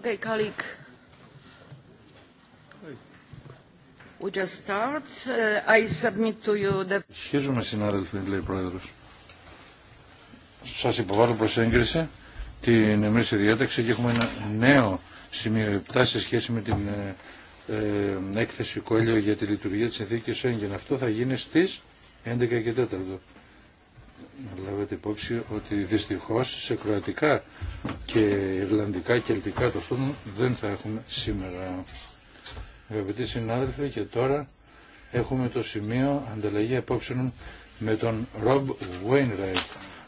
Okay, colleague. We just start. Uh, I submit to you the... Σχίζουμε, συνάδελφοι, λέει ο Πρόεδρος. Σας υποβάλλω προς έγκριση την εμείς διάταξη και έχουμε ένα νέο σημείο 7 σε σχέση με την ε, ε, έκθεση Κόλλιο για τη λειτουργία της συνθήκης Έγκεν. Αυτό θα γίνει στις 11 και 4. Να λάβετε υπόψη ότι δυστυχώς σε κροατικά και Ιρλανδικά, Κελτικά το στόμα δεν θα έχουμε σήμερα. Αγαπητοί συνάδελφοι και τώρα έχουμε το σημείο ανταλλαγή απόψεων με τον Rob Βουέινραιτ,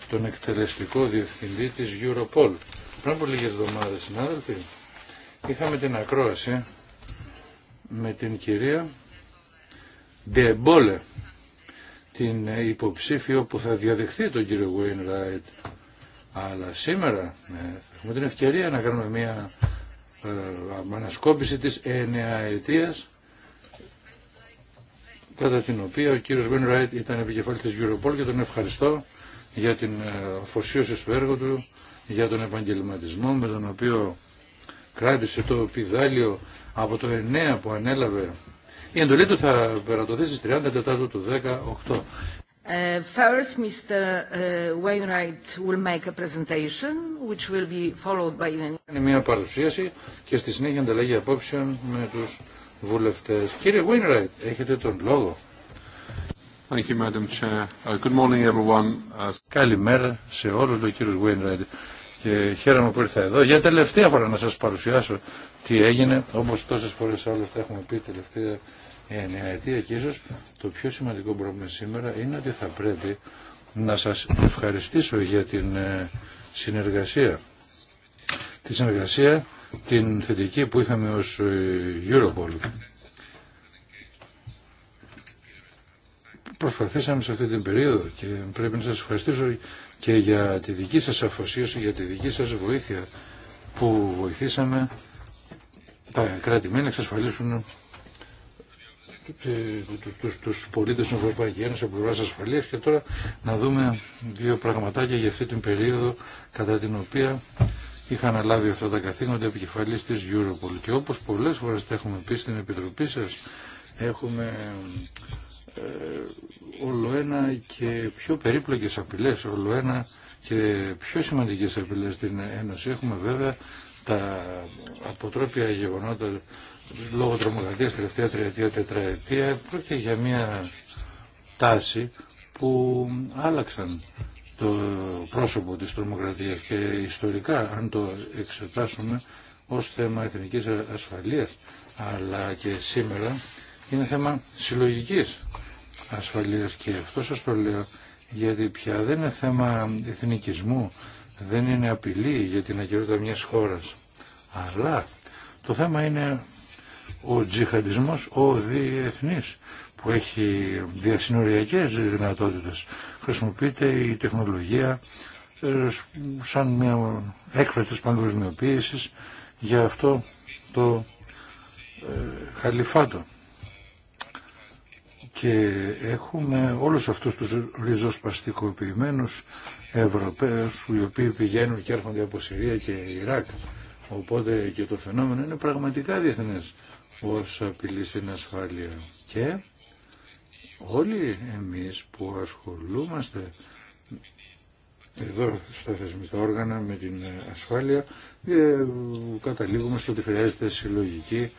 τον εκτελεστικό διευθυντή της Europol. Πριν από λίγες εβδομάδες συνάδελφοι είχαμε την ακρόαση με την κυρία Ντεμπόλε, την υποψήφιο που θα διαδεχθεί τον κύριο Βουέινραιτ, αλλά σήμερα ε, θα έχουμε την ευκαιρία να κάνουμε μια ε, ανασκόπηση της εννεαετίας κατά την οποία ο κύριος Ράιτ ήταν επικεφαλής της Europol και τον ευχαριστώ για την ε, αφοσίωση στο έργο του, για τον επαγγελματισμό με τον οποίο κράτησε το πιδάλιο από το 9 που ανέλαβε. Η εντολή του θα περατωθεί στις 30 του 18. Uh, first, Mr. Uh, Wainwright will make a presentation, which will be followed by... Είναι μια παρουσίαση και στη συνέχεια ανταλλαγή απόψεων με τους βουλευτές. Κύριε Wainwright, έχετε τον λόγο. Thank you, Madam Chair. Uh, good morning, everyone. Καλημέρα σε όλους, τον κύριο Wainwright. Και χαίρομαι που ήρθα εδώ για τελευταία φορά να σας παρουσιάσω τι έγινε, όπως τόσες φορές άλλωστε έχουμε πει τελευταία εννέα και ίσως το πιο σημαντικό πρόβλημα σήμερα είναι ότι θα πρέπει να σας ευχαριστήσω για την ε, συνεργασία. Τη συνεργασία την θετική που είχαμε ως ε, Europol. Προσπαθήσαμε σε αυτή την περίοδο και πρέπει να σας ευχαριστήσω και για τη δική σας αφοσίωση, για τη δική σας βοήθεια που βοηθήσαμε τα κράτη-μέλη να εξασφαλίσουν ε, τους, πολίτε πολίτες της Ευρωπαϊκή Ένωση από πλευράς και τώρα να δούμε δύο πραγματάκια για αυτή την περίοδο κατά την οποία είχαν λάβει αυτά τα καθήκοντα επικεφαλής της Europol και όπως πολλές φορές τα έχουμε πει στην Επιτροπή σας έχουμε ε, όλο ένα και πιο περίπλοκες απειλές όλο ένα και πιο σημαντικές απειλές στην Ένωση έχουμε βέβαια τα αποτρόπια γεγονότα λόγω τρομοκρατίας τελευταία τριετία, τετραετία πρόκειται για μια τάση που άλλαξαν το πρόσωπο της τρομοκρατίας και ιστορικά αν το εξετάσουμε ως θέμα εθνικής ασφαλείας αλλά και σήμερα είναι θέμα συλλογικής ασφαλείας και αυτό σας το λέω γιατί πια δεν είναι θέμα εθνικισμού, δεν είναι απειλή για την αγκαιρότητα μιας χώρας αλλά το θέμα είναι ο τζιχαντισμός ο διεθνής που έχει διασυνοριακές δυνατότητες. Χρησιμοποιείται η τεχνολογία ε, σαν μια έκφραση της παγκοσμιοποίησης για αυτό το ε, χαλιφάτο. Και έχουμε όλους αυτούς τους ριζοσπαστικοποιημένους Ευρωπαίους οι οποίοι πηγαίνουν και έρχονται από Συρία και Ιράκ. Οπότε και το φαινόμενο είναι πραγματικά διεθνές όσο απειλή στην ασφάλεια. Και όλοι εμείς που ασχολούμαστε εδώ στα θεσμικά όργανα με την ασφάλεια ε, καταλήγουμε στο ότι χρειάζεται συλλογική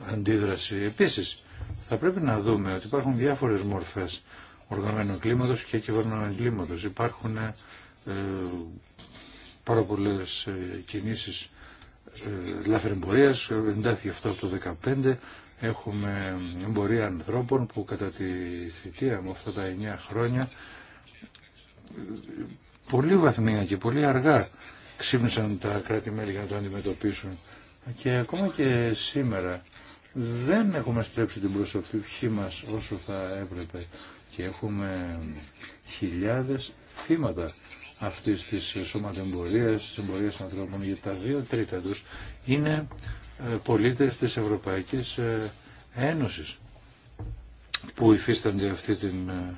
αντίδραση. Επίσης, θα πρέπει να δούμε ότι υπάρχουν διάφορες μορφές οργανωμένου κλίματος και κυβερνών κλίματος. Υπάρχουν ε, πάρα πολλές ε, κινήσεις ε, εμπορία, εντάθηκε αυτό από το 2015. Έχουμε εμπορία ανθρώπων που κατά τη θητεία μου αυτά τα 9 χρόνια ε, πολύ βαθμία και πολύ αργά ξύπνησαν τα κράτη-μέλη για να το αντιμετωπίσουν. Και ακόμα και σήμερα δεν έχουμε στρέψει την προσωπική μας όσο θα έπρεπε και έχουμε χιλιάδες θύματα αυτής της σωματεμπορίας, της εμπορίας ανθρώπων, γιατί τα δύο τρίτα τους είναι ε, πολίτες της Ευρωπαϊκής ε, Ένωσης που υφίστανται αυτή την ε,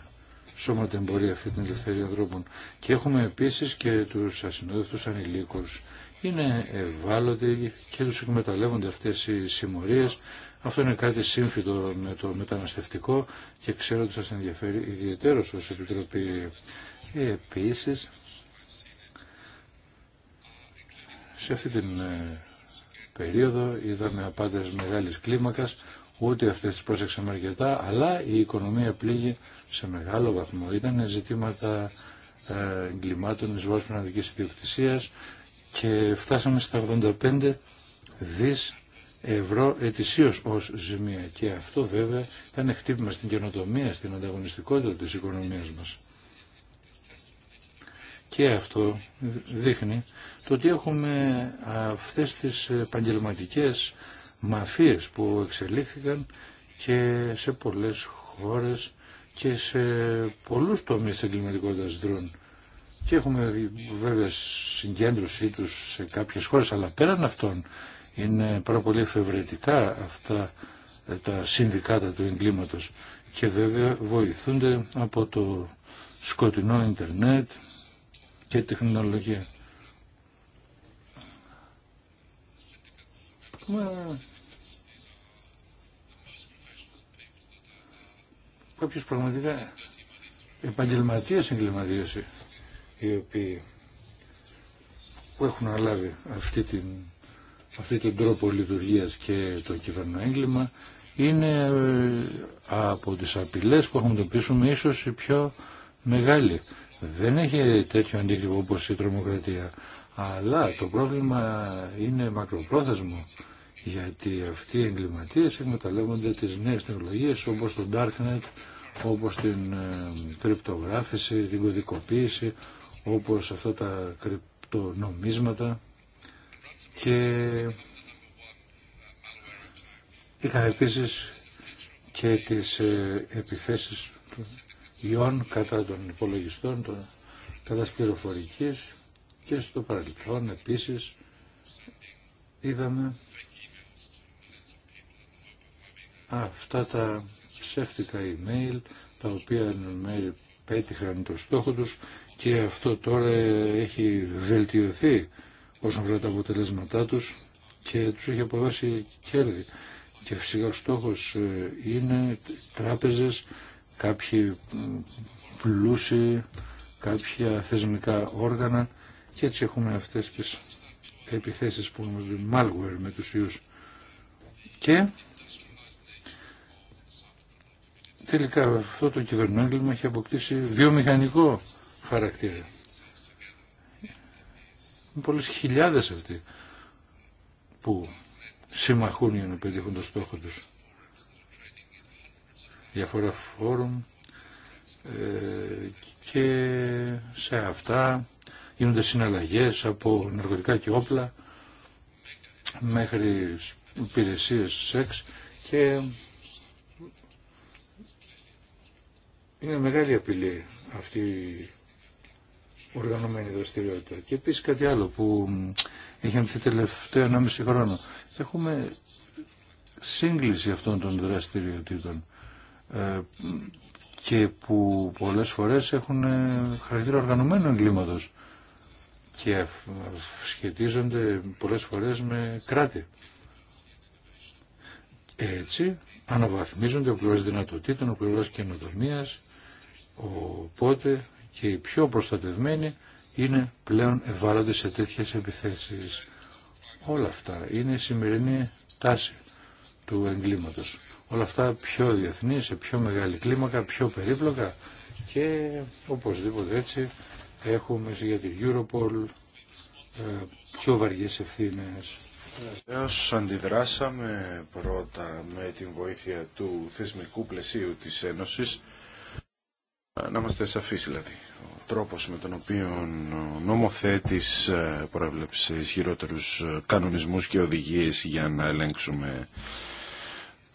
σωματεμπορία, αυτή την ελευθερία ανθρώπων. Και έχουμε επίσης και τους ασυνόδευτους ανηλίκους. Είναι ευάλωτοι και τους εκμεταλλεύονται αυτές οι συμμορίες. Αυτό είναι κάτι σύμφυτο με το μεταναστευτικό και ξέρω ότι σας ενδιαφέρει ιδιαίτερος ως Επιτροπή. Επίσης, σε αυτή την ε, περίοδο είδαμε απάντες μεγάλης κλίμακας, ούτε αυτές τις πρόσεξαμε αρκετά, αλλά η οικονομία πλήγει σε μεγάλο βαθμό. Ήταν ζητήματα ε, εγκλημάτων εις βάρος πραγματικής ιδιοκτησίας και φτάσαμε στα 85 δις ευρώ ετησίως ως ζημία. Και αυτό βέβαια ήταν χτύπημα στην καινοτομία, στην ανταγωνιστικότητα της οικονομίας μας. Και αυτό δείχνει το ότι έχουμε αυτές τις επαγγελματικέ μαφίες που εξελίχθηκαν και σε πολλές χώρες και σε πολλούς τομείς της εγκληματικότητας δρούν. Και έχουμε βέβαια συγκέντρωσή τους σε κάποιες χώρες, αλλά πέραν αυτών είναι πάρα πολύ εφευρετικά αυτά τα συνδικάτα του εγκλήματος και βέβαια βοηθούνται από το σκοτεινό ίντερνετ, και τεχνολογία. Μα... Κάποιος πραγματικά επαγγελματίας εγκληματίωση οι οποίοι που έχουν αναλάβει αυτή την, τον τρόπο λειτουργίας και το έγκλημα είναι ε, από τις απειλές που έχουμε με ίσως η πιο μεγάλη δεν έχει τέτοιο αντίκτυπο όπως η τρομοκρατία. Αλλά το πρόβλημα είναι μακροπρόθεσμο γιατί αυτοί οι εγκληματίες εκμεταλλεύονται τις νέες τεχνολογίες όπως το Darknet, όπως την ε, κρυπτογράφηση, την κωδικοποίηση, όπως αυτά τα κρυπτονομίσματα και είχα επίσης και τις ε, επιθέσεις ιών κατά των υπολογιστών, κατά τις πληροφορικής και στο παρελθόν επίσης είδαμε αυτά τα ψεύτικα email τα οποία πέτυχαν το στόχο τους και αυτό τώρα έχει βελτιωθεί όσον αφορά τα αποτελέσματά τους και τους έχει αποδώσει κέρδη. Και φυσικά ο στόχος ε, είναι τράπεζες κάποιοι πλούσιοι, κάποια θεσμικά όργανα και έτσι έχουμε αυτές τις επιθέσεις που ονομάζονται malware με τους ιούς. Και τελικά αυτό το κυβερνόγκλημα έχει αποκτήσει βιομηχανικό χαρακτήρα. Είναι πολλές χιλιάδες αυτοί που συμμαχούν για να πετύχουν το στόχο τους διάφορα φόρουμ ε, και σε αυτά γίνονται συναλλαγές από ναρκωτικά και όπλα μέχρι υπηρεσίες σεξ και είναι μεγάλη απειλή αυτή η οργανωμένη δραστηριότητα. Και επίσης κάτι άλλο που έχει ανθεί τελευταίο 1,5 χρόνο. Έχουμε σύγκληση αυτών των δραστηριοτήτων ε, και που πολλές φορές έχουν ε, χαρακτήρα οργανωμένου εγκλήματος και σχετίζονται πολλές φορές με κράτη. Έτσι αναβαθμίζονται ο πλευράς δυνατοτήτων, ο πλευράς καινοτομίας, οπότε και οι πιο προστατευμένοι είναι πλέον ευάλωτοι σε τέτοιες επιθέσεις. Όλα αυτά είναι η σημερινή τάση του εγκλήματος όλα αυτά πιο διεθνεί, σε πιο μεγάλη κλίμακα, πιο περίπλοκα και οπωσδήποτε έτσι έχουμε για την Europol ε, πιο βαριές ευθύνες. Βεβαίω αντιδράσαμε πρώτα με την βοήθεια του θεσμικού πλαισίου της Ένωσης να είμαστε σαφείς δηλαδή. Ο τρόπος με τον οποίο ο νομοθέτης ε, προέβλεψε ισχυρότερους ε, κανονισμούς και οδηγίες για να ελέγξουμε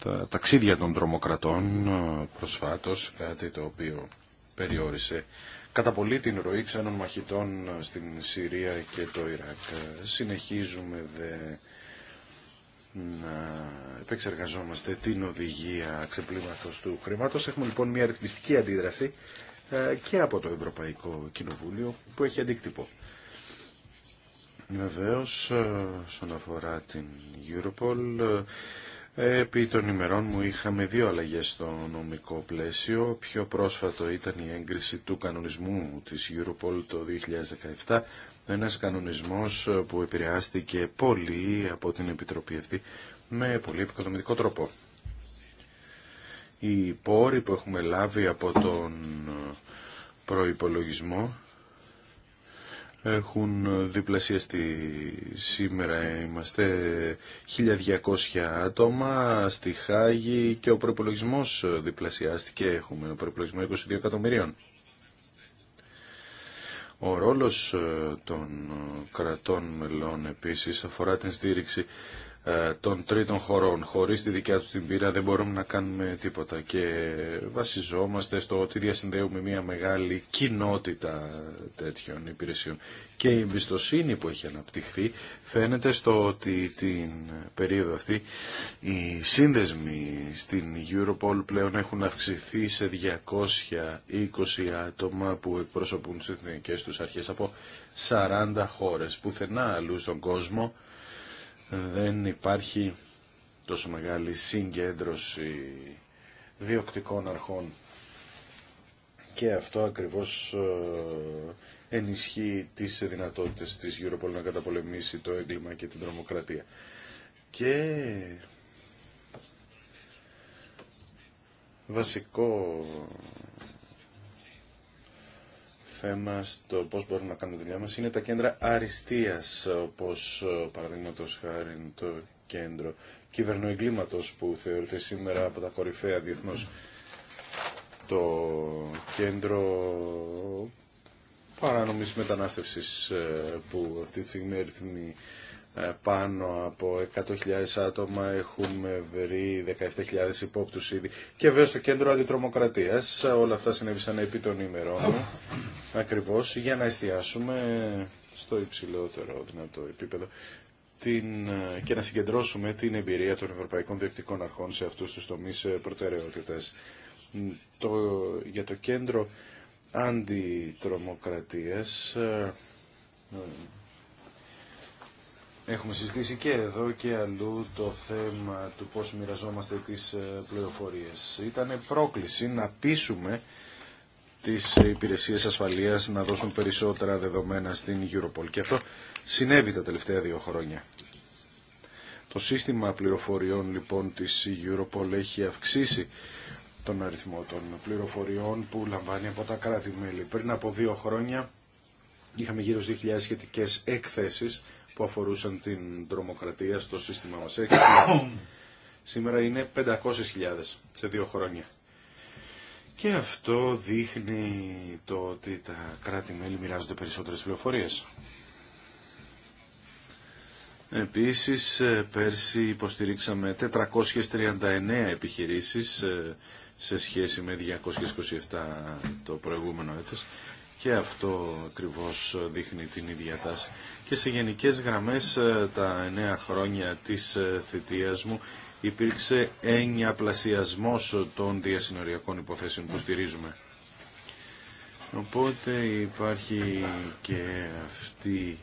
τα ταξίδια των τρομοκρατών ε, προσφάτως, κάτι το οποίο περιόρισε κατά πολύ την ροή ξένων μαχητών ε, στην Συρία και το Ιράκ. Ε, συνεχίζουμε δε να επεξεργαζόμαστε την οδηγία ξεπλήματος του χρήματος. Έχουμε λοιπόν μια ρυθμιστική αντίδραση και από το Ευρωπαϊκό Κοινοβούλιο που έχει αντίκτυπο. Βεβαίω, όσον αφορά την Europol, Επί των ημερών μου είχαμε δύο αλλαγές στο νομικό πλαίσιο. Πιο πρόσφατο ήταν η έγκριση του κανονισμού της Europol το 2017, ένας κανονισμός που επηρεάστηκε πολύ από την Επιτροπή αυτή με πολύ επικοδομητικό τρόπο. Οι πόροι που έχουμε λάβει από τον προϋπολογισμό έχουν διπλασιαστεί σήμερα. Είμαστε 1200 άτομα στη Χάγη και ο προπολογισμό διπλασιάστηκε. Έχουμε ένα προπολογισμό 22 εκατομμυρίων. Ο ρόλος ε, των ε, κρατών μελών επίσης αφορά την στήριξη ε, των τρίτων χωρών. Χωρίς τη δικιά τους την πείρα δεν μπορούμε να κάνουμε τίποτα και βασιζόμαστε στο ότι διασυνδέουμε μια μεγάλη κοινότητα τέτοιων υπηρεσιών. Και η εμπιστοσύνη που έχει αναπτυχθεί φαίνεται στο ότι την περίοδο αυτή οι σύνδεσμοι στην Europol πλέον έχουν αυξηθεί σε 220 άτομα που εκπροσωπούν τις εθνικές τους αρχές από 40 χώρες. Πουθενά αλλού στον κόσμο δεν υπάρχει τόσο μεγάλη συγκέντρωση διοκτικών αρχών και αυτό ακριβώς ε, ενισχύει τις δυνατότητες της Europol να καταπολεμήσει το έγκλημα και την τρομοκρατία. Και βασικό θέμα στο πώς μπορούμε να κάνουμε δουλειά μα είναι τα κέντρα αριστείας, όπως ε, παραδείγματο χάρη το κέντρο κυβερνοεγκλήματος που θεωρείται σήμερα από τα κορυφαία διεθνώς. Το κέντρο παράνομη μετανάστευσης ε, που αυτή τη στιγμή αριθμεί ε, πάνω από 100.000 άτομα έχουμε βρει 17.000 υπόπτους ήδη και βέβαια στο κέντρο αντιτρομοκρατίας όλα αυτά συνέβησαν επί των ημερών ακριβώς για να εστιάσουμε στο υψηλότερο δυνατό επίπεδο την, ε, και να συγκεντρώσουμε την εμπειρία των ευρωπαϊκών Διεκτικών αρχών σε αυτούς τους τομείς ε, προτεραιότητας. Το, για το κέντρο αντιτρομοκρατίας Έχουμε συζητήσει και εδώ και αλλού το θέμα του πώς μοιραζόμαστε τις ε, πληροφορίες. Ήταν πρόκληση να πείσουμε τις υπηρεσίες ασφαλείας να δώσουν περισσότερα δεδομένα στην Europol. Και αυτό συνέβη τα τελευταία δύο χρόνια. Το σύστημα πληροφοριών λοιπόν της Europol έχει αυξήσει τον αριθμό των πληροφοριών που λαμβάνει από τα κράτη-μέλη. Πριν από δύο χρόνια είχαμε γύρω στις 2.000 σχετικές εκθέσεις που αφορούσαν την τρομοκρατία στο σύστημά μας. Σήμερα είναι 500.000 σε δύο χρόνια. Και αυτό δείχνει το ότι τα κράτη-μέλη μοιράζονται περισσότερες πληροφορίες. Επίσης, ε, πέρσι υποστηρίξαμε 439 επιχειρήσεις ε, σε σχέση με 227 το προηγούμενο έτος και αυτό ακριβώ δείχνει την ίδια τάση. Και σε γενικές γραμμές ε, τα εννέα χρόνια της ε, θητείας μου υπήρξε έννοια πλασιασμός των διασυνοριακών υποθέσεων που στηρίζουμε. Οπότε υπάρχει και αυτή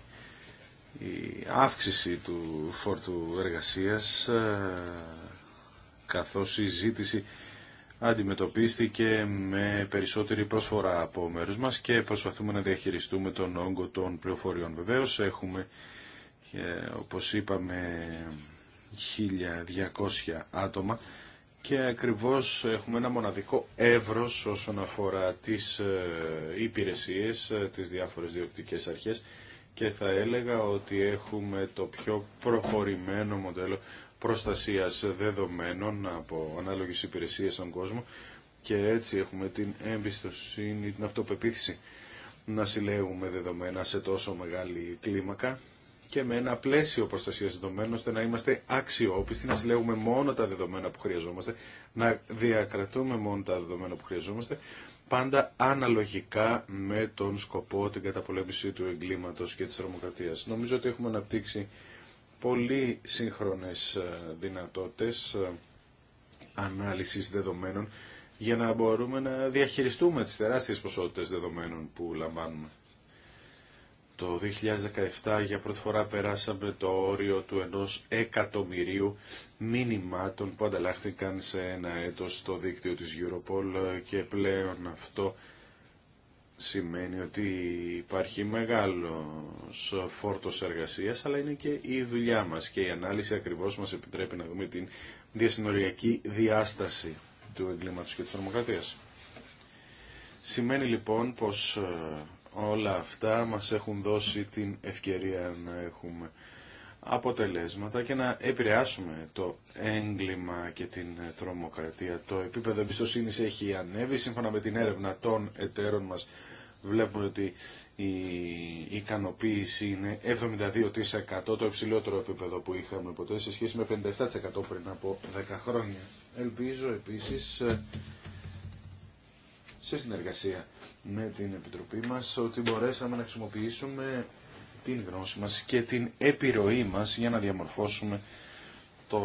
η αύξηση του φόρτου εργασίας ε, καθώς η ζήτηση αντιμετωπίστηκε με περισσότερη προσφορά από μέρου μας και προσπαθούμε να διαχειριστούμε τον όγκο των πληροφοριών. Βεβαίως έχουμε, όπως είπαμε, 1.200 άτομα και ακριβώς έχουμε ένα μοναδικό εύρος όσον αφορά τις ε, υπηρεσίες, ε, τις διάφορες διοκτικές αρχές και θα έλεγα ότι έχουμε το πιο προχωρημένο μοντέλο Προστασία δεδομένων από ανάλογε υπηρεσίε στον κόσμο και έτσι έχουμε την εμπιστοσύνη, την αυτοπεποίθηση να συλλέγουμε δεδομένα σε τόσο μεγάλη κλίμακα και με ένα πλαίσιο προστασία δεδομένων ώστε να είμαστε αξιόπιστοι, να συλλέγουμε μόνο τα δεδομένα που χρειαζόμαστε, να διακρατούμε μόνο τα δεδομένα που χρειαζόμαστε, πάντα αναλογικά με τον σκοπό, την καταπολέμηση του εγκλήματος και της τρομοκρατίας. Νομίζω ότι έχουμε αναπτύξει πολύ σύγχρονες ε, δυνατότητες ε, ανάλυσης δεδομένων για να μπορούμε να διαχειριστούμε τις τεράστιες ποσότητες δεδομένων που λαμβάνουμε. Το 2017 για πρώτη φορά περάσαμε το όριο του ενός εκατομμυρίου μήνυμάτων που ανταλλάχθηκαν σε ένα έτος στο δίκτυο της Europol ε, και πλέον αυτό σημαίνει ότι υπάρχει μεγάλο φόρτο εργασία, αλλά είναι και η δουλειά μας και η ανάλυση ακριβώς μας επιτρέπει να δούμε την διασυνοριακή διάσταση του εγκλήματο και της τρομοκρατίας. Σημαίνει λοιπόν πως ε, όλα αυτά μας έχουν δώσει την ευκαιρία να έχουμε αποτελέσματα και να επηρεάσουμε το έγκλημα και την τρομοκρατία. Το επίπεδο εμπιστοσύνη έχει ανέβει. Σύμφωνα με την έρευνα των εταίρων μας βλέπουμε ότι η ικανοποίηση είναι 72% το υψηλότερο επίπεδο που είχαμε ποτέ σε σχέση με 57% πριν από 10 χρόνια. Ελπίζω επίσης ε, σε συνεργασία με την Επιτροπή μας ότι μπορέσαμε να χρησιμοποιήσουμε την γνώση μας και την επιρροή μας για να διαμορφώσουμε το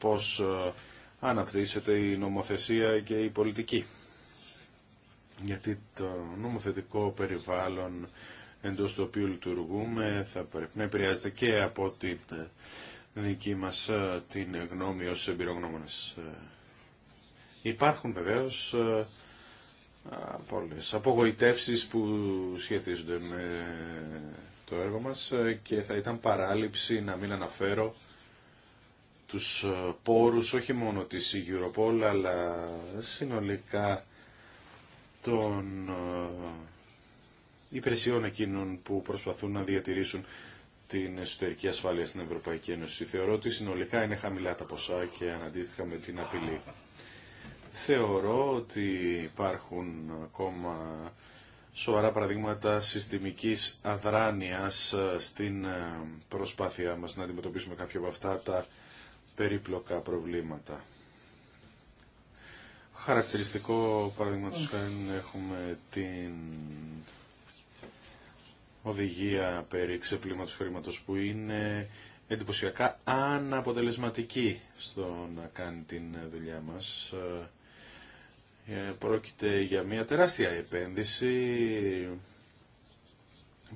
πώς ε, αναπτύσσεται η νομοθεσία και η πολιτική. Γιατί το νομοθετικό περιβάλλον εντός του οποίου λειτουργούμε θα πρέπει να επηρεάζεται και από την δική μας ε, την γνώμη ως εμπειρογνώμονες. Ε, υπάρχουν βεβαίως πολλές απογοητεύσεις που σχετίζονται με το έργο μας ε, και θα ήταν παράληψη να μην αναφέρω τους ε, πόρους όχι μόνο της Europol αλλά συνολικά των ε, υπηρεσιών εκείνων που προσπαθούν να διατηρήσουν την εσωτερική ασφάλεια στην Ευρωπαϊκή Ένωση. Θεωρώ ότι συνολικά είναι χαμηλά τα ποσά και αναντίστοιχα με την απειλή. Θεωρώ ότι υπάρχουν ακόμα σοβαρά παραδείγματα συστημικής αδράνειας ε, στην ε, προσπάθειά μας να αντιμετωπίσουμε κάποια από αυτά τα περίπλοκα προβλήματα. Χαρακτηριστικό του τους mm. έχουμε την οδηγία περί ξεπλήματος χρήματος που είναι εντυπωσιακά αναποτελεσματική στο να κάνει την δουλειά μας. Ε, ε, πρόκειται για μια τεράστια επένδυση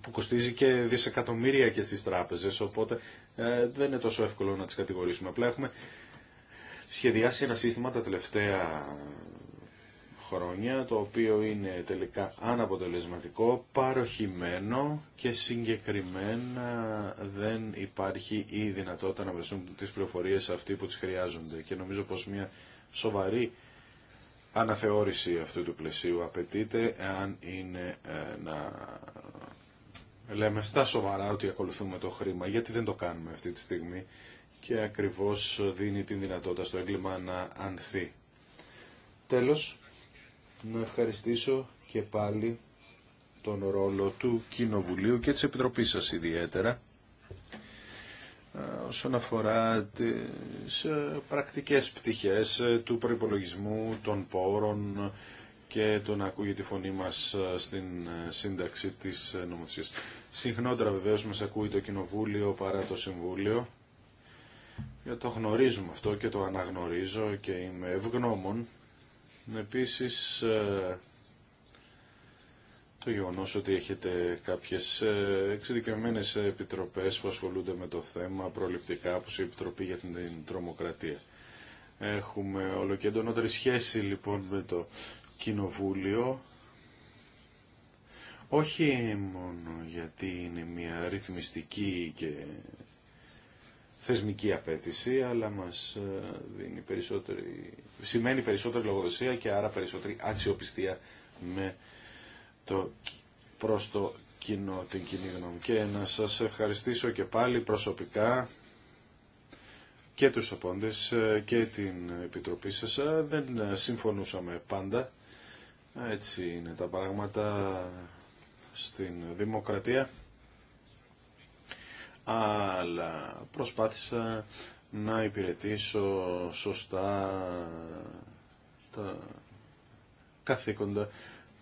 που κοστίζει και δισεκατομμύρια και στις τράπεζες, οπότε ε, δεν είναι τόσο εύκολο να τις κατηγορήσουμε. Απλά έχουμε σχεδιάσει ένα σύστημα τα τελευταία χρόνια, το οποίο είναι τελικά αναποτελεσματικό, παροχημένο και συγκεκριμένα δεν υπάρχει η δυνατότητα να βρεθούν τις πληροφορίες αυτοί που τις χρειάζονται. Και νομίζω πως μια σοβαρή αναθεώρηση αυτού του πλαισίου απαιτείται αν είναι ε, να λέμε στα σοβαρά ότι ακολουθούμε το χρήμα γιατί δεν το κάνουμε αυτή τη στιγμή και ακριβώς δίνει την δυνατότητα στο έγκλημα να ανθεί. Τέλος, να ευχαριστήσω και πάλι τον ρόλο του Κοινοβουλίου και της Επιτροπής σας ιδιαίτερα ε, όσον αφορά τις ε, πρακτικές πτυχές ε, του προϋπολογισμού, των πόρων και το να ακούγεται τη φωνή μας στην σύνταξη της νομοθεσίας. Συχνότερα βεβαίως μας ακούει το Κοινοβούλιο παρά το Συμβούλιο. Για το γνωρίζουμε αυτό και το αναγνωρίζω και είμαι ευγνώμων. Επίσης το γεγονό ότι έχετε κάποιες ε, εξειδικευμένες επιτροπές που ασχολούνται με το θέμα προληπτικά, όπω η Επιτροπή για την Τρομοκρατία. Έχουμε όλο και σχέση λοιπόν με το Κοινοβούλιο, όχι μόνο γιατί είναι μια ρυθμιστική και θεσμική απέτηση, αλλά μας ε, δίνει περισσότερη, σημαίνει περισσότερη λογοδοσία και άρα περισσότερη αξιοπιστία με το, προς το κοινό, την κοινή γνώμη. Και να σας ευχαριστήσω και πάλι προσωπικά και τους οπόντες ε, και την Επιτροπή σας. Ε, δεν ε, συμφωνούσαμε πάντα. Έτσι είναι τα πράγματα στην δημοκρατία. Αλλά προσπάθησα να υπηρετήσω σωστά τα καθήκοντα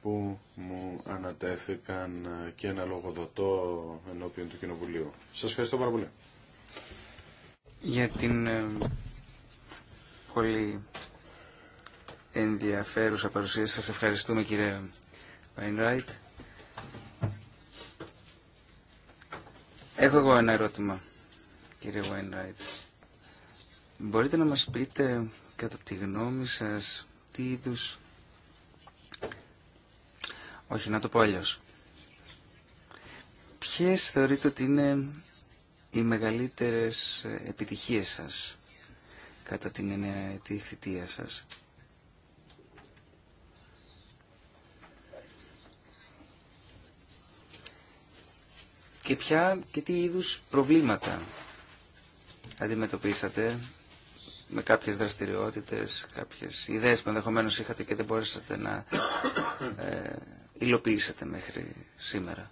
που μου ανατέθηκαν και ένα λογοδοτό ενώπιον του Κοινοβουλίου. Σας ευχαριστώ πάρα πολύ. Για την ε, πολύ ενδιαφέρουσα παρουσία σας ευχαριστούμε κύριε Βαϊνράιτ. Έχω εγώ ένα ερώτημα, κύριε Βαϊνράιτ. Μπορείτε να μας πείτε κατά τη γνώμη σας τι είδους όχι, να το πω αλλιώ. Ποιες θεωρείτε ότι είναι οι μεγαλύτερε επιτυχίε σα κατά την εννέα θητεία σας. Και ποια και τι είδους προβλήματα αντιμετωπίσατε με κάποιες δραστηριότητες, κάποιες ιδέες που ενδεχομένως είχατε και δεν μπορέσατε να ε, υλοποιήσατε μέχρι σήμερα.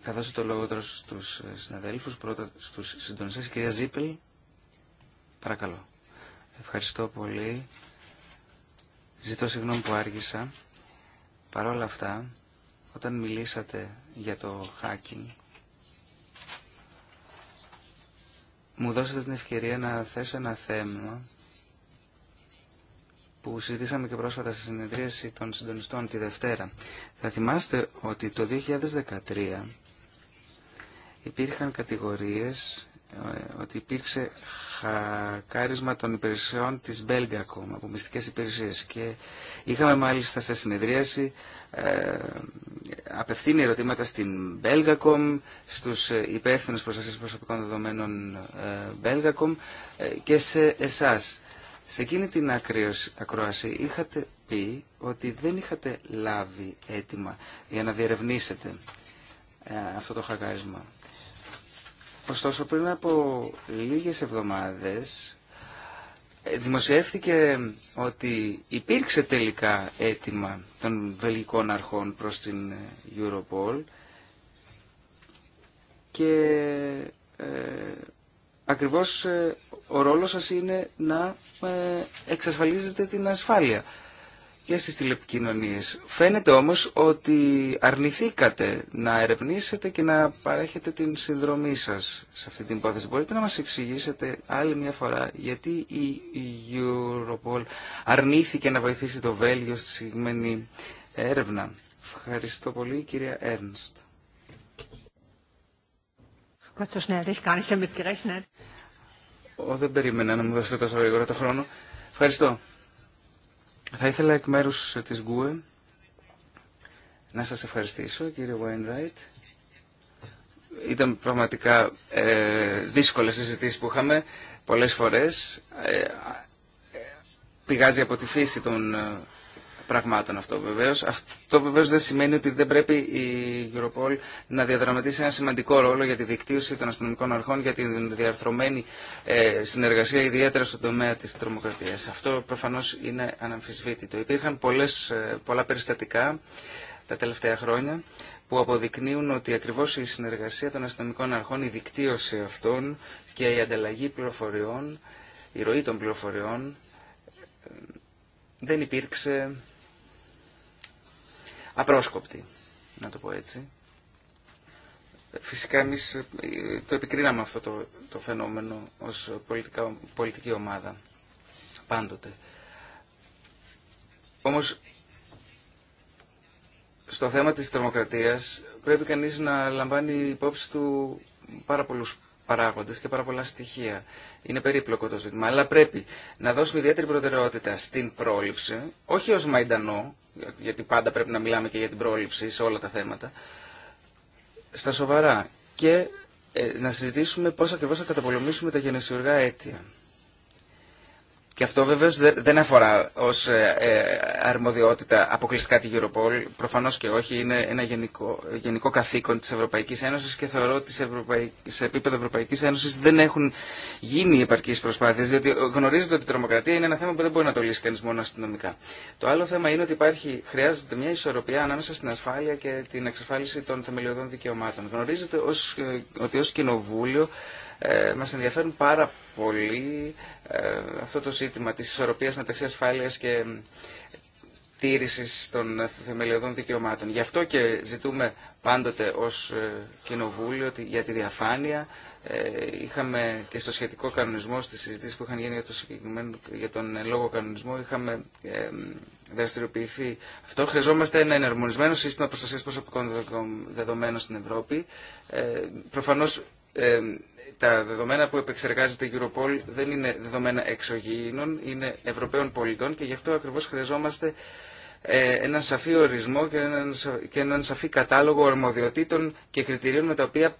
Θα δώσω το λόγο τώρα στους ε, συναδέλφους, πρώτα στους συντονιστές. κυρία Ζήπελ, παρακαλώ. Ευχαριστώ πολύ. Ζητώ συγγνώμη που άργησα. Παρ' όλα αυτά, όταν μιλήσατε για το hacking, μου δώσετε την ευκαιρία να θέσω ένα θέμα που συζητήσαμε και πρόσφατα στη συνεδρίαση των συντονιστών τη Δευτέρα. Θα θυμάστε ότι το 2013 υπήρχαν κατηγορίες ότι υπήρξε χακάρισμα των υπηρεσιών της Belgacom από μυστικές υπηρεσίες και είχαμε μάλιστα σε συνεδρίαση ε, απευθύνει ερωτήματα στην Belgacom, στους υπεύθυνους προστασίας προσωπικών δεδομένων ε, Belgacom ε, και σε εσάς. Σε εκείνη την ακρόαση είχατε πει ότι δεν είχατε λάβει αίτημα για να διερευνήσετε αυτό το χακάρισμα. Ωστόσο πριν από λίγες εβδομάδες ε, δημοσιεύθηκε ότι υπήρξε τελικά αίτημα των βελγικών αρχών προς την ε, Europol και ε, ακριβώς ε, ο ρόλος σας είναι να εξασφαλίζετε την ασφάλεια και στις τηλεπικοινωνίες. Φαίνεται όμως ότι αρνηθήκατε να ερευνήσετε και να παρέχετε την συνδρομή σας σε αυτή την υπόθεση. Μπορείτε να μας εξηγήσετε άλλη μια φορά γιατί η Europol αρνήθηκε να βοηθήσει το Βέλγιο στη συγκεκριμένη έρευνα. Ευχαριστώ πολύ κυρία Έρνστ. Ο, δεν περίμενα να μου δώσετε τόσο γρήγορα το χρόνο. Ευχαριστώ. Θα ήθελα εκ μέρους της ΓΚΟΕ να σας ευχαριστήσω κύριε Βάινράιτ. Ήταν πραγματικά ε, δύσκολες συζητήσεις που είχαμε πολλές φορές. Ε, ε πηγάζει από τη φύση των ε, πραγμάτων αυτό βεβαίω. Αυτό βεβαίω δεν σημαίνει ότι δεν πρέπει η Europol να διαδραματίσει ένα σημαντικό ρόλο για τη δικτύωση των αστυνομικών αρχών για την διαρθρωμένη ε, συνεργασία, ιδιαίτερα στον τομέα τη τρομοκρατία. Αυτό προφανώ είναι αναμφισβήτητο. Υπήρχαν πολλές, ε, πολλά περιστατικά τα τελευταία χρόνια που αποδεικνύουν ότι ακριβώ η συνεργασία των αστυνομικών αρχών, η δικτύωση αυτών και η ανταλλαγή πληροφοριών, η ροή των πληροφοριών ε, δεν υπήρξε απρόσκοπτη, να το πω έτσι. Φυσικά εμείς ε, το επικρίναμε αυτό το, το φαινόμενο ως πολιτικά, πολιτική ομάδα πάντοτε. Όμως στο θέμα της τρομοκρατίας πρέπει κανείς να λαμβάνει υπόψη του πάρα πολλούς παράγοντε και πάρα πολλά στοιχεία. Είναι περίπλοκο το ζήτημα, αλλά πρέπει να δώσουμε ιδιαίτερη προτεραιότητα στην πρόληψη, όχι ως μαϊντανό, γιατί πάντα πρέπει να μιλάμε και για την πρόληψη σε όλα τα θέματα, στα σοβαρά και ε, να συζητήσουμε πώ ακριβώ θα καταπολεμήσουμε τα γενεσιουργά αίτια. Και αυτό βεβαίω δεν αφορά ως ε, ε, αρμοδιότητα αποκλειστικά τη Europol, προφανώ και όχι, είναι ένα γενικό, γενικό καθήκον τη Ευρωπαϊκή Ένωση και θεωρώ ότι σε επίπεδο Ευρωπαϊκή Ένωση δεν έχουν γίνει επαρκείς προσπάθειες, διότι γνωρίζετε ότι η τρομοκρατία είναι ένα θέμα που δεν μπορεί να το λύσει κανεί μόνο αστυνομικά. Το άλλο θέμα είναι ότι υπάρχει, χρειάζεται μια ισορροπία ανάμεσα στην ασφάλεια και την εξασφάλιση των θεμελιωδών δικαιωμάτων. Γνωρίζετε ε, ότι ω Κοινοβούλιο ε, μας ενδιαφέρουν πάρα πολύ ε, αυτό το ζήτημα της ισορροπίας μεταξύ ασφάλειας και τήρησης των θεμελιωδών δικαιωμάτων. Γι' αυτό και ζητούμε πάντοτε ως ε, Κοινοβούλιο για τη διαφάνεια. Ε, είχαμε και στο σχετικό κανονισμό, στις συζητήσεις που είχαν γίνει για, το για τον λόγο κανονισμό, είχαμε ε, δραστηριοποιηθεί αυτό. Χρειαζόμαστε ένα ενερμονισμένο σύστημα προστασίας προσωπικών δεδομένων στην Ευρώπη. Προφανώς τα δεδομένα που επεξεργάζεται η Europol δεν είναι δεδομένα εξωγήινων, είναι Ευρωπαίων πολιτών και γι' αυτό ακριβώς χρειαζόμαστε ε, έναν σαφή ορισμό και έναν σαφή κατάλογο αρμοδιοτήτων και κριτηρίων με τα οποία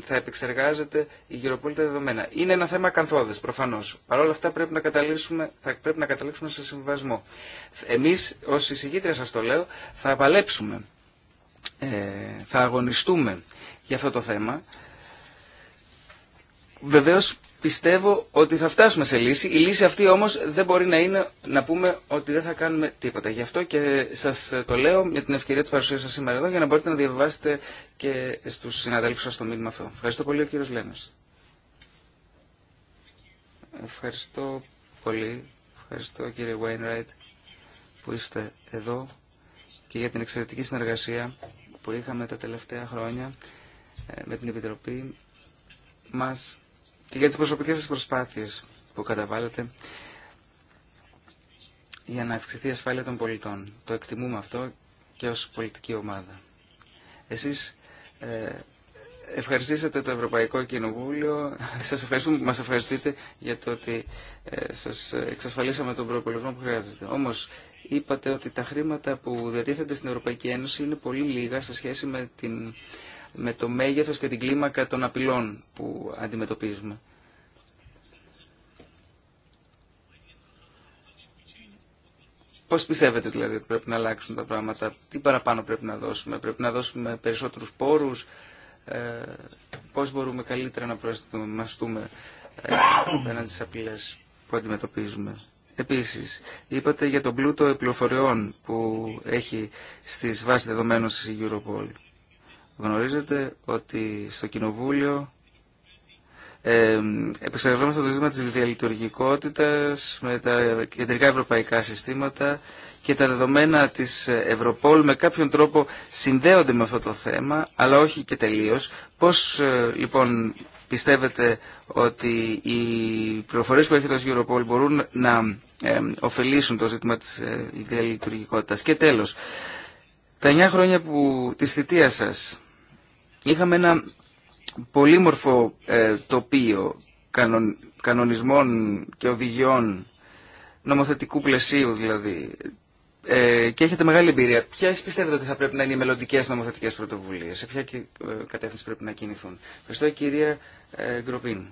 θα επεξεργάζεται η Europol τα δεδομένα. Είναι ένα θέμα κανθόδες προφανώς. Παρ' όλα αυτά πρέπει να, καταλήξουμε, θα πρέπει να καταλήξουμε σε συμβασμό. Εμείς ως εισηγήτρια σας το λέω θα απαλέψουμε, ε, θα αγωνιστούμε για αυτό το θέμα Βεβαίω πιστεύω ότι θα φτάσουμε σε λύση. Η λύση αυτή όμω δεν μπορεί να είναι να πούμε ότι δεν θα κάνουμε τίποτα. Γι' αυτό και σα ε, το λέω με την ευκαιρία τη παρουσία σα σήμερα εδώ για να μπορείτε να διαβάσετε και στου συναδέλφου σα το μήνυμα αυτό. Ευχαριστώ πολύ ο κύριο Λένα. Ευχαριστώ πολύ. Ευχαριστώ κύριε Wainwright που είστε εδώ και για την εξαιρετική συνεργασία που είχαμε τα τελευταία χρόνια ε, με την Επιτροπή μας και για τις προσωπικές σας προσπάθειες που καταβάλλετε για να αυξηθεί η ασφάλεια των πολιτών. Το εκτιμούμε αυτό και ως πολιτική ομάδα. Εσείς ε, ευχαριστήσατε το Ευρωπαϊκό Κοινοβούλιο, σας ευχαριστούμε που μας ευχαριστείτε για το ότι ε, σας εξασφαλίσαμε τον προπολογισμό που χρειάζεται. Όμως είπατε ότι τα χρήματα που διατίθεται στην Ευρωπαϊκή Ένωση είναι πολύ λίγα σε σχέση με την με το μέγεθος και την κλίμακα των απειλών που αντιμετωπίζουμε. Πώς πιστεύετε δηλαδή πρέπει να αλλάξουν τα πράγματα, τι παραπάνω πρέπει να δώσουμε, πρέπει να δώσουμε περισσότερους πόρους, ε, πώς μπορούμε καλύτερα να προετοιμαστούμε ε, απέναντι στις απειλές που αντιμετωπίζουμε. Επίσης, είπατε για τον πλούτο επιλοφοριών που έχει στις βάσεις δεδομένων της Europol. Γνωρίζετε ότι στο Κοινοβούλιο ε, επεξεργαζόμαστε το ζήτημα της διαλειτουργικότητας με τα κεντρικά ευρωπαϊκά συστήματα και τα δεδομένα της Ευρωπόλ με κάποιον τρόπο συνδέονται με αυτό το θέμα, αλλά όχι και τελείως. Πώς ε, λοιπόν πιστεύετε ότι οι πληροφορίες που έρχεται ως Europol μπορούν να ε, ωφελήσουν το ζήτημα της ε, διαλειτουργικότητας. Και τέλος, τα 9 χρόνια που, της θητείας σας είχαμε ένα πολύμορφο ε, τοπίο κανονισμών και οδηγιών νομοθετικού πλαισίου δηλαδή ε, και έχετε μεγάλη εμπειρία. Ποιε πιστεύετε ότι θα πρέπει να είναι οι μελλοντικέ νομοθετικέ πρωτοβουλίε, σε ποια ε, κατεύθυνση πρέπει να κινηθούν. Ευχαριστώ, κυρία ε, Γκροπίν.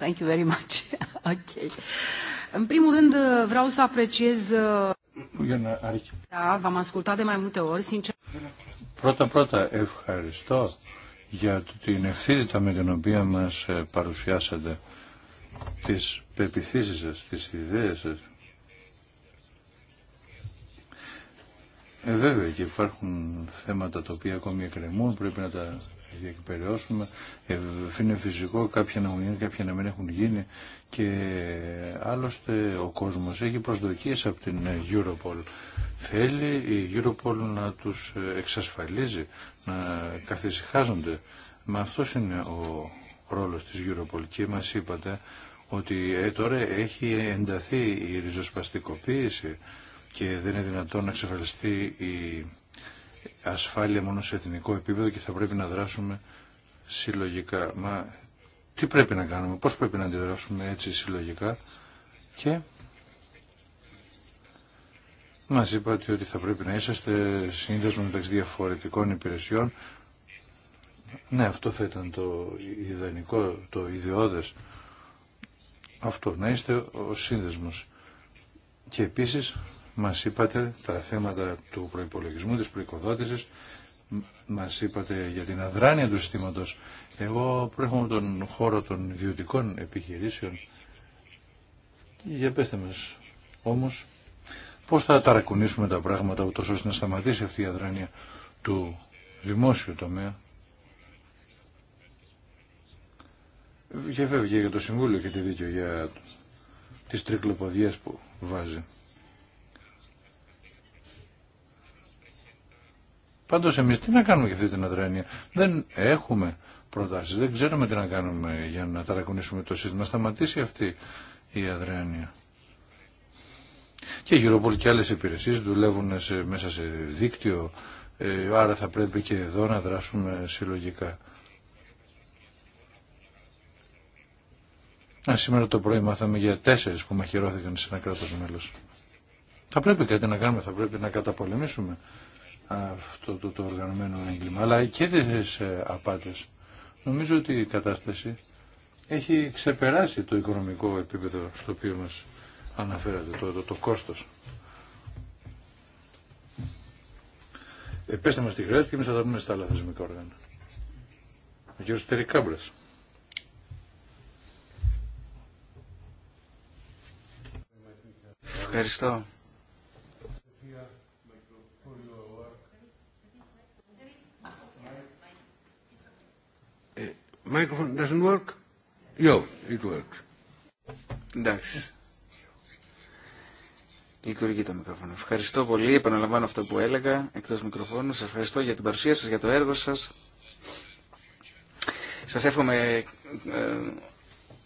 Thank you very much. Okay. În primul rând, uh, vreau să Πρώτα πρώτα ευχαριστώ για την ευθύτητα με την οποία μας ε, παρουσιάσατε τις πεπιθήσεις σας, τις ιδέες σας. Ε, βέβαια και υπάρχουν θέματα τα οποία ακόμη εκκρεμούν, πρέπει να τα διεκπαιρεώσουμε. Ε, είναι φυσικό κάποια να γίνει, κάποια να μην έχουν γίνει και άλλωστε ο κόσμος έχει προσδοκίες από την Europol. Θέλει η Europol να τους εξασφαλίζει, να καθησυχάζονται. Με αυτός είναι ο ρόλος της Europol και μας είπατε ότι ε, τώρα έχει ενταθεί η ριζοσπαστικοποίηση και δεν είναι δυνατόν να εξασφαλιστεί η ασφάλεια μόνο σε εθνικό επίπεδο και θα πρέπει να δράσουμε συλλογικά. Μα τι πρέπει να κάνουμε, πώς πρέπει να αντιδράσουμε έτσι συλλογικά και μας είπατε ότι θα πρέπει να είσαστε σύνδεσμο μεταξύ διαφορετικών υπηρεσιών. Ναι, αυτό θα ήταν το ιδανικό, το ιδιώδες. Αυτό, να είστε ο σύνδεσμος. Και επίσης μας είπατε τα θέματα του προϋπολογισμού, της προϋκοδότησης, μας είπατε για την αδράνεια του συστήματος. Εγώ προέρχομαι τον χώρο των ιδιωτικών επιχειρήσεων. Για πέστε μας όμως πώς θα ταρακουνήσουμε τα πράγματα ούτως ώστε να σταματήσει αυτή η αδράνεια του δημόσιου τομέα. Και βέβαια για το Συμβούλιο και τη δίκιο για τις τρικλοποδιές που βάζει. Πάντω εμεί τι να κάνουμε για αυτή την αδράνεια. Δεν έχουμε προτάσει. δεν ξέρουμε τι να κάνουμε για να ταρακουνήσουμε το σύστημα. Σταματήσει αυτή η αδράνεια. Και γύρω από και άλλε υπηρεσίε δουλεύουν σε, μέσα σε δίκτυο, ε, άρα θα πρέπει και εδώ να δράσουμε συλλογικά. Α, σήμερα το πρωί μάθαμε για τέσσερι που μαχαιρώθηκαν σε ένα κράτο μέλο. Θα πρέπει κάτι να κάνουμε, θα πρέπει να καταπολεμήσουμε αυτό το, οργανωμένο έγκλημα, αλλά και τι ε, απάτε. Νομίζω ότι η κατάσταση έχει ξεπεράσει το οικονομικό επίπεδο στο οποίο μας αναφέρατε, το, το, το κόστος. Επέστε μας τη χρειάζεται και εμείς θα τα πούμε στα άλλα θεσμικά όργανα. Ο κ. Ευχαριστώ. Εντάξει. Λειτουργεί το μικρόφωνο. Ευχαριστώ πολύ. Επαναλαμβάνω αυτό που έλεγα εκτός μικροφώνου. Σας ευχαριστώ για την παρουσία σας, για το έργο σας. Σας εύχομαι ε,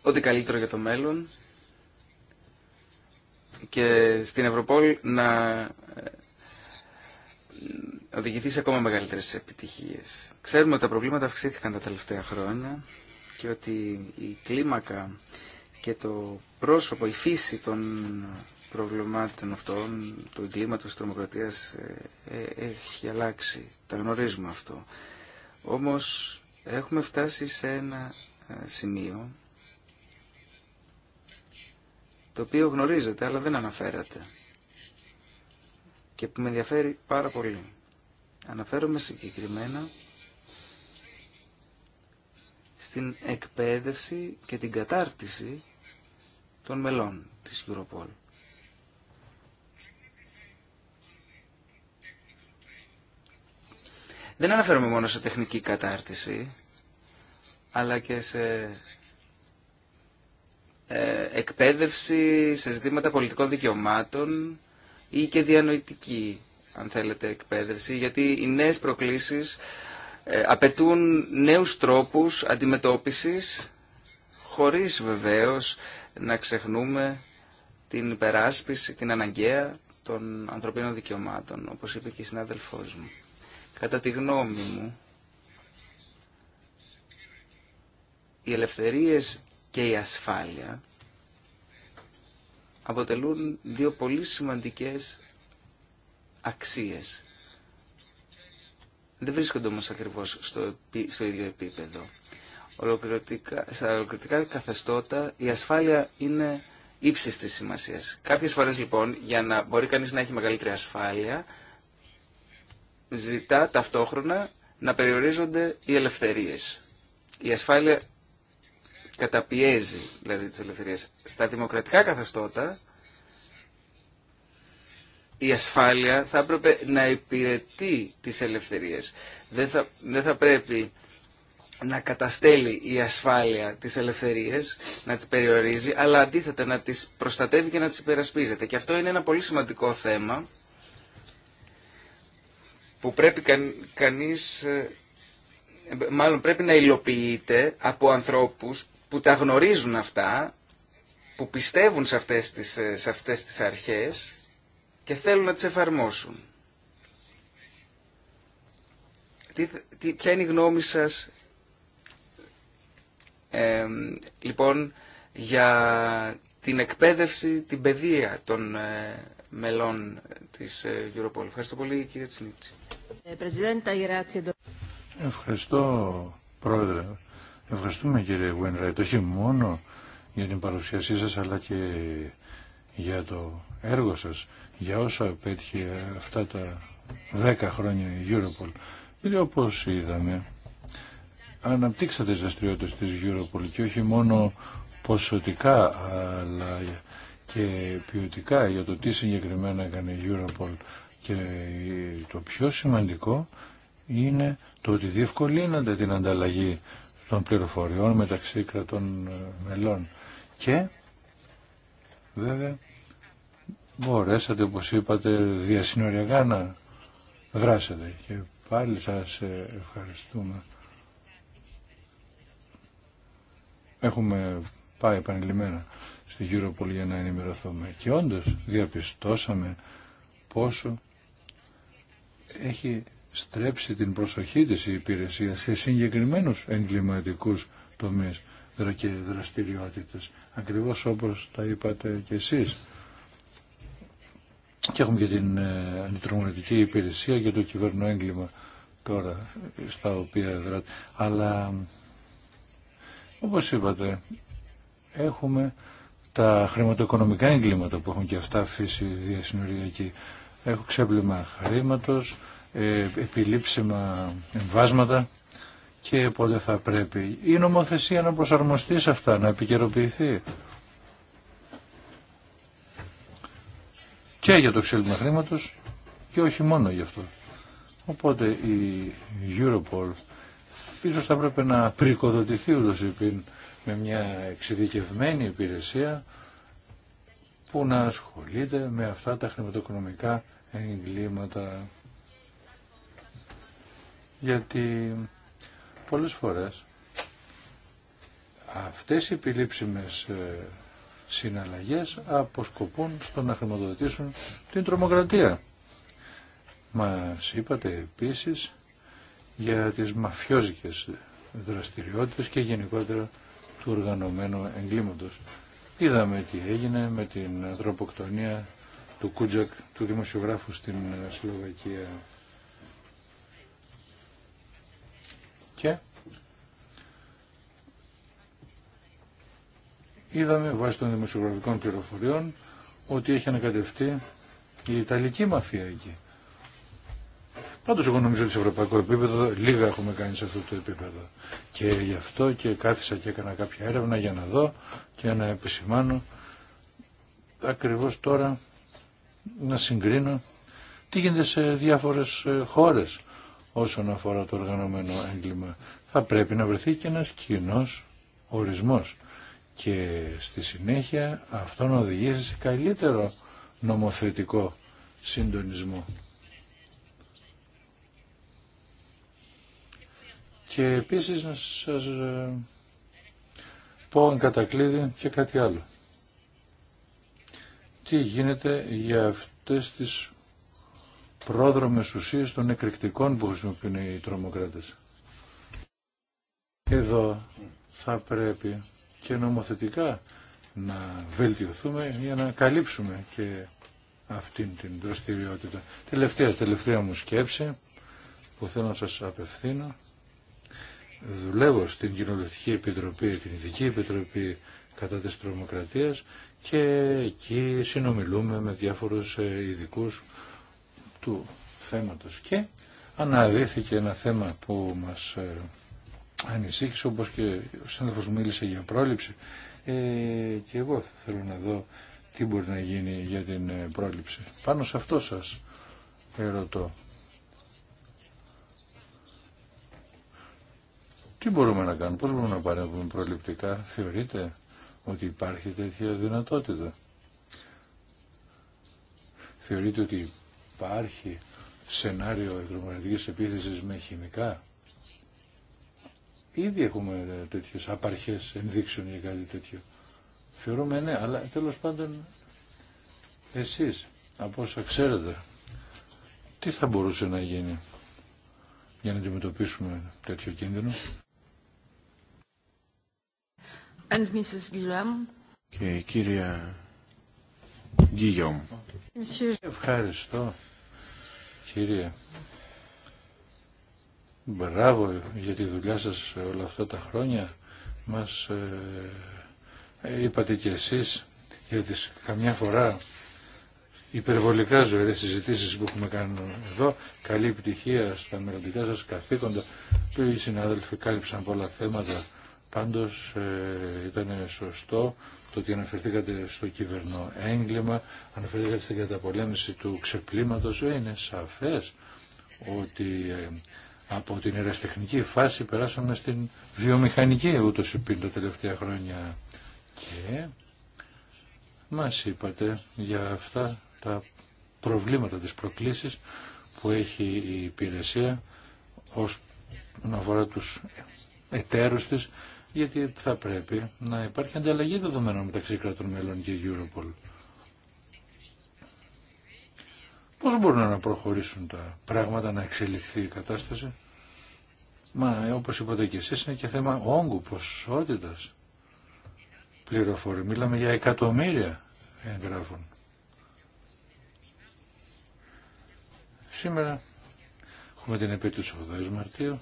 ό,τι καλύτερο για το μέλλον και στην Ευρωπόλη να ε, οδηγηθεί σε ακόμα μεγαλύτερες επιτυχίες. Ξέρουμε ότι τα προβλήματα αυξήθηκαν τα τελευταία χρόνια και ότι η κλίμακα και το πρόσωπο, η φύση των προβλημάτων αυτών, του εγκλήματος της τρομοκρατίας ε, ε, έχει αλλάξει. Τα γνωρίζουμε αυτό. Όμως έχουμε φτάσει σε ένα ε, σημείο το οποίο γνωρίζετε αλλά δεν αναφέρατε και που με ενδιαφέρει πάρα πολύ. Αναφέρομαι συγκεκριμένα στην εκπαίδευση και την κατάρτιση των μελών της Europol. Δεν αναφέρομαι μόνο σε τεχνική κατάρτιση, αλλά και σε ε, εκπαίδευση σε ζητήματα πολιτικών δικαιωμάτων ή και διανοητική αν θέλετε, εκπαίδευση, γιατί οι νέες προκλήσεις ε, απαιτούν νέους τρόπους αντιμετώπισης, χωρίς βεβαίως να ξεχνούμε την υπεράσπιση, την αναγκαία των ανθρωπίνων δικαιωμάτων, όπως είπε και η συνάδελφός μου. Κατά τη γνώμη μου, οι ελευθερίες και η ασφάλεια αποτελούν δύο πολύ σημαντικές αξίες. Δεν βρίσκονται όμως ακριβώς στο, στο ίδιο επίπεδο. Ολοκληρωτικά, στα ολοκληρωτικά καθεστώτα η ασφάλεια είναι ύψης της σημασίας. Κάποιες φορές λοιπόν για να μπορεί κανείς να έχει μεγαλύτερη ασφάλεια ζητά ταυτόχρονα να περιορίζονται οι ελευθερίες. Η ασφάλεια καταπιέζει δηλαδή τις ελευθερίες. Στα δημοκρατικά καθεστώτα η ασφάλεια θα έπρεπε να υπηρετεί τις ελευθερίες. Δεν θα, δεν θα πρέπει να καταστέλει η ασφάλεια τις ελευθερίες, να τις περιορίζει, αλλά αντίθετα να τις προστατεύει και να τις υπερασπίζεται. Και αυτό είναι ένα πολύ σημαντικό θέμα που πρέπει καν, κανείς, ε, μάλλον πρέπει να υλοποιείται από ανθρώπους που τα γνωρίζουν αυτά, που πιστεύουν σε αυτές τις, ε, σε αυτές τις αρχές και θέλουν να τις εφαρμόσουν. Τι, τι, ποια είναι η γνώμη σας λοιπόν για την εκπαίδευση, την παιδεία των ε, μελών της ε, Europol. Ευχαριστώ πολύ κύριε Τσινίτση. Ε, Ευχαριστώ πρόεδρε. Ευχαριστούμε κύριε Γουένραιτ, όχι μόνο για την παρουσίασή σας αλλά και για το έργο σας για όσα πέτυχε αυτά τα 10 χρόνια η Europol. Γιατί όπως είδαμε, αναπτύξατε τι δραστηριότητες της Europol και όχι μόνο ποσοτικά αλλά και ποιοτικά για το τι συγκεκριμένα έκανε η Europol. Και το πιο σημαντικό είναι το ότι διευκολύνανται την ανταλλαγή των πληροφοριών μεταξύ κρατών μελών. Και βέβαια μπορέσατε, όπως είπατε, διασυνοριακά να δράσετε. Και πάλι σας ε, ευχαριστούμε. Έχουμε πάει επανειλημμένα στη Europol για να ενημερωθούμε. Και όντως διαπιστώσαμε πόσο έχει στρέψει την προσοχή της η υπηρεσία σε συγκεκριμένους εγκληματικούς τομείς και δραστηριότητες. Ακριβώς όπως τα είπατε και εσείς. Και έχουμε και την ε, υπηρεσία και το κυβέρνο έγκλημα τώρα στα οποία δράτε. Αλλά όπως είπατε έχουμε τα χρηματοοικονομικά εγκλήματα που έχουν και αυτά φύση διασυνοριακή. Έχω ξέπλυμα χρήματος, ε, εμβάσματα και πότε θα πρέπει η νομοθεσία να προσαρμοστεί σε αυτά, να επικαιροποιηθεί. και για το ξύλινο χρήματος και όχι μόνο γι' αυτό. Οπότε η Europol ίσως θα έπρεπε να πρικοδοτηθεί ούτως υπήν με μια εξειδικευμένη υπηρεσία που να ασχολείται με αυτά τα χρηματοοικονομικά εγκλήματα. Γιατί πολλές φορές αυτές οι επιλήψιμες ε, συναλλαγές αποσκοπούν στο να χρηματοδοτήσουν την τρομοκρατία. Μας είπατε επίσης για τις μαφιόζικες δραστηριότητες και γενικότερα του οργανωμένου εγκλήματος. Είδαμε τι έγινε με την ανθρωποκτονία του Κούτζακ, του δημοσιογράφου στην Σλοβακία. Και είδαμε βάσει των δημοσιογραφικών πληροφοριών ότι έχει ανακατευτεί η Ιταλική μαφία εκεί. Πάντω, εγώ νομίζω ότι σε ευρωπαϊκό επίπεδο λίγα έχουμε κάνει σε αυτό το επίπεδο. Και γι' αυτό και κάθισα και έκανα κάποια έρευνα για να δω και να επισημάνω ακριβώ τώρα να συγκρίνω τι γίνεται σε διάφορε ε, χώρε όσον αφορά το οργανωμένο έγκλημα. Θα πρέπει να βρεθεί και ένα κοινό ορισμό και στη συνέχεια αυτό να οδηγήσει σε καλύτερο νομοθετικό συντονισμό. Και επίσης να σας ε, πω αν και κάτι άλλο. Τι γίνεται για αυτές τις πρόδρομες ουσίες των εκρηκτικών που χρησιμοποιούν οι τρομοκράτες. Εδώ θα πρέπει και νομοθετικά να βελτιωθούμε για να καλύψουμε και αυτήν την δραστηριότητα. Τελευταία, τελευταία μου σκέψη που θέλω να σας απευθύνω. Δουλεύω στην Κοινοβουλευτική Επιτροπή, την Ειδική Επιτροπή κατά της τρομοκρατίας και εκεί συνομιλούμε με διάφορους ε, ειδικού του θέματος και αναδύθηκε ένα θέμα που μας ε, ανησύχησε όπως και ο σύνδεφος μίλησε για πρόληψη ε, και εγώ θέλω να δω τι μπορεί να γίνει για την ε, πρόληψη. Πάνω σε αυτό σας ερωτώ. Τι μπορούμε να κάνουμε, πώς μπορούμε να παρέμβουμε προληπτικά, θεωρείτε ότι υπάρχει τέτοια δυνατότητα. Θεωρείτε ότι υπάρχει σενάριο ευρωπαϊκής επίθεσης με χημικά. Ήδη έχουμε τέτοιες απαρχές ενδείξεων για κάτι τέτοιο. Θεωρούμε ναι, αλλά τέλος πάντων εσείς από όσα ξέρετε τι θα μπορούσε να γίνει για να αντιμετωπίσουμε τέτοιο κίνδυνο. And Mrs. Και η κύρια Γκίγιομ. Ευχαριστώ κύριε Μπράβο για τη δουλειά σας όλα αυτά τα χρόνια. Μας ε, είπατε κι εσείς για τις καμιά φορά υπερβολικά ζωηρές συζητήσεις που έχουμε κάνει εδώ. Καλή επιτυχία στα μελλοντικά σας καθήκοντα. Οι συνάδελφοι κάλυψαν πολλά θέματα. Πάντως ε, ήταν σωστό το ότι αναφερθήκατε στο κυβερνό έγκλημα, αναφερθήκατε στην καταπολέμηση του ξεπλήματος. Ε, είναι σαφές ότι... Ε, από την εραστεχνική φάση περάσαμε στην βιομηχανική ούτως επί τα τελευταία χρόνια και μας είπατε για αυτά τα προβλήματα της προκλήσεις που έχει η υπηρεσία ως να αφορά τους εταίρους της γιατί θα πρέπει να υπάρχει ανταλλαγή δεδομένων μεταξύ κρατών μελών και Europol. Πώς μπορούν να προχωρήσουν τα πράγματα, να εξελιχθεί η κατάσταση. Μα ε, όπως είπατε και εσείς είναι και θέμα όγκου, ποσότητας πληροφορία. Μιλάμε για εκατομμύρια εγγράφων. Σήμερα έχουμε την επίτηση του 8 Μαρτίου.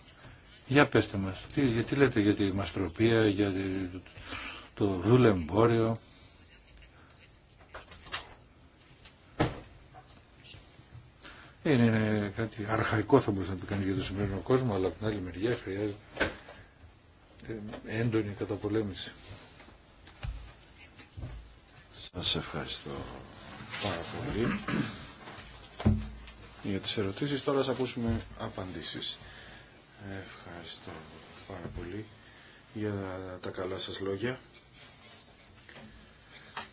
Για πέστε μας, τι, λέτε για τη μαστροπία, για το δουλεμπόριο, Ε, είναι κάτι αρχαϊκό θα μπορούσε να πει κάνει για το σημερινό κόσμο, αλλά από την άλλη μεριά χρειάζεται ε, έντονη καταπολέμηση. Σα ευχαριστώ πάρα πολύ για τι ερωτήσει. Τώρα θα ακούσουμε απαντήσεις. Ευχαριστώ πάρα πολύ για τα καλά σας λόγια.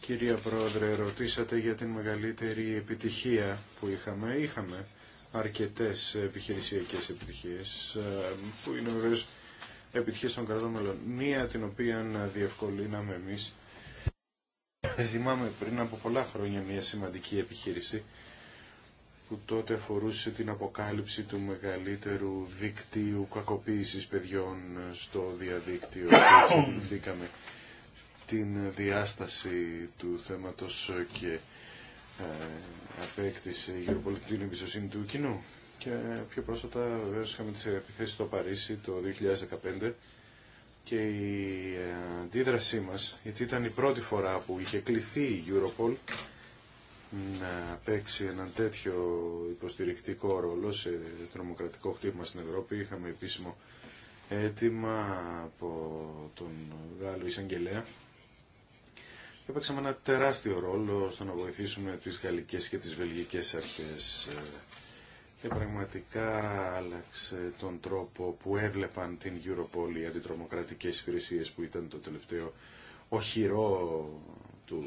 Κυρία Πρόεδρε, ρωτήσατε για την μεγαλύτερη επιτυχία που είχαμε. Είχαμε αρκετές επιχειρησιακές επιτυχίες, ε, που είναι βεβαίως επιτυχίες των κρατών μελών. Μία την οποία διευκολύναμε εμείς. Θυμάμαι πριν από πολλά χρόνια μια σημαντική επιχείρηση, που τότε αφορούσε την οποια διευκολυναμε εμεις θυμαμαι πριν απο πολλα χρονια μια σημαντικη επιχειρηση που τοτε φορουσε την αποκαλυψη του μεγαλύτερου δικτύου κακοποίησης παιδιών στο διαδίκτυο. έτσι την διάσταση του θέματος και ε, απέκτησε γεωπολιτική εμπιστοσύνη του κοινού. Και πιο πρόσφατα βεβαίω είχαμε τις επιθέσεις στο Παρίσι το 2015 και η ε, αντίδρασή μας, γιατί ήταν η πρώτη φορά που είχε κληθεί η Europol να παίξει έναν τέτοιο υποστηρικτικό ρόλο σε τρομοκρατικό χτύπημα στην Ευρώπη. Είχαμε επίσημο αίτημα από τον Γάλλο εισαγγελέα και ένα τεράστιο ρόλο στο να βοηθήσουμε τις γαλλικές και τις βελγικές αρχές και πραγματικά άλλαξε τον τρόπο που έβλεπαν την Europol οι αντιτρομοκρατικές υπηρεσίες που ήταν το τελευταίο οχυρό του,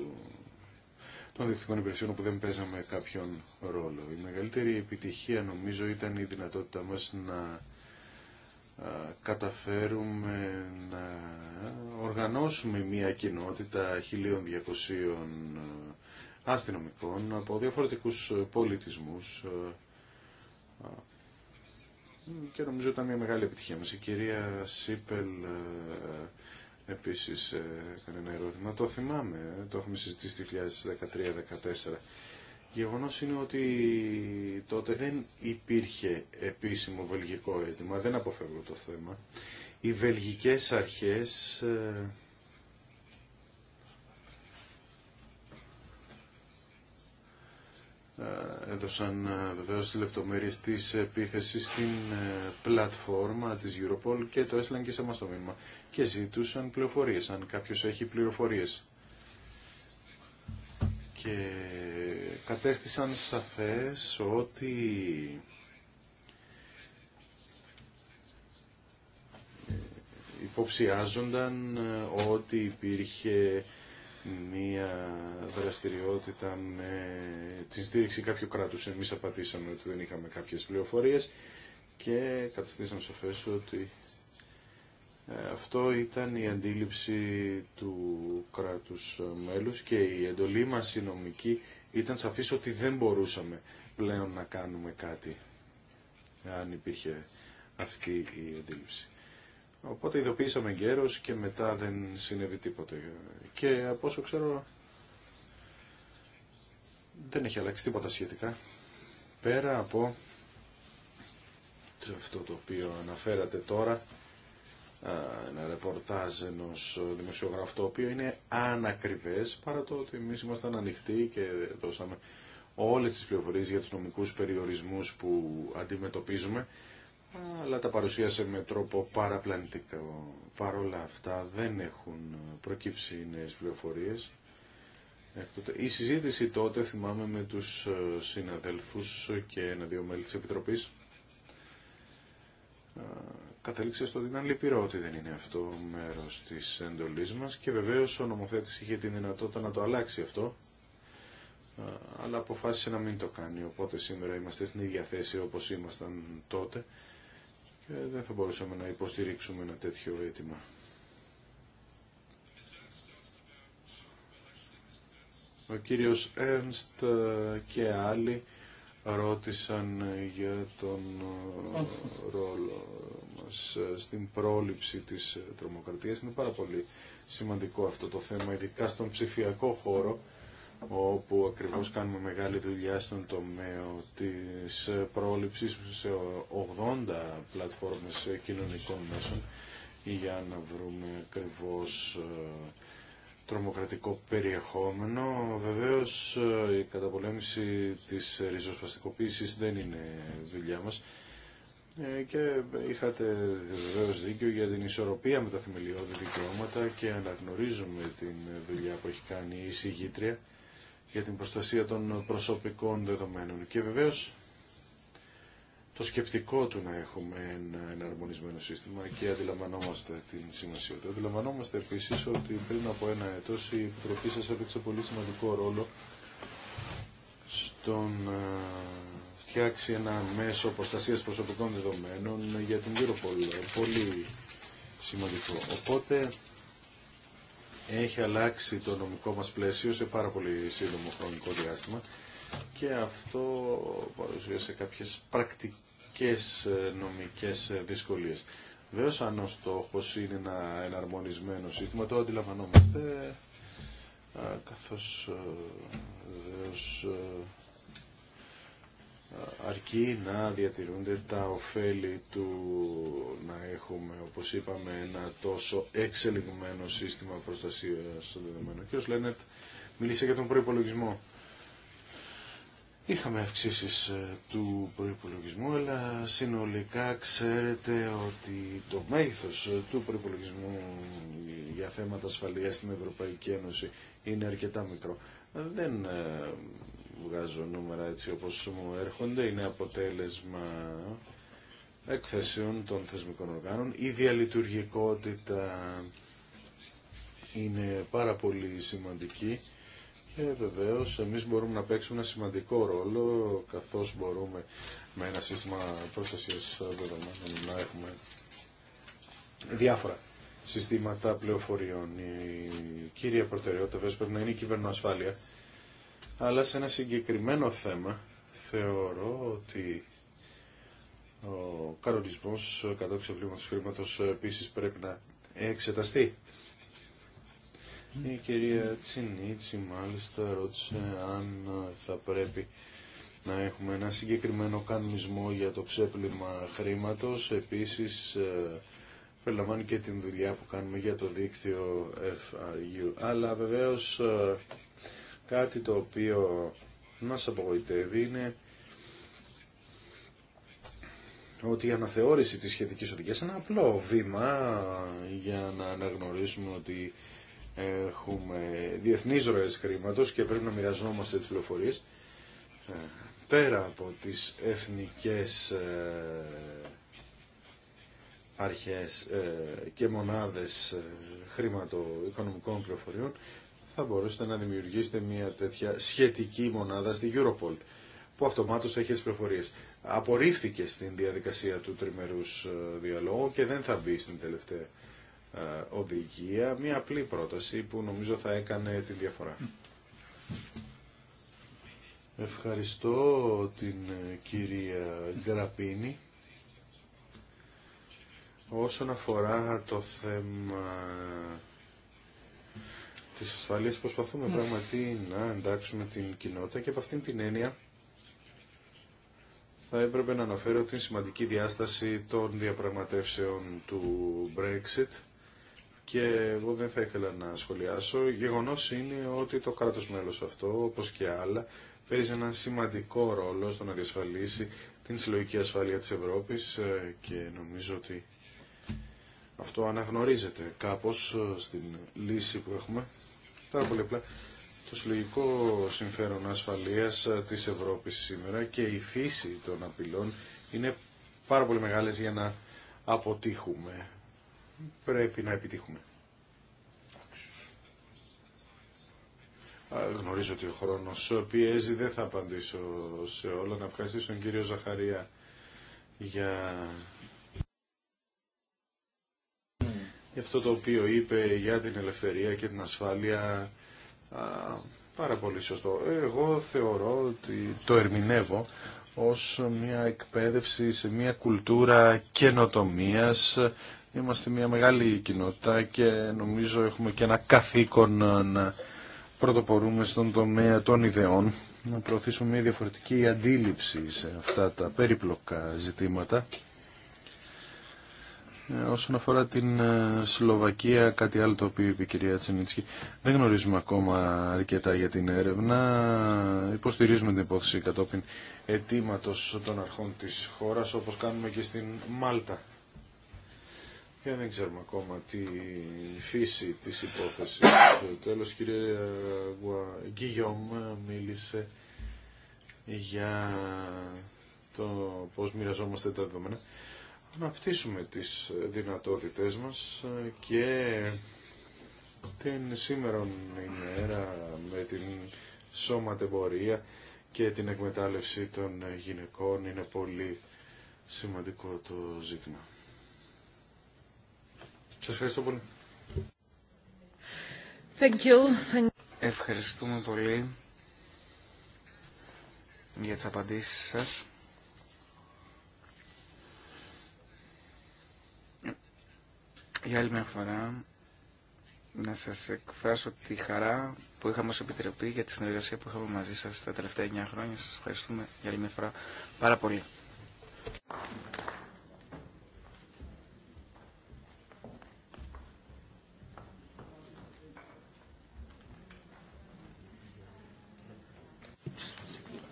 των διεκτικών υπηρεσιών που δεν παίζαμε κάποιον ρόλο. Η μεγαλύτερη επιτυχία νομίζω ήταν η δυνατότητά μας να καταφέρουμε να οργανώσουμε μια κοινότητα 1200 ε, αστυνομικών από διαφορετικούς ε, πολιτισμούς ε, και νομίζω ήταν μια μεγάλη επιτυχία μας. Η κυρία Σίπελ επίσης έκανε ένα ερώτημα. Το θυμάμαι, το έχουμε συζητήσει 2013-2014 γεγονό είναι ότι τότε δεν υπήρχε επίσημο βελγικό αίτημα, δεν αποφεύγω το θέμα. Οι βελγικές αρχές ε, ε, έδωσαν ε, βεβαίως τι λεπτομέρειες της επίθεσης στην πλατφόρμα της Europol και το έστειλαν και σε εμάς το μήνυμα και ζήτουσαν πληροφορίες, αν κάποιος έχει πληροφορίες και κατέστησαν σαφές ότι υποψιάζονταν ότι υπήρχε μία δραστηριότητα με τη στήριξη κάποιου κράτους. Εμείς απαντήσαμε ότι δεν είχαμε κάποιες πληροφορίες και κατέστησαν σαφές ότι ε, αυτό ήταν η αντίληψη του κράτους μέλους και η εντολή μας η νομική ήταν σαφής ότι δεν μπορούσαμε πλέον να κάνουμε κάτι αν υπήρχε αυτή η αντίληψη. Οπότε ειδοποιήσαμε γέρος και μετά δεν συνέβη τίποτα. Και από όσο ξέρω δεν έχει αλλάξει τίποτα σχετικά. Πέρα από αυτό το οποίο αναφέρατε τώρα, ένα ρεπορτάζ ενό δημοσιογράφου, το οποίο είναι ανακριβές, παρά το ότι εμεί ήμασταν ανοιχτοί και δώσαμε όλε τι πληροφορίε για του νομικού περιορισμούς που αντιμετωπίζουμε, αλλά τα παρουσίασε με τρόπο παραπλανητικό. Παρ' όλα αυτά δεν έχουν προκύψει νέε πληροφορίε. Η συζήτηση τότε, θυμάμαι, με τους ε, συναδέλφους και ένα-δύο μέλη της Επιτροπής, Κατέληξε στο ότι ήταν λυπηρό ότι δεν είναι αυτό μέρος της εντολής μας και βεβαίως ο νομοθέτης είχε τη δυνατότητα να το αλλάξει αυτό, αλλά αποφάσισε να μην το κάνει. Οπότε σήμερα είμαστε στην ίδια θέση όπως ήμασταν τότε και δεν θα μπορούσαμε να υποστηρίξουμε ένα τέτοιο αίτημα. Ο κύριος Έρνστ και άλλοι ρώτησαν για τον ε, ρόλο μας στην πρόληψη της τρομοκρατίας. Είναι πάρα πολύ σημαντικό αυτό το θέμα, ειδικά στον ψηφιακό χώρο, όπου ακριβώς κάνουμε μεγάλη δουλειά στον τομέα της πρόληψης σε 80 πλατφόρμες κοινωνικών μέσων για να βρούμε ακριβώς ε, τρομοκρατικό περιεχόμενο. Βεβαίως ε, η καταπολέμηση της ριζοσπαστικοποίηση δεν είναι δουλειά μας. Ε, και είχατε βεβαίω δίκιο για την ισορροπία με τα θεμελιώδη δικαιώματα και αναγνωρίζουμε την δουλειά που έχει κάνει η συγγήτρια για την προστασία των προσωπικών δεδομένων. Και βεβαίως το σκεπτικό του να έχουμε ένα εναρμονισμένο σύστημα και αντιλαμβανόμαστε την σημασία του. Αντιλαμβανόμαστε επίσης ότι πριν από ένα έτο η Επιτροπή σα έπαιξε πολύ σημαντικό ρόλο στο να ε, φτιάξει ένα μέσο προστασία προσωπικών δεδομένων για την Europol. Πολύ σημαντικό. Οπότε έχει αλλάξει το νομικό μας πλαίσιο σε πάρα πολύ σύντομο χρονικό διάστημα και αυτό παρουσίασε κάποιες πρακτικές και ε, νομικές ε, δυσκολίες. Βέβαια, αν ο στόχο είναι ένα εναρμονισμένο σύστημα, το αντιλαμβανόμαστε, ε, καθώς αρκεί να διατηρούνται τα ωφέλη του να έχουμε, όπως είπαμε, ένα τόσο εξελιγμένο σύστημα προστασίας των δεδομένων. Ο κ. Λένερτ μίλησε για τον προϋπολογισμό. Είχαμε αυξήσει ε, του προϋπολογισμού, αλλά συνολικά ξέρετε ότι το μέγεθο ε, του προπολογισμού για θέματα ασφαλείας στην Ευρωπαϊκή Ένωση είναι αρκετά μικρό. Ε, δεν βγάζω νούμερα έτσι όπως μου έρχονται, είναι αποτέλεσμα εκθέσεων των θεσμικών οργάνων. Η διαλειτουργικότητα είναι πάρα πολύ σημαντική και βεβαίω εμεί μπορούμε να παίξουμε ένα σημαντικό ρόλο καθώς μπορούμε με ένα σύστημα προστασία δεδομένων να έχουμε διάφορα συστήματα πληροφοριών. Η κύρια προτεραιότητα βέβαια πρέπει να είναι η κυβερνοασφάλεια. Αλλά σε ένα συγκεκριμένο θέμα θεωρώ ότι ο κανονισμό κατά του χρήματος επίσης πρέπει να εξεταστεί και η κυρία Τσινίτσι μάλιστα ρώτησε αν ε, θα πρέπει να έχουμε ένα συγκεκριμένο κανονισμό για το ξέπλυμα χρήματος. Επίσης, ε, περιλαμβάνει και την δουλειά που κάνουμε για το δίκτυο FRU. Αλλά βεβαίως ε, κάτι το οποίο μας απογοητεύει είναι ότι η αναθεώρηση της σχετικής οδηγίας είναι ένα απλό βήμα για να αναγνωρίσουμε ότι έχουμε διεθνεί ροέ χρήματος και πρέπει να μοιραζόμαστε τις πληροφορίες ε, πέρα από τις εθνικές ε, αρχές ε, και μονάδες χρηματοοικονομικών πληροφοριών θα μπορούσατε να δημιουργήσετε μια τέτοια σχετική μονάδα στη Europol που αυτομάτως έχει τις πληροφορίες. Απορρίφθηκε στην διαδικασία του τριμερούς διαλόγου και δεν θα μπει στην τελευταία ε, οδηγία, μια απλή πρόταση που νομίζω θα έκανε τη διαφορά. Ευχαριστώ την ε, κυρία Γκραπίνη. Όσον αφορά το θέμα της ασφαλείας, προσπαθούμε ναι. πραγματί να εντάξουμε την κοινότητα και από αυτήν την έννοια θα έπρεπε να αναφέρω την σημαντική διάσταση των διαπραγματεύσεων του Brexit και εγώ δεν θα ήθελα να σχολιάσω. Γεγονός είναι ότι το κράτος μέλος αυτό, όπως και άλλα, παίζει ένα σημαντικό ρόλο στο να διασφαλίσει την συλλογική ασφάλεια της Ευρώπης ε, και νομίζω ότι αυτό αναγνωρίζεται κάπως ε, στην λύση που έχουμε. Πάρα πολύ απλά το συλλογικό συμφέρον ασφαλείας ε, της Ευρώπης σήμερα και η φύση των απειλών είναι πάρα πολύ μεγάλες για να αποτύχουμε πρέπει να επιτύχουμε. Γνωρίζω ότι ο χρόνος πιέζει, δεν θα απαντήσω σε όλα. Να ευχαριστήσω τον κύριο Ζαχαρία για... αυτό το οποίο είπε για την ελευθερία και την ασφάλεια. Πάρα πολύ σωστό. Εγώ θεωρώ ότι το ερμηνεύω ως μια εκπαίδευση σε μια κουλτούρα καινοτομίας Είμαστε μια μεγάλη κοινότητα και νομίζω έχουμε και ένα καθήκον να πρωτοπορούμε στον τομέα των ιδεών, να προωθήσουμε μια διαφορετική αντίληψη σε αυτά τα περίπλοκα ζητήματα. Ε, όσον αφορά την ε, Σλοβακία, κάτι άλλο το οποίο είπε η κυρία Τσενίτσκη, δεν γνωρίζουμε ακόμα αρκετά για την έρευνα. Υποστηρίζουμε την υπόθεση κατόπιν αιτήματο των αρχών της χώρας, όπως κάνουμε και στην Μάλτα και δεν ξέρουμε ακόμα τη φύση της υπόθεσης. Τέλος, κύριε Γκίγιομ μίλησε για το πώς μοιραζόμαστε τα δεδομένα. Αναπτύσσουμε τις δυνατότητές μας και την σήμερα ημέρα με την σώματεμπορία και την εκμετάλλευση των γυναικών είναι πολύ σημαντικό το ζήτημα. Σας ευχαριστώ πολύ. Thank you. Ευχαριστούμε πολύ για τις απαντήσεις σας. Για άλλη μια φορά, να σας εκφράσω τη χαρά που είχαμε ως Επιτροπή για τη συνεργασία που είχαμε μαζί σας τα τελευταία 9 χρόνια. Σας ευχαριστούμε για άλλη μια φορά πάρα πολύ.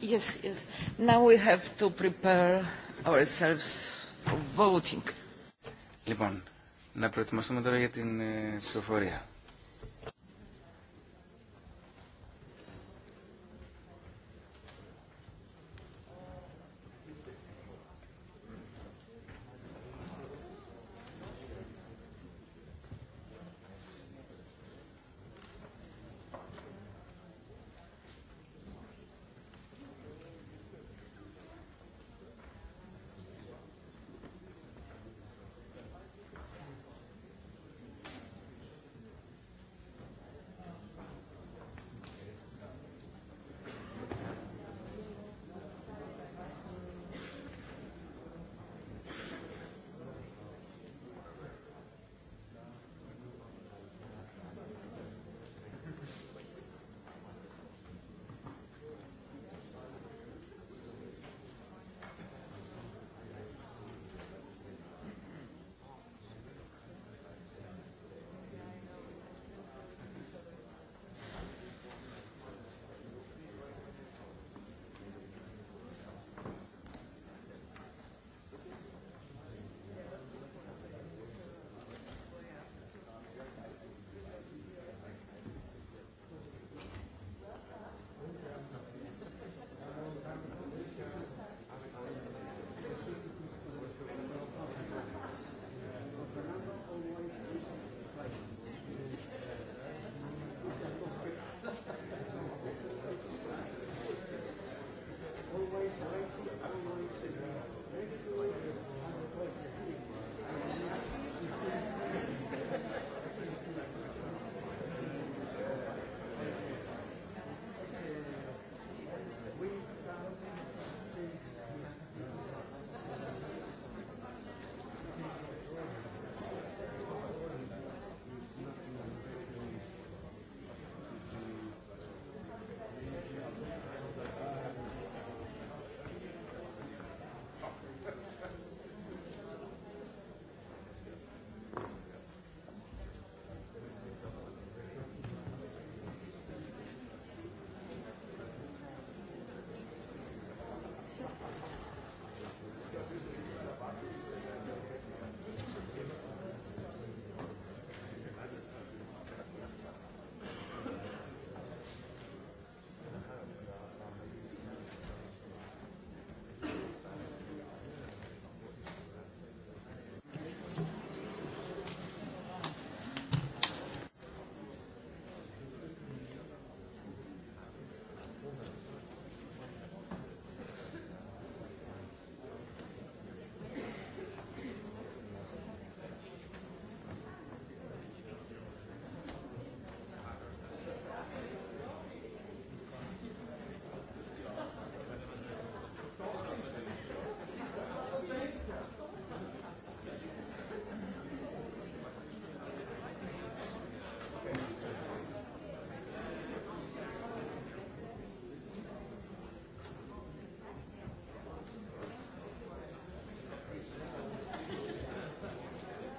Yes, Now have prepare voting. Λοιπόν, να προετοιμαστούμε τώρα για την ε, ψηφοφορία.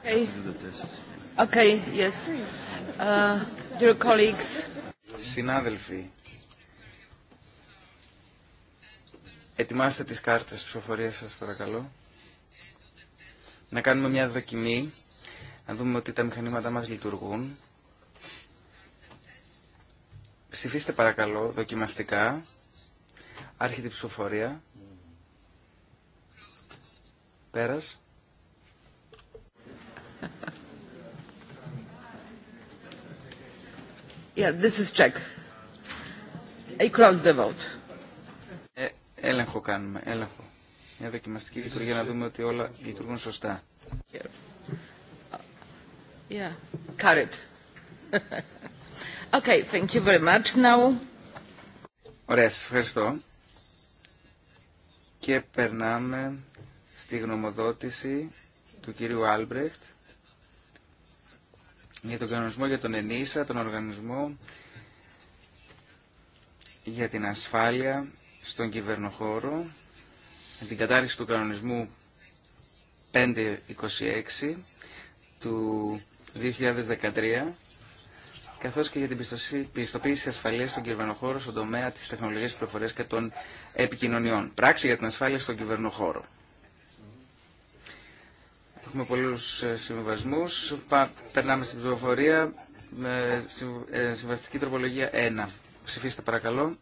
Uh, Συνάδελφοι, ετοιμάστε τις κάρτες της ψηφοφορίας σας παρακαλώ. Να κάνουμε μια δοκιμή, να δούμε ότι τα μηχανήματα μας λειτουργούν. Ψηφίστε παρακαλώ δοκιμαστικά. Άρχεται η ψηφοφορία. Πέρας. Ε, έλεγχο κάνουμε, έλεγχο. Μια δοκιμαστική λειτουργία να δούμε ότι όλα λειτουργούν σωστά. Ναι, okay, thank you Ωραία, σας ευχαριστώ. Και περνάμε στη γνωμοδότηση του κυρίου Άλμπρεχτ για τον κανονισμό για τον ΕΝΙΣΑ, τον οργανισμό για την ασφάλεια στον κυβερνοχώρο, την κατάρριξη του κανονισμού 526 του 2013, καθώς και για την πιστοποίηση ασφαλείας στον κυβερνοχώρο στον τομέα της τεχνολογίας πληροφορίας και των επικοινωνιών. Πράξη για την ασφάλεια στον κυβερνοχώρο. Έχουμε πολλούς ε, συμβασμούς. Περνάμε στην πληροφορία. Ε, συμβαστική τροπολογία 1. Ψηφίστε παρακαλώ.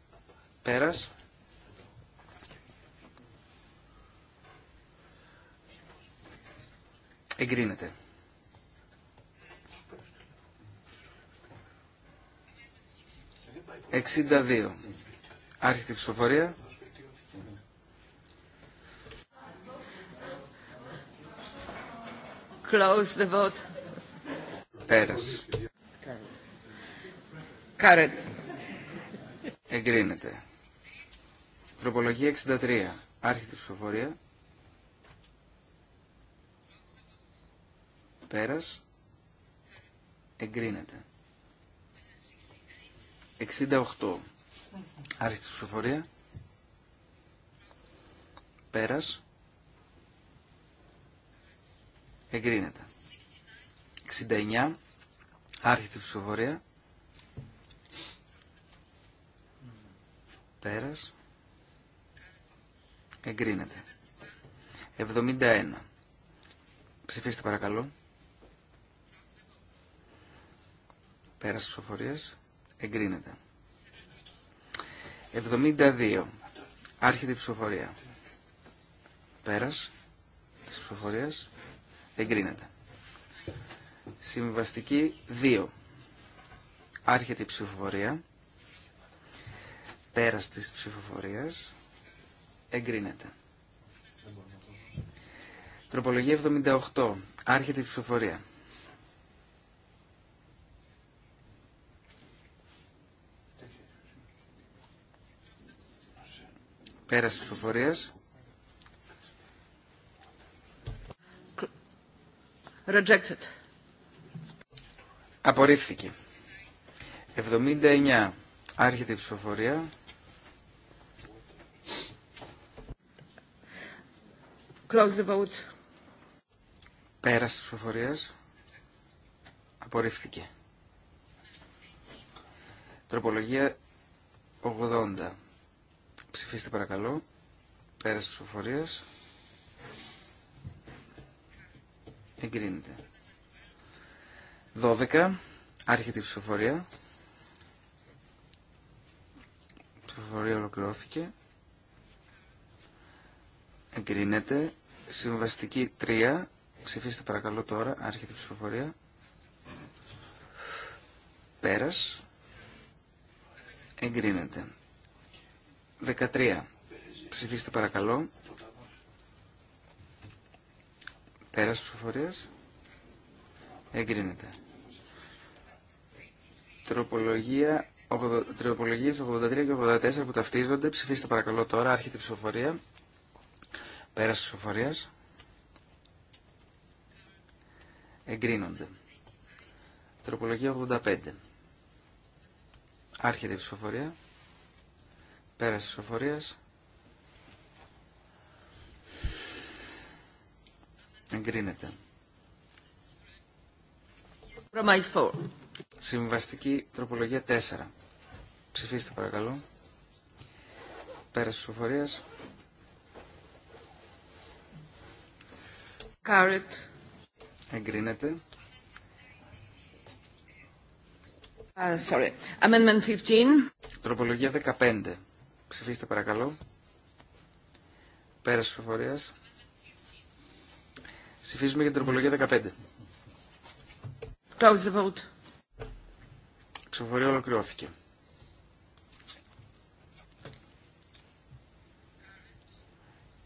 Πέρας. Εγκρίνεται. 62 δύο. Άρχεται η ψηφοφορία. Close the vote. Πέρας. Κάρετ. Εγκρίνεται. Τροπολογία 63. Άρχιτη ψηφοφορία. Πέρας. Εγκρίνεται. 68. Άρχιτη ψηφοφορία. Πέρας εγκρίνεται. 69, άρχιτη ψηφοφορία. Πέρας. Εγκρίνεται. 71. Ψηφίστε παρακαλώ. Πέρας ψηφοφορίας. Εγκρίνεται. 72. Άρχεται ψηφοφορία. Πέρας της ψηφοφορίας. Εγκρίνεται. Συμβαστική 2. Άρχεται η ψηφοφορία. Πέρας της ψηφοφορίας. Εγκρίνεται. Τροπολογία 78. Άρχεται η ψηφοφορία. Πέρας της ψηφοφορίας. Rejected. Απορρίφθηκε. 79. Άρχεται η ψηφοφορία. Close the vote. Πέρας ψηφοφορίας. Απορρίφθηκε. Τροπολογία 80. Ψηφίστε παρακαλώ. Πέρας τη ψηφοφορία. εγκρίνεται. 12. Άρχεται η ψηφοφορία. Η ψηφοφορία ολοκληρώθηκε. Εγκρίνεται. Συμβαστική 3. Ψηφίστε παρακαλώ τώρα. Άρχεται η ψηφοφορία. Πέρας. Εγκρίνεται. 13. Ψηφίστε παρακαλώ. Πέρας ψηφοφορίας. Εγκρίνεται. Τροπολογία, τροπολογίες 83 και 84 που ταυτίζονται. Ψηφίστε παρακαλώ τώρα. Άρχεται η ψηφοφορία. Πέρας ψηφοφορίας. Εγκρίνονται. Τροπολογία 85. Άρχεται η ψηφοφορία. Πέρας ψηφοφορίας. Εγκρίνεται. Συμβαστική τροπολογία 4. Ψηφίστε παρακαλώ. Πέρα της ψηφοφορίας. Εγκρίνεται. sorry. Amendment 15. Τροπολογία 15. Ψηφίστε παρακαλώ. Πέρας της ψηφοφορίας. Ψηφίζουμε για την τροπολογία 15. Close the vote. ολοκληρώθηκε.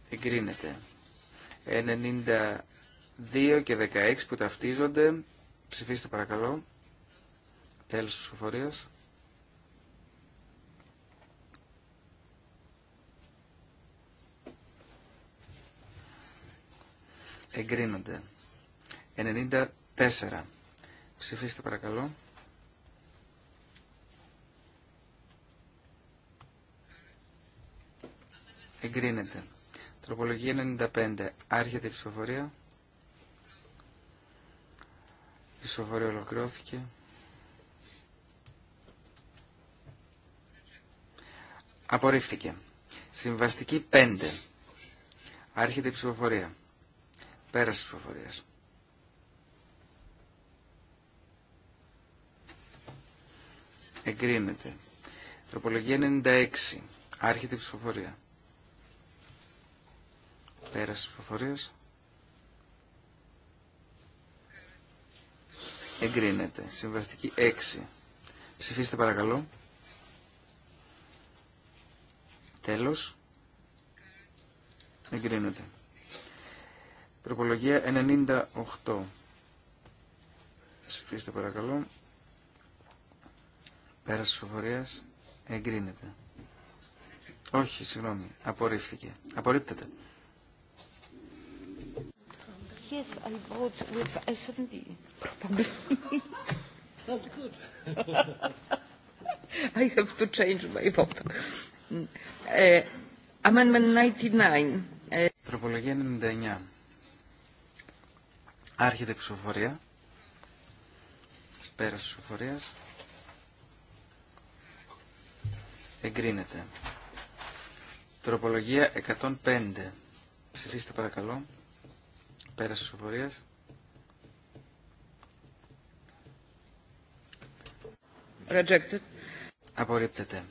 Εγκρίνεται. 92 και 16 που ταυτίζονται. Ψηφίστε παρακαλώ. Τέλος της ψηφοφορίας. εγκρίνονται. 94. Ψηφίστε παρακαλώ. Εγκρίνεται. Τροπολογία 95. Άρχεται η ψηφοφορία. Η ψηφοφορία ολοκληρώθηκε. Απορρίφθηκε. Συμβαστική 5. Άρχεται η ψηφοφορία. Πέραση της ψηφοφορίας. Εγκρίνεται. Τροπολογία 96. Άρχεται η ψηφοφορία. Πέραση της ψηφοφορίας. Εγκρίνεται. Συμβαστική 6. Ψηφίστε παρακαλώ. Τέλος. Εγκρίνεται. Τροπολογία 98. Συμφίστε παρακαλώ. Πέρασε της εγκρίνεται. Όχι, συγγνώμη, απορρίφθηκε. Απορρίπτεται. Yes, I vote with S&D. Probably. That's good. I have to change my vote. Mm. Uh, amendment 99. Uh, Τροπολογία 99. Άρχεται η ψηφοφορία. Πέρας τη ψηφοφορίας. Εγκρίνεται. Τροπολογία 105. Ψηφίστε παρακαλώ. Πέρας ψηφοφορίας. Rejected. Απορρίπτεται.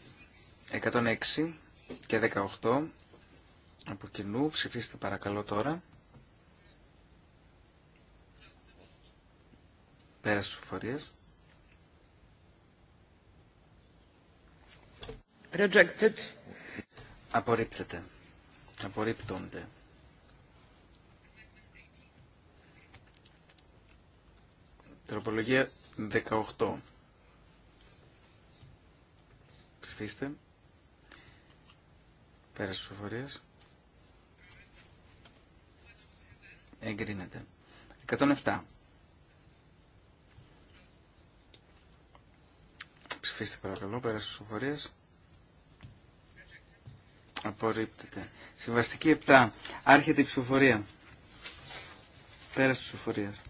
106 και 18 από κοινού. Ψηφίστε παρακαλώ τώρα. Πέρας ψηφοφορίας. Rejected. Απορρίπτεται. Απορρίπτονται. Τροπολογία 18. Ψηφίστε. Πέρας φορείες. Εγκρίνεται. 107. Ψηφίστε παρακαλώ, πέρα στις ψηφοφορίες. Απορρίπτεται. Συμβαστική 7. Άρχεται η ψηφοφορία. Πέρα της ψηφοφορίας.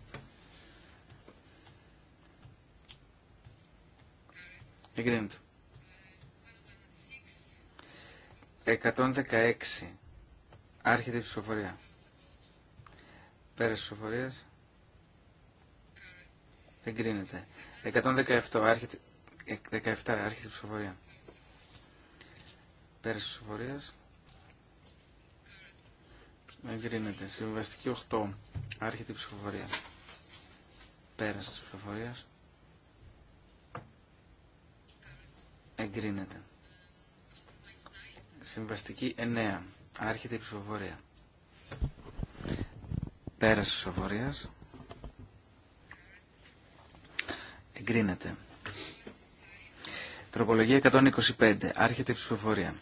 Εγκρίνεται. 116. Άρχεται η ψηφοφορία. Πέρα τη ψηφοφορίας. Εγκρίνεται. 117. Άρχεται... 17. Άρχισε η ψηφοφορία. Πέρασε ψηφοφορία. Εγκρίνεται. Συμβαστική 8. Άρχεται η ψηφοφορία. Πέρασε τη ψηφοφορία. Εγκρίνεται. Συμβαστική 9. Άρχεται η ψηφοφορία. Πέρασε τη ψηφοφορία. Εγκρίνεται. Τροπολογία 125. Άρχεται η ψηφοφορία.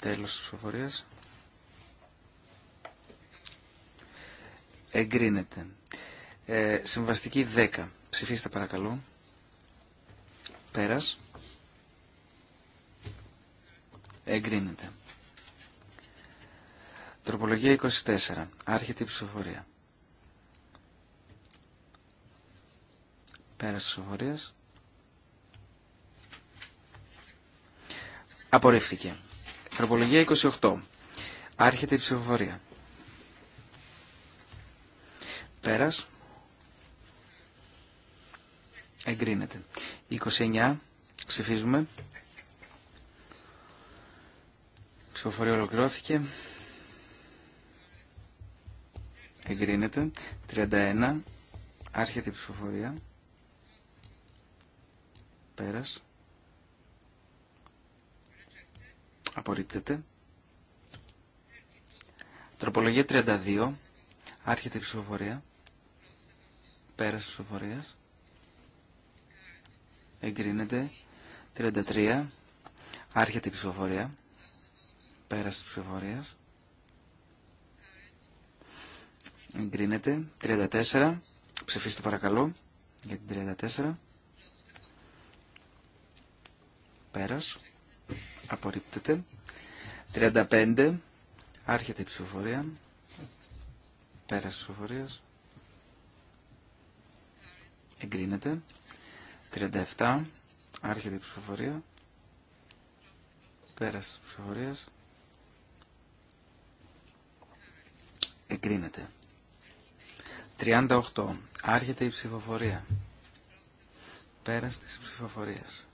Τέλος της ψηφοφορίας. Εγκρίνεται. Ε, συμβαστική 10. Ψηφίστε παρακαλώ. Πέρας. Εγκρίνεται. Τροπολογία 24. Άρχεται η ψηφοφορία. Πέρας της ψηφοφορίας. Απορρίφθηκε. Τροπολογία 28. Άρχεται η ψηφοφορία. Πέρας. Εγκρίνεται. 29. Ψηφίζουμε. Ψηφοφορία ολοκληρώθηκε. Εγκρίνεται. 31. Άρχεται η ψηφοφορία. Πέρας. Απορρίπτεται. Τροπολογία 32. Άρχεται η ψηφοφορία. Πέρας ψηφοφορίας. Εγκρίνεται. 33. Άρχεται η ψηφοφορία. Πέρας της ψηφοφορίας. Εγκρίνεται. 34. Ψηφίστε παρακαλώ για την 34. Πέρας. Απορρίπτεται. 35. Άρχεται η ψηφοφορία. Πέρας ψηφοφορίας. Εγκρίνεται. 37. Άρχεται η ψηφοφορία. Πέρας της ψηφοφορίας. Εγκρίνεται. 38. Άρχεται η ψηφοφορία. Πέρας της ψηφοφορίας.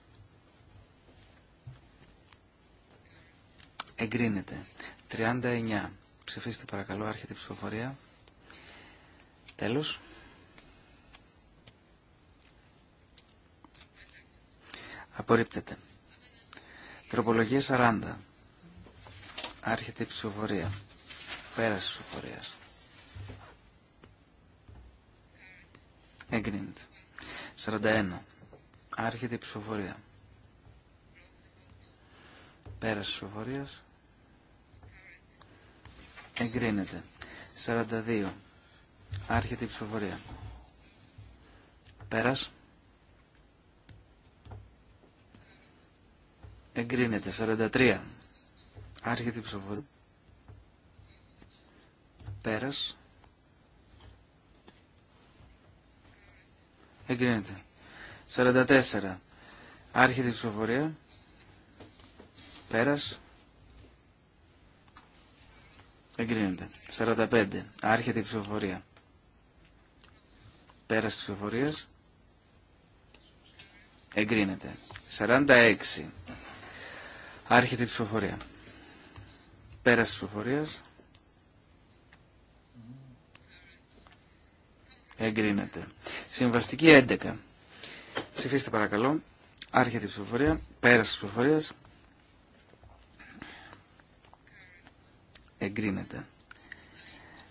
εγκρίνεται. 39. Ψηφίστε παρακαλώ, άρχεται η ψηφοφορία. Τέλος. Απορρίπτεται. Τροπολογία 40. Άρχεται η ψηφοφορία. Πέραση ψηφοφορίας. Εγκρίνεται. 41. Άρχεται η ψηφοφορία. Πέραση ψηφοφορίας εγκρίνεται. 42. Άρχεται η ψηφοφορία. Πέρας. Εγκρίνεται. 43. Άρχεται η ψηφοφορία. Πέρας. Εγκρίνεται. 44. Άρχεται η ψηφοφορία. Πέρας. Εγκρίνεται. 45. Άρχεται η ψηφοφορία. Πέρας τη ψηφοφορίας. Εγκρίνεται. 46. Άρχεται η ψηφοφορία. Πέρας τη ψηφοφορίας. Εγκρίνεται. Συμβαστική 11. Ψηφίστε παρακαλώ. Άρχεται η ψηφοφορία. Πέρας τη ψηφοφορίας. εγκρίνεται.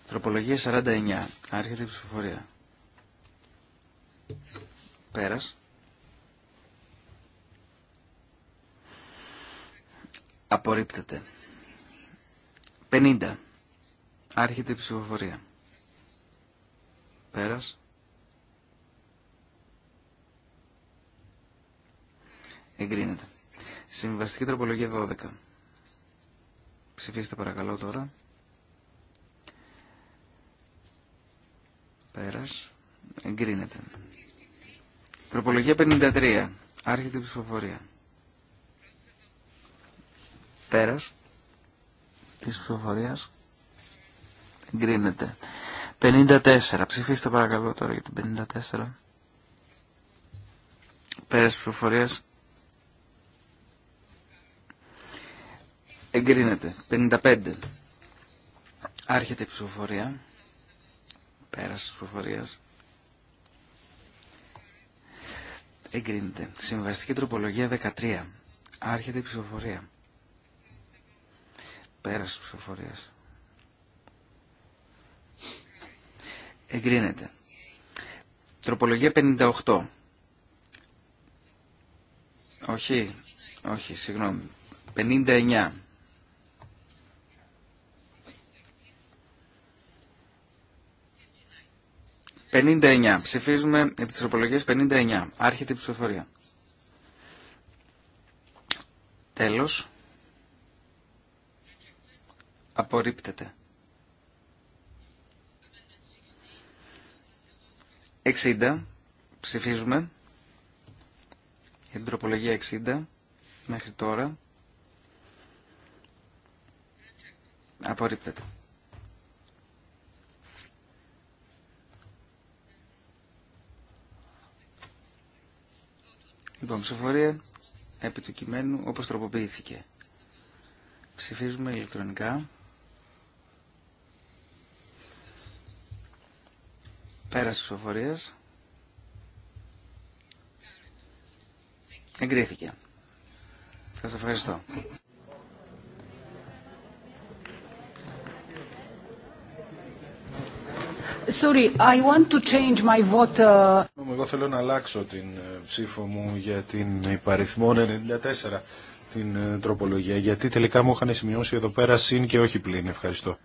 Τροπολογία 49. Άρχεται η ψηφοφορία. Πέρας. Απορρίπτεται. 50. Άρχεται η ψηφοφορία. Πέρας. Εγκρίνεται. Συμβαστική τροπολογία 12. Ψηφίστε παρακαλώ τώρα. Πέρας. Εγκρίνεται. Τροπολογία 53. Άρχεται η ψηφοφορία. Πέρας της ψηφοφορίας. Εγκρίνεται. 54. Ψηφίστε παρακαλώ τώρα για την 54. Πέρας της Εγκρίνεται. 55. Άρχεται η ψηφοφορία. Πέραση τη ψηφοφορίας. Εγκρίνεται. Συμβαστική τροπολογία 13. Άρχεται η ψηφοφορία. Πέραση τη ψηφοφορίας. Εγκρίνεται. Τροπολογία 58. Όχι, όχι, συγγνώμη. 59. 59. Ψηφίζουμε επί τις τροπολογίες 59. Άρχεται η ψηφοφορία. Τέλος. Απορρίπτεται. 60. Ψηφίζουμε. Για την τροπολογία 60. Μέχρι τώρα. Απορρίπτεται. Λοιπόν, ψηφορία επί του κειμένου όπως τροποποιήθηκε. Ψηφίζουμε ηλεκτρονικά. Πέρας της ψηφοφορίας. Εγκρίθηκε. Σας ευχαριστώ. Sorry, I want to change my vote. Uh, εγώ θέλω να αλλάξω την ε, ψήφο μου για την υπαριθμό 94, την ε, τροπολογία, γιατί τελικά μου είχαν σημειώσει εδώ πέρα συν και όχι πλήν. Ευχαριστώ.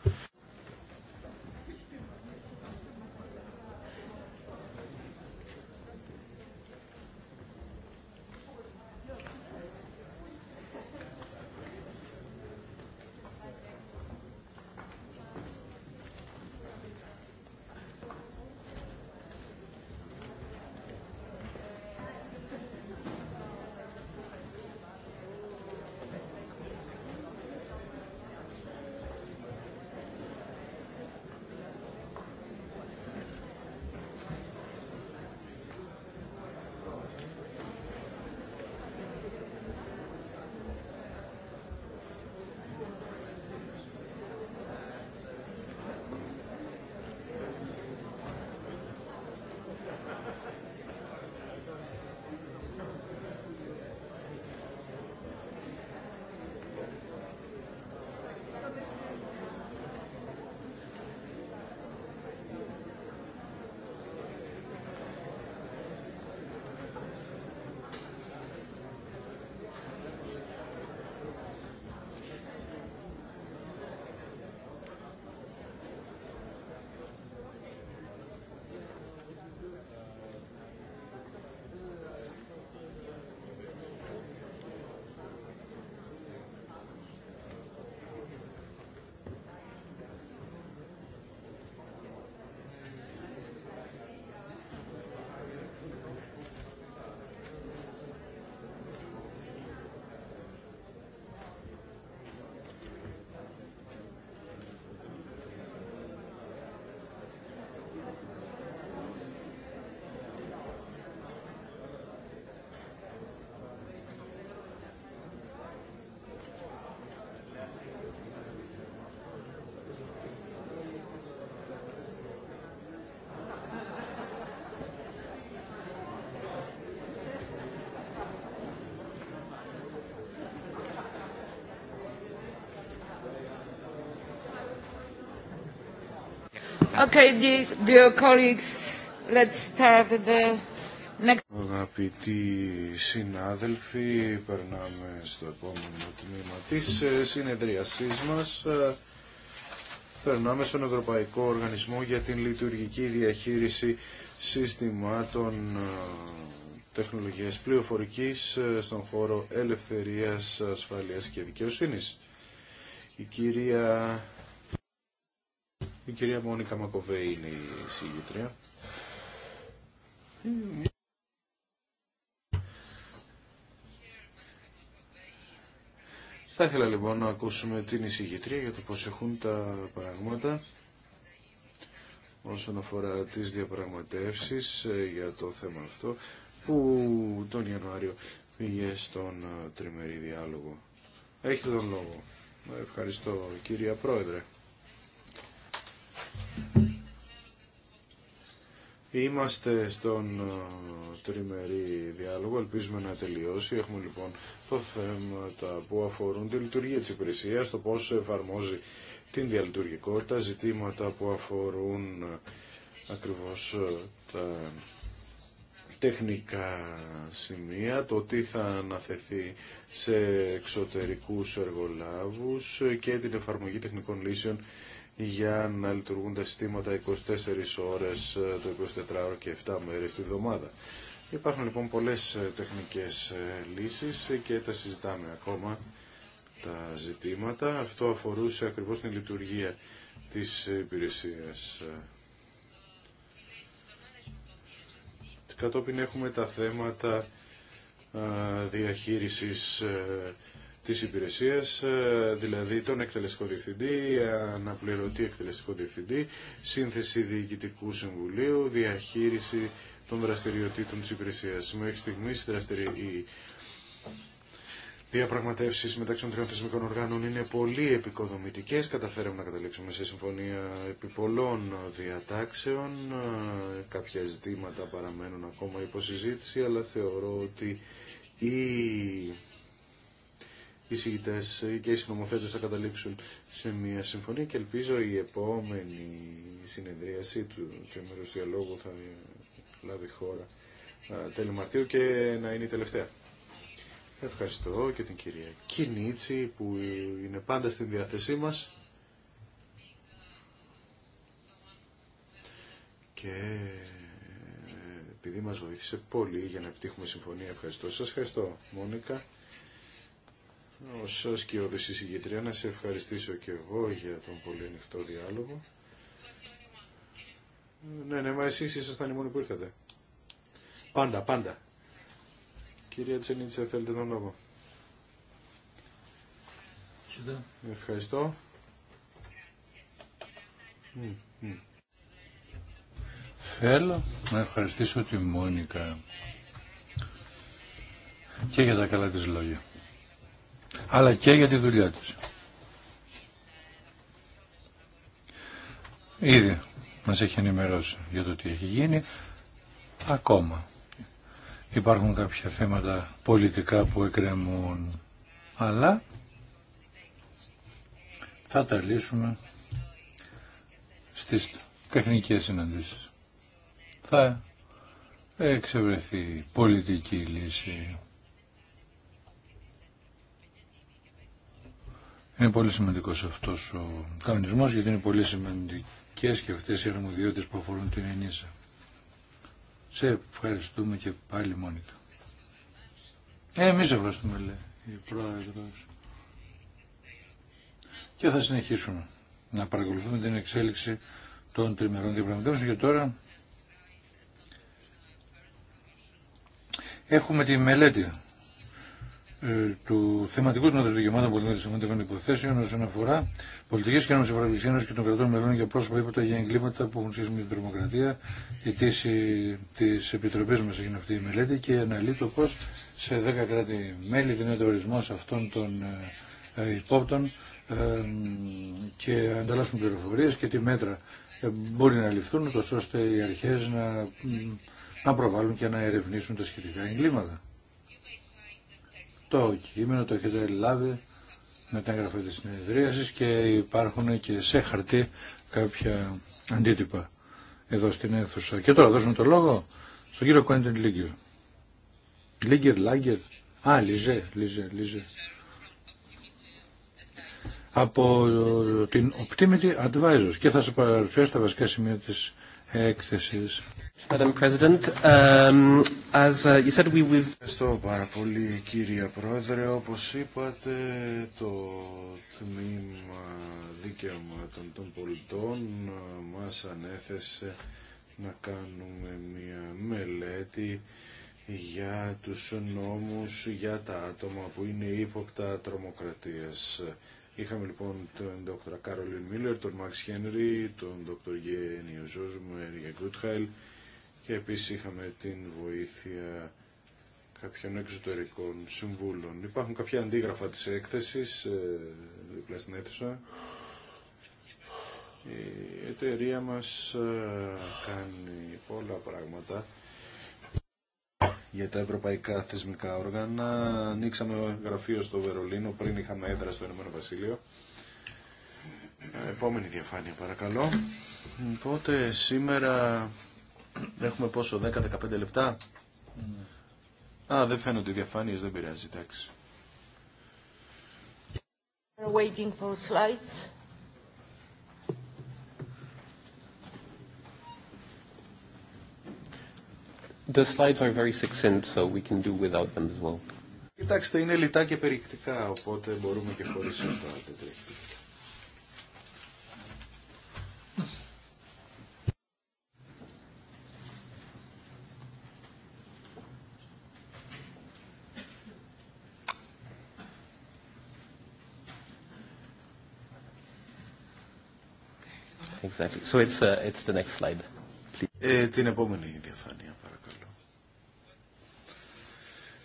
Okay, dear Αγαπητοί συνάδελφοι, περνάμε στο επόμενο τμήμα της ε, συνεδρίασής μας. Ε, περνάμε στον Ευρωπαϊκό Οργανισμό για την Λειτουργική Διαχείριση Συστημάτων ε, Τεχνολογίας Πληροφορικής στον χώρο Ελευθερίας, Ασφαλείας και Δικαιοσύνης. Η κυρία η κυρία Μόνικα Μακοβέ είναι η συγγήτρια. Θα ήθελα λοιπόν να ακούσουμε την εισηγητρία για το πώς έχουν τα πράγματα όσον αφορά τις διαπραγματεύσεις ε, για το θέμα αυτό που τον Ιανουάριο πήγε στον ε, τριμερή διάλογο. Έχετε τον λόγο. Ευχαριστώ κυρία Πρόεδρε. Είμαστε στον ε, τριμερή διάλογο, ελπίζουμε να τελειώσει. Έχουμε λοιπόν το τα που αφορούν τη λειτουργία της υπηρεσίας, το πώς εφαρμόζει την διαλειτουργικότητα, ζητήματα που αφορούν ε, ακριβώς ε, τα τεχνικά σημεία, το τι θα αναθεθεί σε εξωτερικούς εργολάβους και την εφαρμογή τεχνικών λύσεων για να λειτουργούν τα συστήματα 24 ώρες ε, το 24ωρο και 7 μέρες τη βδομάδα. Υπάρχουν λοιπόν πολλές ε, τεχνικές ε, λύσεις και τα συζητάμε ακόμα τα ζητήματα. Αυτό αφορούσε ακριβώς την λειτουργία της υπηρεσίας. Κατόπιν έχουμε τα θέματα διαχείρισης Τη υπηρεσία, ε, δηλαδή τον εκτελεστικό διευθυντή, ε, αναπληρωτή εκτελεστικό διευθυντή, σύνθεση διοικητικού συμβουλίου, διαχείριση των δραστηριοτήτων της υπηρεσίας. Μέχρι στιγμής οι διαπραγματεύσεις μεταξύ των τριών θεσμικών οργάνων είναι πολύ επικοδομητικές. Καταφέραμε να καταλήξουμε σε συμφωνία επί πολλών διατάξεων. Ε, κάποια ζητήματα παραμένουν ακόμα υποσυζήτηση, αλλά θεωρώ ότι η οι συγκητές και οι συνομοθέτες θα καταλήξουν σε μια συμφωνία και ελπίζω η επόμενη συνεδρίαση του τριμερούς διαλόγου θα λάβει χώρα τέλη Μαρτίου και να είναι η τελευταία. Ευχαριστώ και την κυρία Κινίτσι που είναι πάντα στην διάθεσή μας και ε, επειδή μας βοήθησε πολύ για να επιτύχουμε συμφωνία. Ευχαριστώ σας. Ευχαριστώ Μόνικα ως σκιώδης εισηγητρία να σε ευχαριστήσω και εγώ για τον πολύ ανοιχτό διάλογο. Ναι, ναι, μα εσείς ήσασταν οι μόνοι που ήρθατε. Πάντα, πάντα. Κυρία Τσενίτσα, θέλετε τον λόγο. Ευχαριστώ. Θέλω να ευχαριστήσω τη Μόνικα και για τα καλά της λόγια αλλά και για τη δουλειά της. Ήδη μας έχει ενημερώσει για το τι έχει γίνει. Ακόμα υπάρχουν κάποια θέματα πολιτικά που εκκρεμούν, αλλά θα τα λύσουμε στις τεχνικές συναντήσεις. Θα εξευρεθεί πολιτική λύση. Είναι πολύ σημαντικό αυτό ο κανονισμό γιατί είναι πολύ σημαντικέ και αυτέ οι αρμοδιότητε που αφορούν την ενίσα. Σε ευχαριστούμε και πάλι Μόνικα. Ε, εμείς ευχαριστούμε λέει η πρόεδρος. Και θα συνεχίσουμε να παρακολουθούμε την εξέλιξη των τριμερών διαπραγματεύσεων και τώρα έχουμε τη μελέτη ε, του θεματικού τμήματο δικαιωμάτων πολιτών και υποθέσεων όσον αφορά πολιτικέ και νόμιμε ευρωπαϊκή ένωση και των κρατών μελών για πρόσωπα ύποπτα για εγκλήματα που έχουν σχέση με την τρομοκρατία. Η τύση τη Επιτροπή μα έγινε αυτή η μελέτη και αναλύει το πώ σε 10 κράτη-μέλη δίνεται ορισμό αυτών των ε, ε, υπόπτων και ανταλλάσσουν πληροφορίε και τι μέτρα μπορεί να ληφθούν, ώστε οι αρχέ να, να προβάλλουν και να ερευνήσουν τα σχετικά εγκλήματα. Το κείμενο το έχετε λάβει με την έγγραφα της συνεδρίασης και υπάρχουν και σε χαρτί κάποια αντίτυπα εδώ στην αίθουσα. Και τώρα δώσουμε το λόγο στον κύριο Κόντεν Λίγκερ. Λίγκερ, Λάγκερ. Α, Λιζέ, Λιζέ, Λιζέ. Από την Optimity Advisors και θα σας παρουσιάσω τα βασικά σημεία της έκθεσης. Um, uh, Ευχαριστώ πάρα πολύ κύριε Πρόεδρε. Όπως είπατε το τμήμα δικαιωμάτων των πολιτών ε, μας ανέθεσε να κάνουμε μια μελέτη για τους νόμους για τα άτομα που είναι ύποπτα τρομοκρατίας. Είχαμε λοιπόν τον Δ. Κάρολιν Μίλλερ, τον Μαξ Χένρι, τον Δ. Γένιο Ζώσμερ Μέρια Γκρούτχαιλ και επίσης είχαμε την βοήθεια κάποιων εξωτερικών συμβούλων. Υπάρχουν κάποια αντίγραφα της έκθεσης ε, δίπλα στην αίθουσα. Η εταιρεία μας ε, κάνει πολλά πράγματα για τα ευρωπαϊκά θεσμικά όργανα. Ανοίξαμε γραφείο στο Βερολίνο, πριν είχαμε έδρα στο Ηνωμένο Βασίλειο. Ε, επόμενη διαφάνεια παρακαλώ. Οπότε σήμερα Έχουμε πόσο, 10-15 λεπτά. Α, δεν φαίνονται οι διαφάνειες, δεν πειράζει, εντάξει. Waiting for slides. The slides are very succinct, so we can do without them as well. Κοιτάξτε, είναι λιτά και περιεκτικά, οπότε μπορούμε και χωρίς αυτά. So it's, uh, it's the ε, την επόμενη διαφάνεια, παρακαλώ.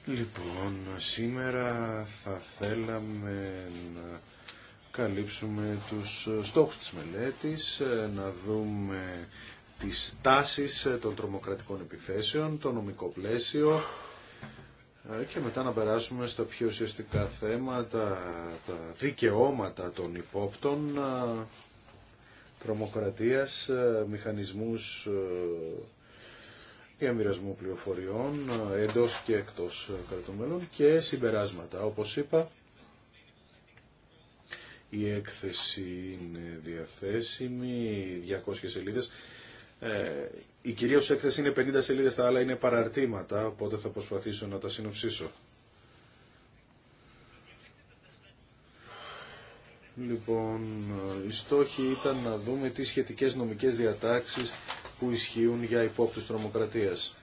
Λοιπόν, σήμερα θα θέλαμε να καλύψουμε τους στόχους της μελέτης, να δούμε τις τάσεις των τρομοκρατικών επιθέσεων, το νομικό πλαίσιο και μετά να περάσουμε στα πιο ουσιαστικά θέματα, τα δικαιώματα των υπόπτων τρομοκρατίας, ε, μηχανισμούς διαμοιρασμού ε, πληροφοριών ε, εντός και εκτός κρατομέλων και συμπεράσματα. Όπως είπα, η έκθεση είναι διαθέσιμη, 200 σελίδες. Ε, η κυρίως έκθεση είναι 50 σελίδες, τα άλλα είναι παραρτήματα, οπότε θα προσπαθήσω να τα συνοψίσω. Λοιπόν, η ε, στόχη ήταν να δούμε τις σχετικές νομικές διατάξεις που ισχύουν για υπόπτους τρομοκρατίας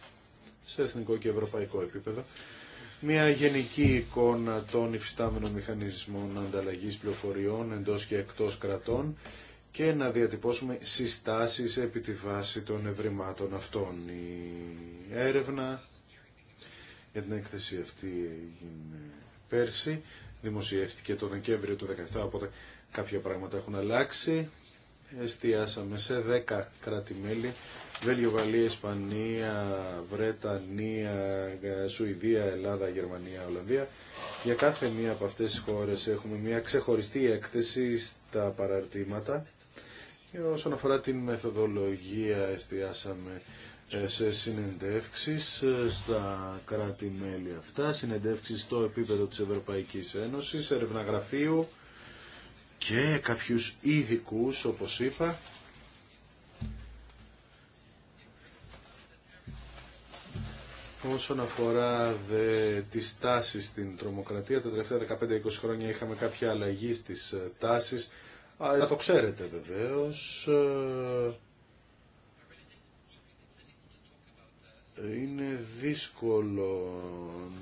σε εθνικό και ευρωπαϊκό επίπεδο. Μια γενική εικόνα των υφιστάμενων μηχανισμών ανταλλαγής πληροφοριών εντός και εκτός κρατών και να διατυπώσουμε συστάσεις επί τη βάση των ευρημάτων αυτών. Η έρευνα για την έκθεση αυτή έγινε πέρσι δημοσιεύτηκε το Δεκέμβριο του 2017, οπότε κάποια πράγματα έχουν αλλάξει. Εστιάσαμε σε 10 κράτη-μέλη, Βέλγιο, Γαλλία, Ισπανία, Βρετανία, Σουηδία, Ελλάδα, Γερμανία, Ολλανδία. Για κάθε μία από αυτές τις χώρες έχουμε μια ξεχωριστή έκθεση στα παραρτήματα. Και ε, όσον αφορά την μεθοδολογία εστιάσαμε ε, σε συνεντεύξεις ε, στα κράτη-μέλη αυτά, συνεντεύξεις στο επίπεδο της Ευρωπαϊκής Ένωσης, ερευναγραφείου και κάποιους ειδικού, όπως είπα. Όσον αφορά δε, τις τάσεις στην τρομοκρατία, τα τελευταία 15-20 χρόνια είχαμε κάποια αλλαγή στις ε, τάσεις. Α, το ξέρετε βεβαίως είναι δύσκολο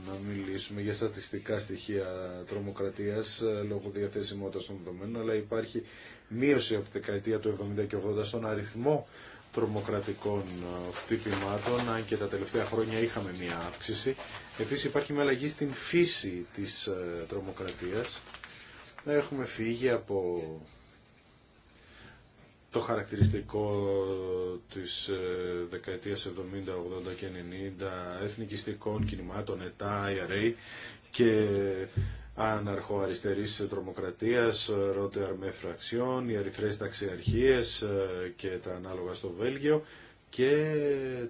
να μιλήσουμε για στατιστικά στοιχεία τρομοκρατίας ε, λόγω διαθέσιμότητας των δεδομένων, αλλά υπάρχει μείωση από τη δεκαετία του 70 και 80 στον αριθμό τρομοκρατικών ε, χτυπημάτων, αν και τα τελευταία χρόνια είχαμε μία αύξηση. Επίσης υπάρχει μια αλλαγή στην φύση της ε, τρομοκρατίας. Έχουμε φύγει από το χαρακτηριστικό της ε, δεκαετίας 70, 80 και 90 εθνικιστικών κινημάτων, ΕΤΑ, IRA και αναρχοαριστερής τρομοκρατίας, με φραξιών, οι αριθρές ταξιαρχίες ε, και τα ανάλογα στο Βέλγιο και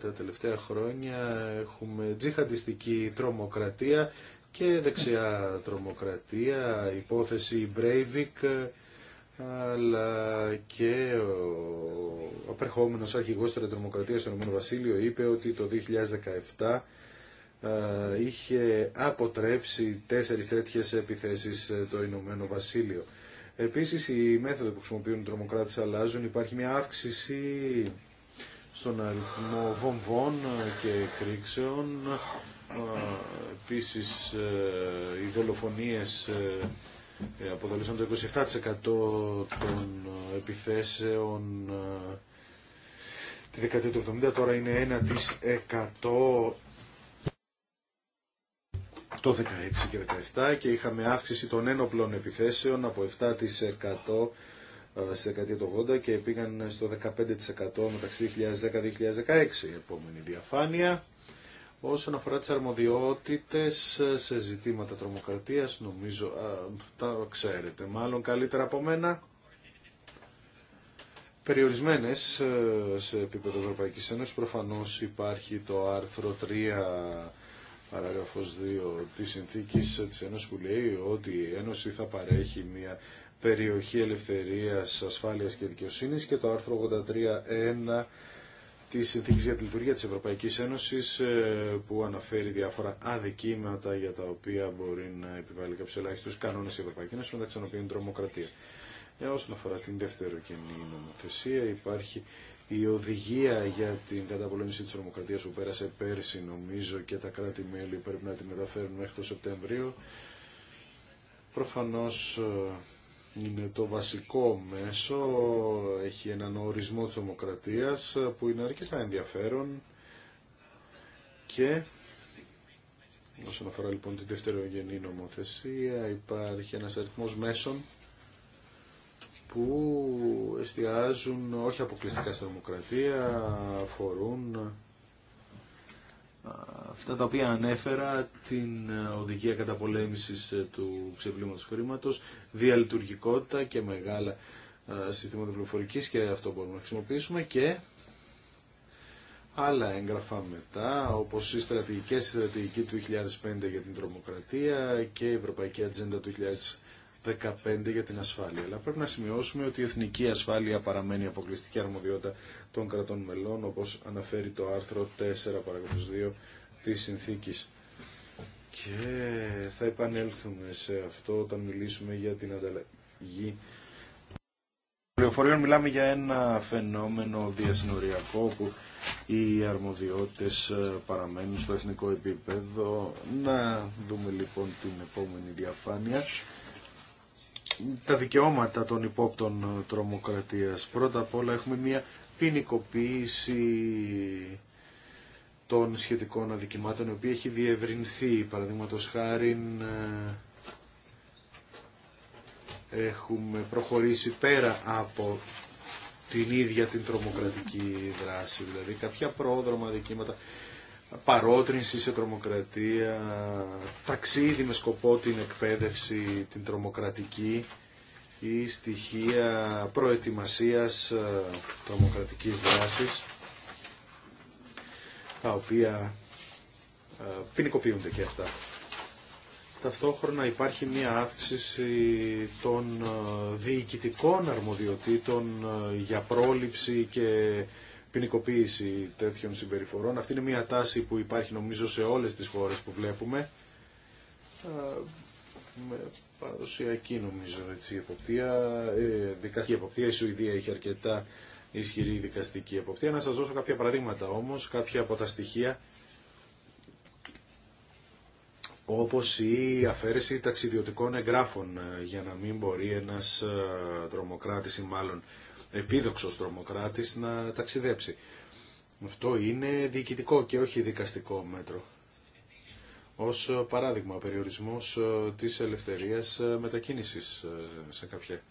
τα τελευταία χρόνια έχουμε τζιχαντιστική τρομοκρατία και δεξιά τρομοκρατία, υπόθεση Breivik, αλλά και ο απερχόμενος αρχηγός της Ρετρομοκρατίας του Ηνωμένου Βασίλειο είπε ότι το 2017 ε, είχε αποτρέψει τέσσερις τέτοιες επιθέσεις ε, το Ηνωμένο Βασίλειο. Επίσης οι μέθοδοι που χρησιμοποιούν οι τρομοκράτες αλλάζουν. Υπάρχει μια αύξηση στον αριθμό βομβών ε, και κρίξεων. Επίσης οι δολοφονίες ε, αποτελούσαν το 27% των ε, επιθέσεων ε, τη δεκαετία του 70, τώρα είναι 1% το 16 και 17 και είχαμε αύξηση των ένοπλων επιθέσεων από 7% στη δεκαετία του 80 και πήγαν στο 15% μεταξύ 2010-2016. Επόμενη διαφάνεια. Όσον αφορά τις αρμοδιότητες ε, σε ζητήματα τρομοκρατίας, νομίζω ε, τα ξέρετε μάλλον καλύτερα από μένα, περιορισμένες ε, σε επίπεδο Ευρωπαϊκής Ένωσης. Προφανώς υπάρχει το άρθρο 3 παράγραφος 2 τη συνθήκη της Ένωσης που λέει ότι η Ένωση θα παρέχει μια περιοχή ελευθερίας, ασφάλειας και δικαιοσύνης και το άρθρο 83.1 τη συνθήκη για τη λειτουργία τη Ευρωπαϊκή Ένωση ε, που αναφέρει διάφορα αδικήματα για τα οποία μπορεί να επιβάλλει κάποιο ελάχιστο κανόνε η Ευρωπαϊκή Ένωση μεταξύ των οποίων τρομοκρατία. Ε, όσον αφορά την κοινή νομοθεσία υπάρχει η οδηγία για την καταπολέμηση τη Τρομοκρατία που πέρασε πέρσι νομίζω και τα κράτη-μέλη πρέπει να τη μεταφέρουν μέχρι το Σεπτέμβριο. Προφανώς ε, είναι το βασικό μέσο, έχει έναν ορισμό της δημοκρατίας που είναι αρκετά ενδιαφέρον και όσον αφορά λοιπόν τη δευτερογενή νομοθεσία υπάρχει ένας αριθμός μέσων που εστιάζουν όχι αποκλειστικά στη δημοκρατία, αφορούν αυτά τα οποία ανέφερα, την ε, οδηγία καταπολέμησης ε, του ξεπλήματος χρήματος, διαλειτουργικότητα και μεγάλα ε, συστήματα πληροφορική και αυτό μπορούμε να χρησιμοποιήσουμε και άλλα έγγραφα μετά, όπως η στρατηγική, η στρατηγική του 2005 για την τρομοκρατία και η Ευρωπαϊκή Ατζέντα του 15 για την ασφάλεια. Αλλά πρέπει να σημειώσουμε ότι η εθνική ασφάλεια παραμένει αποκλειστική αρμοδιότητα των κρατών μελών, όπως αναφέρει το άρθρο 4 παραγωγής 2 της συνθήκης. Και θα επανέλθουμε σε αυτό όταν μιλήσουμε για την ανταλλαγή πληροφοριών. Μιλάμε για ένα φαινόμενο διασυνοριακό που οι αρμοδιότητες ε, παραμένουν στο εθνικό επίπεδο. Να δούμε λοιπόν την επόμενη διαφάνεια τα δικαιώματα των υπόπτων τρομοκρατίας. Πρώτα απ' όλα έχουμε μια ποινικοποίηση των σχετικών αδικημάτων, η οποία έχει διευρυνθεί. Παραδείγματο χάρη ε, έχουμε προχωρήσει πέρα από την ίδια την τρομοκρατική δράση, δηλαδή κάποια πρόδρομα αδικήματα παρότρινση σε τρομοκρατία, ταξίδι με σκοπό την εκπαίδευση, την τρομοκρατική ή στοιχεία προετοιμασίας ε, τρομοκρατικής δράσης, τα οποία ε, ποινικοποιούνται και αυτά. Ταυτόχρονα υπάρχει μια αύξηση των ε, διοικητικών αρμοδιοτήτων για πρόληψη και ποινικοποίηση τέτοιων συμπεριφορών. Αυτή είναι μια τάση που υπάρχει νομίζω σε όλες τις χώρες που βλέπουμε. Με παραδοσιακή νομίζω έτσι, εποπτεία, ε, δικαστική εποπτεία. Η Σουηδία έχει αρκετά ισχυρή δικαστική εποπτεία. Να σας δώσω κάποια παραδείγματα όμως, κάποια από τα στοιχεία όπως η αφαίρεση ταξιδιωτικών εγγράφων ε, για να μην μπορεί ένας ε, τρομοκράτης ή μάλλον Επίδοξο τρομοκράτη να ταξιδέψει. Αυτό είναι διοικητικό και όχι δικαστικό μέτρο. Ω παράδειγμα, περιορισμό ε, της ελευθερίας ε, μετακίνησης ε, σε κάποια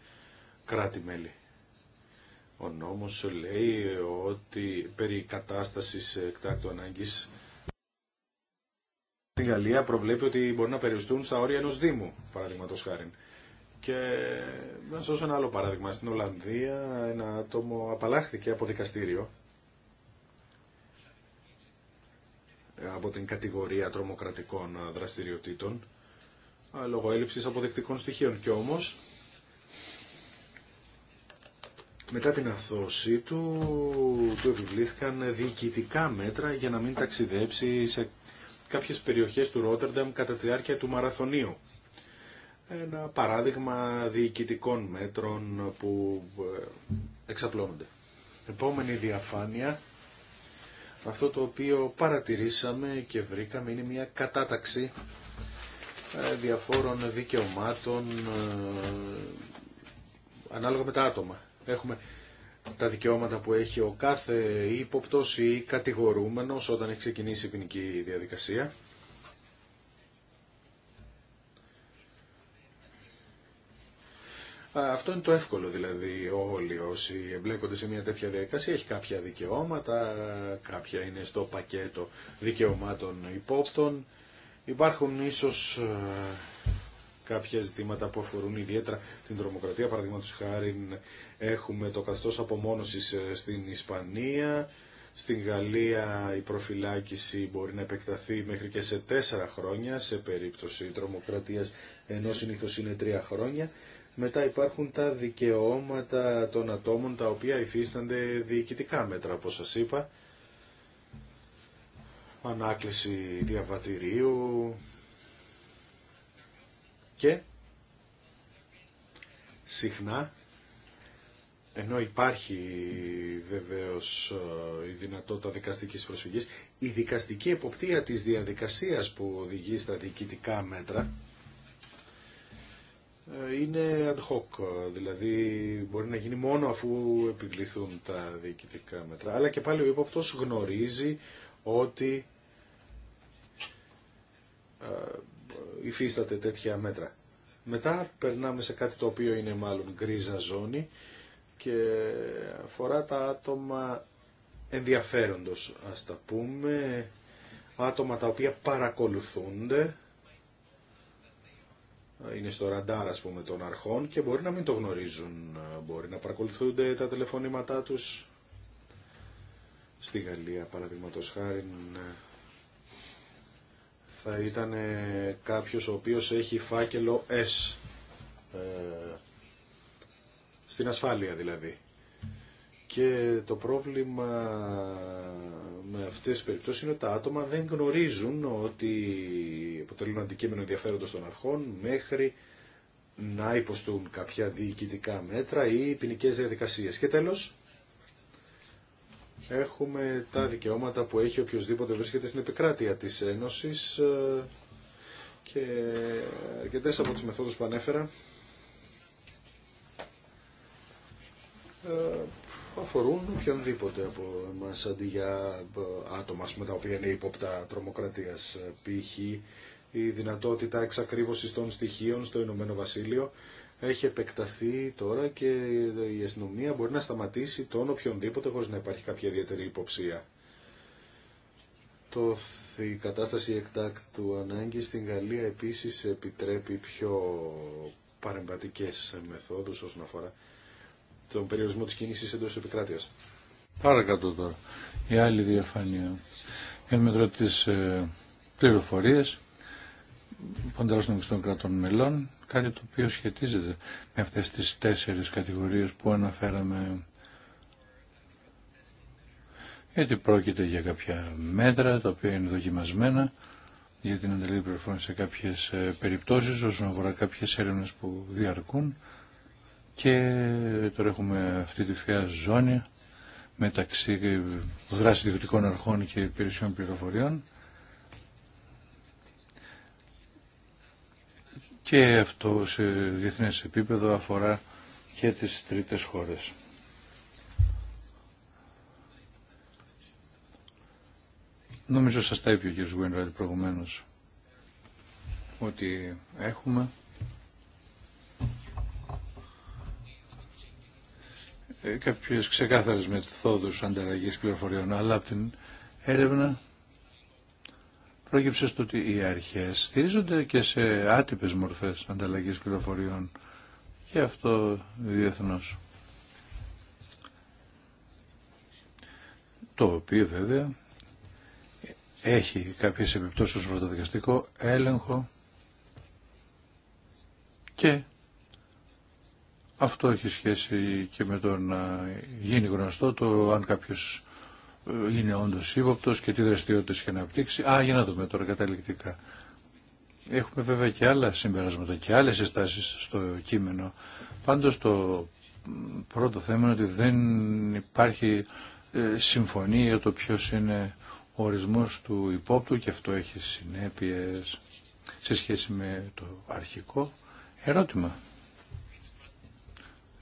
κράτη-μέλη. Ο νόμος λέει ότι περί κατάστασης εκτάκτου ανάγκης στην Γαλλία προβλέπει ότι μπορεί να περιοριστούν στα όρια ενό Δήμου, παραδείγματο χάρη. Και να σα δώσω ένα άλλο παράδειγμα. Στην Ολλανδία ένα άτομο απαλλάχθηκε από δικαστήριο από την κατηγορία τρομοκρατικών δραστηριοτήτων λόγω έλλειψης αποδεκτικών στοιχείων. Και όμως μετά την αθώση του, του επιβλήθηκαν διοικητικά μέτρα για να μην ταξιδέψει σε κάποιες περιοχές του Ρότερνταμ κατά τη διάρκεια του μαραθωνίου ένα παράδειγμα διοικητικών μέτρων που ε, εξαπλώνονται. Επόμενη διαφάνεια, αυτό το οποίο παρατηρήσαμε και βρήκαμε είναι μια κατάταξη ε, διαφόρων δικαιωμάτων ε, ανάλογα με τα άτομα. Έχουμε τα δικαιώματα που έχει ο κάθε ύποπτος ή κατηγορούμενος όταν έχει ξεκινήσει η ποινική διαδικασία. Αυτό είναι το εύκολο δηλαδή όλοι όσοι εμπλέκονται σε μια τέτοια διαδικασία. Έχει κάποια δικαιώματα, κάποια είναι στο πακέτο δικαιωμάτων υπόπτων. Υπάρχουν ίσως ε, κάποια ζητήματα που αφορούν ιδιαίτερα την τρομοκρατία. Παραδείγματο χάρη έχουμε το καστός απομόνωσης ε, στην Ισπανία. Στην Γαλλία η προφυλάκηση μπορεί να επεκταθεί μέχρι και σε τέσσερα χρόνια σε περίπτωση τρομοκρατίας ενώ συνήθως είναι τρία χρόνια. Μετά υπάρχουν τα δικαιώματα των ατόμων τα οποία υφίστανται διοικητικά μέτρα, όπως σας είπα. Ανάκληση διαβατηρίου και συχνά ενώ υπάρχει βεβαίως ε, η δυνατότητα δικαστικής προσφυγής, η δικαστική εποπτεία της διαδικασίας που οδηγεί στα διοικητικά μέτρα ε, είναι ad hoc, δηλαδή μπορεί να γίνει μόνο αφού επιβληθούν τα διοικητικά μέτρα. Αλλά και πάλι ο ύποπτος γνωρίζει ότι ε, υφίσταται τέτοια μέτρα. Μετά περνάμε σε κάτι το οποίο είναι μάλλον γκρίζα ζώνη και αφορά τα άτομα ενδιαφέροντος, ας τα πούμε, άτομα τα οποία παρακολουθούνται είναι στο ραντάρ ας πούμε των αρχών και μπορεί να μην το γνωρίζουν, μπορεί να παρακολουθούνται τα τηλεφωνήματά τους στη Γαλλία παραδείγματος χάρη ναι. θα ήταν ε, κάποιος ο οποίος έχει φάκελο S ε, στην ασφάλεια δηλαδή και το πρόβλημα με αυτές τις περιπτώσεις είναι ότι τα άτομα δεν γνωρίζουν ότι αποτελούν αντικείμενο ενδιαφέροντος των αρχών μέχρι να υποστούν κάποια διοικητικά μέτρα ή ποινικέ διαδικασίες. Και τέλος, έχουμε τα δικαιώματα που έχει οποιοδήποτε βρίσκεται στην επικράτεια της Ένωσης και αρκετέ από τις μεθόδους που ανέφερα ε, αφορούν οποιονδήποτε από εμά αντί για ε, άτομα με τα οποία είναι ύποπτα τρομοκρατίας ε, π.χ. η δυνατότητα εξακρίβωσης των στοιχείων στο Ηνωμένο Βασίλειο έχει επεκταθεί τώρα και η αστυνομία μπορεί να σταματήσει τον οποιονδήποτε χωρί να υπάρχει κάποια ιδιαίτερη υποψία. Το, η κατάσταση εκτάκτου ανάγκη στην Γαλλία επίσης επιτρέπει πιο παρεμβατικές μεθόδους όσον αφορά τον περιορισμό της κίνησης εντός της επικράτειας. Παρακατώ τώρα. Η άλλη διαφάνεια. Εν μετρό της ε, πληροφορίες των κρατών μελών, κάτι το οποίο σχετίζεται με αυτές τις τέσσερις κατηγορίες που αναφέραμε γιατί πρόκειται για κάποια μέτρα τα οποία είναι δοκιμασμένα για την ανταλλαγή πληροφόρηση σε κάποιες ε, περιπτώσεις όσον αφορά κάποιες έρευνες που διαρκούν και τώρα έχουμε αυτή τη φιά ζώνη μεταξύ δράση διοικητικών αρχών και υπηρεσιών πληροφοριών. Και αυτό σε διεθνές επίπεδο αφορά και τις τρίτες χώρες. Νομίζω σας τα είπε ο κ. Γουίνραντ προηγουμένως ότι έχουμε Ε, κάποιες ξεκάθαρες μεθόδους ανταλλαγής πληροφοριών, αλλά από την έρευνα πρόκειψε στο ότι οι αρχές στηρίζονται και σε άτυπες μορφές ανταλλαγής πληροφοριών και αυτό διεθνώς. Το οποίο βέβαια έχει κάποιες επιπτώσεις στο πρωτοδικαστικό έλεγχο και αυτό έχει σχέση και με το να γίνει γνωστό το αν κάποιο ε, είναι όντω ύποπτο και τι δραστηριότητες έχει αναπτύξει. Α, για να δούμε τώρα καταληκτικά. Έχουμε βέβαια και άλλα συμπεράσματα και άλλες συστάσεις στο κείμενο. Πάντως το πρώτο θέμα είναι ότι δεν υπάρχει ε, συμφωνία για το ποιο είναι ο ορισμός του υπόπτου και αυτό έχει συνέπειε σε σχέση με το αρχικό ερώτημα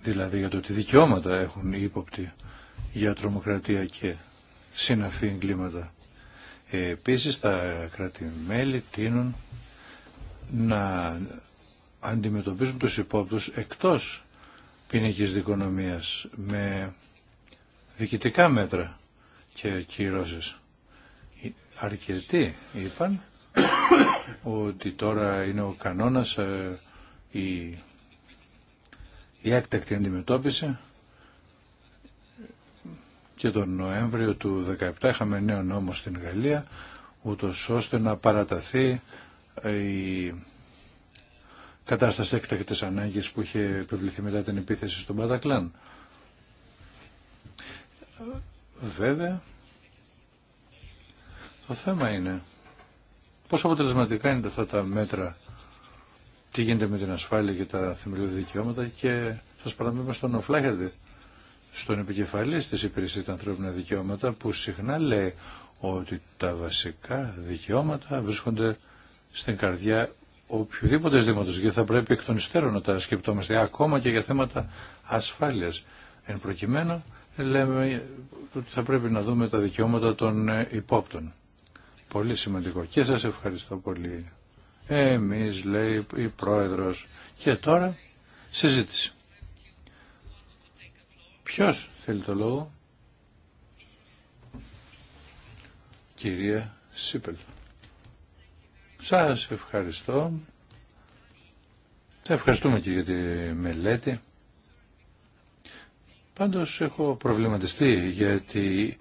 δηλαδή για το ότι δικαιώματα έχουν οι ύποπτοι για τρομοκρατία και συναφή εγκλήματα. Ε, επίσης τα κράτη-μέλη τείνουν να αντιμετωπίζουν τους υπόπτους εκτός ποινικής δικονομίας με διοικητικά μέτρα και κυρώσεις. Ε, αρκετοί είπαν ότι τώρα είναι ο κανόνας ε, η η έκτακτη αντιμετώπιση και τον Νοέμβριο του 2017 είχαμε νέο νόμο στην Γαλλία ούτω ώστε να παραταθεί η κατάσταση έκτακτης ανάγκης που είχε επιβληθεί μετά την επίθεση στον Πατακλάν. Βέβαια, το θέμα είναι πόσο αποτελεσματικά είναι αυτά τα μέτρα τι γίνεται με την ασφάλεια και τα θεμελιώδη δικαιώματα και σα παραμείνουμε στον Οφλάχερντε, στον επικεφαλής της Υπηρεσία τα ανθρώπινα δικαιώματα που συχνά λέει ότι τα βασικά δικαιώματα βρίσκονται στην καρδιά οποιοδήποτε δήματο και θα πρέπει εκ των υστέρων να τα σκεπτόμαστε ακόμα και για θέματα ασφάλεια. Εν προκειμένου λέμε ότι θα πρέπει να δούμε τα δικαιώματα των υπόπτων. Πολύ σημαντικό και σας ευχαριστώ πολύ. Εμείς λέει η πρόεδρος. Και τώρα συζήτηση. Ποιος θέλει το λόγο. Κυρία Σίπελ. Σας ευχαριστώ. Σας ευχαριστούμε και για τη μελέτη. Πάντως έχω προβληματιστεί γιατί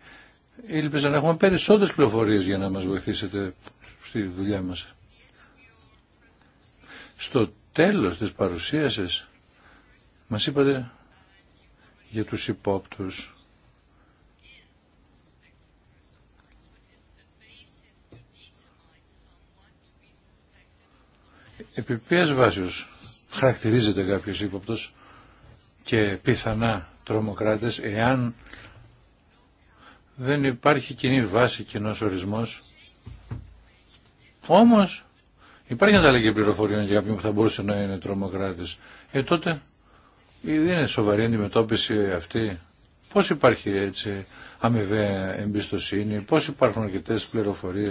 ήλπιζα να έχουμε περισσότερες πληροφορίες για να μας βοηθήσετε στη δουλειά μας στο τέλος της παρουσίασης μας είπατε για τους υπόπτους. Επί ποιες βάσεως χαρακτηρίζεται κάποιος ύποπτος και πιθανά τρομοκράτες εάν δεν υπάρχει κοινή βάση, κοινός ορισμός. Όμως Υπάρχει ανταλλαγή πληροφοριών για κάποιον που θα μπορούσε να είναι τρομοκράτη. Ε, τότε δεν είναι σοβαρή αντιμετώπιση αυτή. Πώ υπάρχει έτσι αμοιβαία εμπιστοσύνη, πώ υπάρχουν αρκετέ πληροφορίε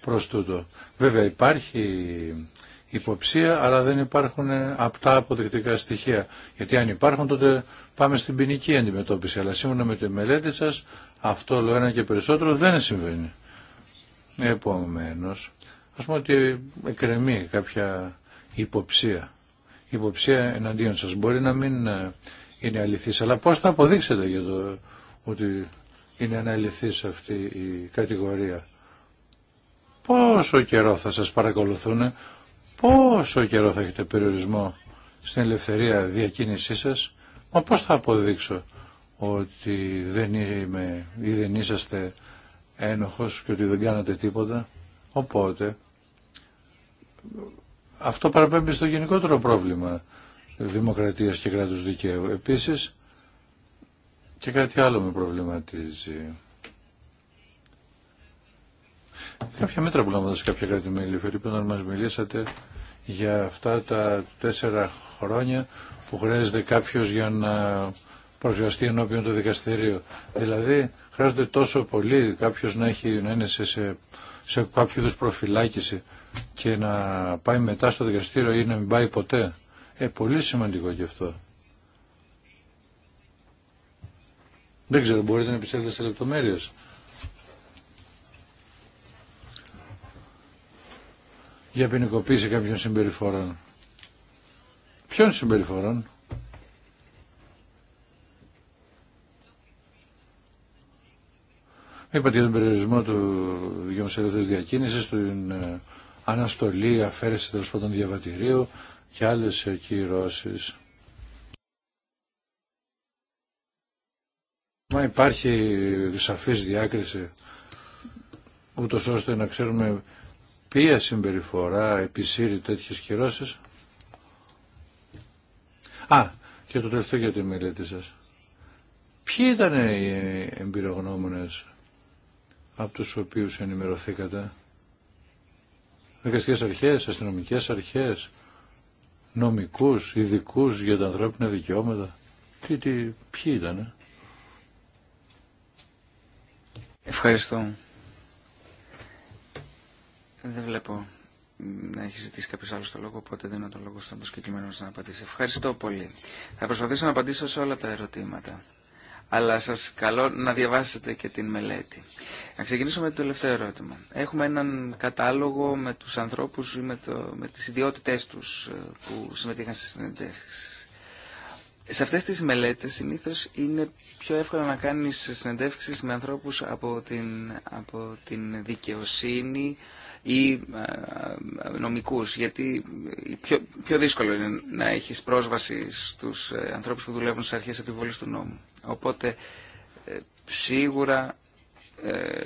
προ τούτο. Βέβαια υπάρχει υποψία, αλλά δεν υπάρχουν ε, απτά αποδεικτικά στοιχεία. Γιατί αν υπάρχουν τότε πάμε στην ποινική αντιμετώπιση. Αλλά σύμφωνα με τη μελέτη σα αυτό όλο ένα και περισσότερο δεν συμβαίνει. επομένω ας πούμε ότι εκρεμεί κάποια υποψία. υποψία εναντίον σας μπορεί να μην ε, είναι αληθής, αλλά πώς θα αποδείξετε ότι είναι αναληθής αυτή η κατηγορία. Πόσο καιρό θα σας παρακολουθούν, πόσο καιρό θα έχετε περιορισμό στην ελευθερία διακίνησή σας, μα πώς θα αποδείξω ότι δεν είμαι ή δεν είσαστε ένοχος και ότι δεν κάνατε τίποτα. Οπότε αυτό παραπέμπει στο γενικότερο πρόβλημα δημοκρατίας και κράτους δικαίου. Επίσης και κάτι άλλο με προβληματίζει. Κάποια μέτρα που λάμβανε σε κάποια κράτη μέλη, που όταν μας μιλήσατε για αυτά τα τέσσερα χρόνια που χρειάζεται κάποιος για να προσβιαστεί ενώπιον του δικαστηρίου. Δηλαδή, χρειάζεται τόσο πολύ κάποιος να, έχει, να είναι σε, σε, σε είδους προφυλάκηση και να πάει μετά στο δικαστήριο ή να μην πάει ποτέ. Ε, πολύ σημαντικό και αυτό. Δεν ξέρω, μπορείτε να επισέλθετε σε λεπτομέρειες. Για ποινικοποίηση κάποιων συμπεριφορών. Ποιων συμπεριφορών. Είπατε για τον περιορισμό του δικαιωματικού διακίνηση, του. Ε, αναστολή, αφαίρεση τέλο πάντων διαβατηρίου και άλλες ε, κυρώσει. Μα υπάρχει σαφής διάκριση ούτω ώστε να ξέρουμε ποια συμπεριφορά επισύρει τέτοιες κυρώσει. Α, και το τελευταίο για τη μελέτη σας. Ποιοι ήταν οι εμπειρογνώμονες από τους οποίους ενημερωθήκατε δικαστικές αρχές, αστυνομικές αρχές, νομικούς, ειδικού για τα ανθρώπινα δικαιώματα. Τι, τι, ποιοι ήταν. Ε? Ευχαριστώ. Δεν βλέπω να έχει ζητήσει κάποιο άλλο το λόγο, οπότε δίνω το λόγο στον προσκεκλημένο να απαντήσει. Ευχαριστώ πολύ. Θα προσπαθήσω να απαντήσω σε όλα τα ερωτήματα αλλά σας καλώ να διαβάσετε και την μελέτη. Να ξεκινήσω με το τελευταίο ερώτημα. Έχουμε έναν κατάλογο με τους ανθρώπους ή με, το, με τις ιδιότητές τους ε, που συμμετείχαν στις συνεντεύξεις. Σε αυτές τις μελέτες συνήθως είναι πιο εύκολο να κάνεις συνεντεύξεις με ανθρώπους από την, από την δικαιοσύνη, ή ε, ε, νομικούς, γιατί πιο, πιο δύσκολο είναι να έχεις πρόσβαση στους ανθρώπους που δουλεύουν στις αρχές επιβολής του νόμου. Οπότε ε, σίγουρα ε,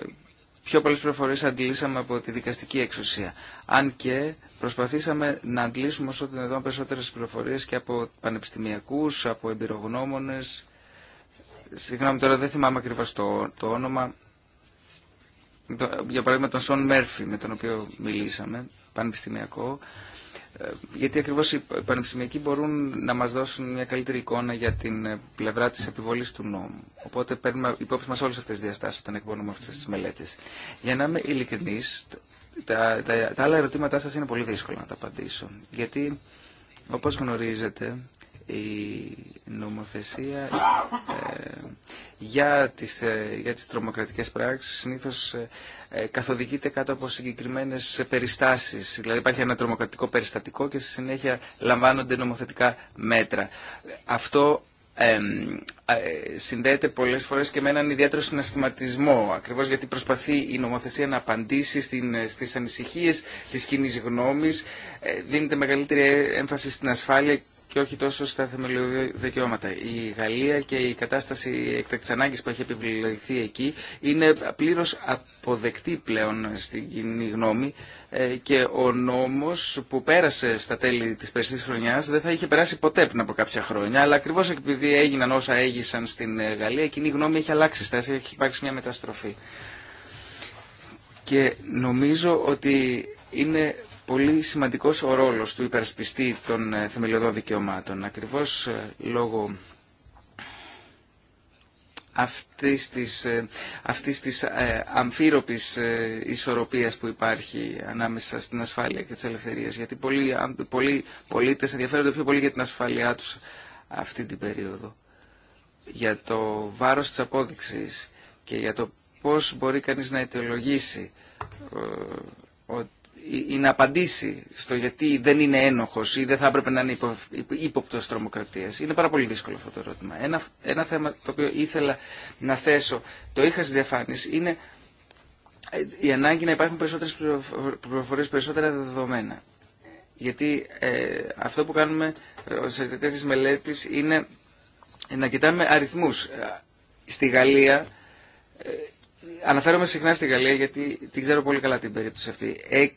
πιο πολλές προφορές αντλήσαμε από τη δικαστική εξουσία. Αν και προσπαθήσαμε να αντλήσουμε όσο την δυνατόν περισσότερες πληροφορίες και από πανεπιστημιακούς, από εμπειρογνώμονες. Συγγνώμη τώρα δεν θυμάμαι ακριβώς το, το όνομα. για παράδειγμα τον Σον Μέρφυ με τον οποίο μιλήσαμε, πανεπιστημιακό, γιατί ακριβώς οι πανεπιστημιακοί μπορούν να μας δώσουν μια καλύτερη εικόνα για την πλευρά της επιβολής του νόμου. Οπότε παίρνουμε υπόψη μας όλες αυτές τις διαστάσεις όταν εκπονούμε αυτές τις μελέτες. Για να είμαι ειλικρινής, τα, άλλα ερωτήματά σας είναι πολύ δύσκολα να τα απαντήσω. Γιατί, όπως γνωρίζετε, η νομοθεσία ε, για τις, ε, για τις τρομοκρατικές πράξεις συνήθως ε, καθοδηγείται κάτω από συγκεκριμένες περιστάσεις. Δηλαδή υπάρχει ένα τρομοκρατικό περιστατικό και στη συνέχεια λαμβάνονται νομοθετικά μέτρα. Αυτό συνδέεται πολλές φορές και με έναν ιδιαίτερο συναστηματισμό ακριβώς γιατί προσπαθεί η νομοθεσία να απαντήσει στις ανησυχίες της κοινή γνώμης δίνεται μεγαλύτερη έμφαση στην ασφάλεια και όχι τόσο στα θεμελιώδη δικαιώματα. Η Γαλλία και η κατάσταση εκτακτής ανάγκη που έχει επιβληθεί εκεί είναι πλήρω αποδεκτή πλέον στην κοινή γνώμη ε, και ο νόμος που πέρασε στα τέλη της περσής χρονιάς δεν θα είχε περάσει ποτέ πριν από κάποια χρόνια αλλά ακριβώ επειδή έγιναν όσα έγισαν στην ε, Γαλλία η κοινή γνώμη έχει αλλάξει στάση, έχει υπάρξει μια μεταστροφή. Και νομίζω ότι είναι πολύ σημαντικός ο ρόλος του υπερασπιστή των ε, θεμελιωδών δικαιωμάτων. Ακριβώς ε, λόγω αυτής της, ε, αυτής της αμφίροπης ισορροπίας που υπάρχει ανάμεσα στην ασφάλεια και τις ελευθερίες. Γιατί πολλοί, πολλοί πολίτες ενδιαφέρονται πιο πολύ για την ασφάλειά τους αυτή την περίοδο. Για το βάρος της απόδειξης και για το πώς μπορεί κανείς να αιτιολογήσει ή να απαντήσει στο γιατί δεν είναι ένοχο ή δεν θα έπρεπε να είναι ύποπτο τρομοκρατία. Είναι πάρα πολύ δύσκολο αυτό το ερώτημα. Ένα, θέμα το οποίο ήθελα να θέσω, το είχα στη διαφάνεια, είναι ε, η ανάγκη να υπάρχουν περισσότερε πληροφορίε, περισσότερα δεδομένα. Γιατί ε, αυτό που κάνουμε ε, σε τέτοιε μελέτες είναι να κοιτάμε αριθμού Στη Γαλλία αναφέρομαι συχνά στη Γαλλία γιατί την ξέρω πολύ καλά την περίπτωση αυτή. 6.000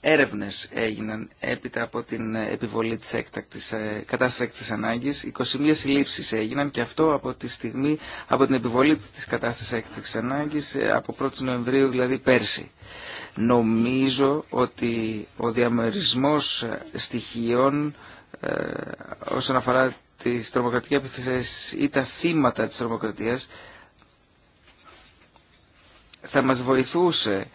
έρευνε έγιναν έπειτα από την επιβολή της έκτακτης, ε, κατάστασης ανάγκη. ανάγκης. 21 συλλήψει έγιναν και αυτό από τη στιγμή, από την επιβολή της κατάστασης έκτακτης ανάγκης ε, από 1η Νοεμβρίου, δηλαδή πέρσι. Νομίζω ότι ο διαμερισμό στοιχείων ε, όσον αφορά τις τρομοκρατικέ επιθέσει ή τα θύματα τη τρομοκρατία, θα μας βοηθούσε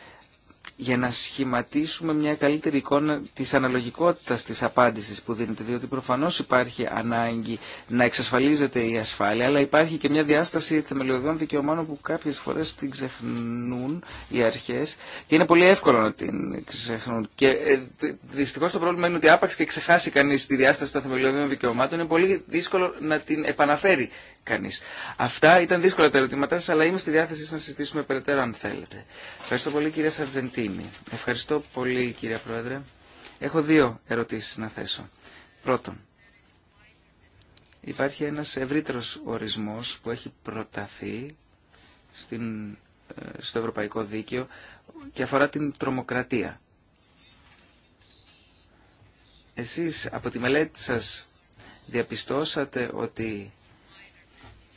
για να σχηματίσουμε μια καλύτερη εικόνα της αναλογικότητας της απάντησης που δίνεται, διότι προφανώς υπάρχει ανάγκη να εξασφαλίζεται η ασφάλεια, αλλά υπάρχει και μια διάσταση θεμελιωδών δικαιωμάτων που κάποιες φορές την ξεχνούν οι αρχές και είναι πολύ εύκολο να την ξεχνούν. Και ε, δυστυχώς το πρόβλημα είναι ότι άπαξ και ξεχάσει κανείς τη διάσταση των θεμελιωδών δικαιωμάτων είναι πολύ δύσκολο να την επαναφέρει κανείς. Αυτά ήταν δύσκολα τα ερωτήματά σας, αλλά είμαι στη διάθεσή να συζητήσουμε περαιτέρω αν θέλετε. Ευχαριστώ πολύ κυρία Σαρτζεντή. Ευχαριστώ πολύ κυρία Πρόεδρε. Έχω δύο ερωτήσεις να θέσω. Πρώτον, υπάρχει ένας ευρύτερος ορισμός που έχει προταθεί στην, ε, στο Ευρωπαϊκό Δίκαιο και αφορά την τρομοκρατία. Εσείς από τη μελέτη σας διαπιστώσατε ότι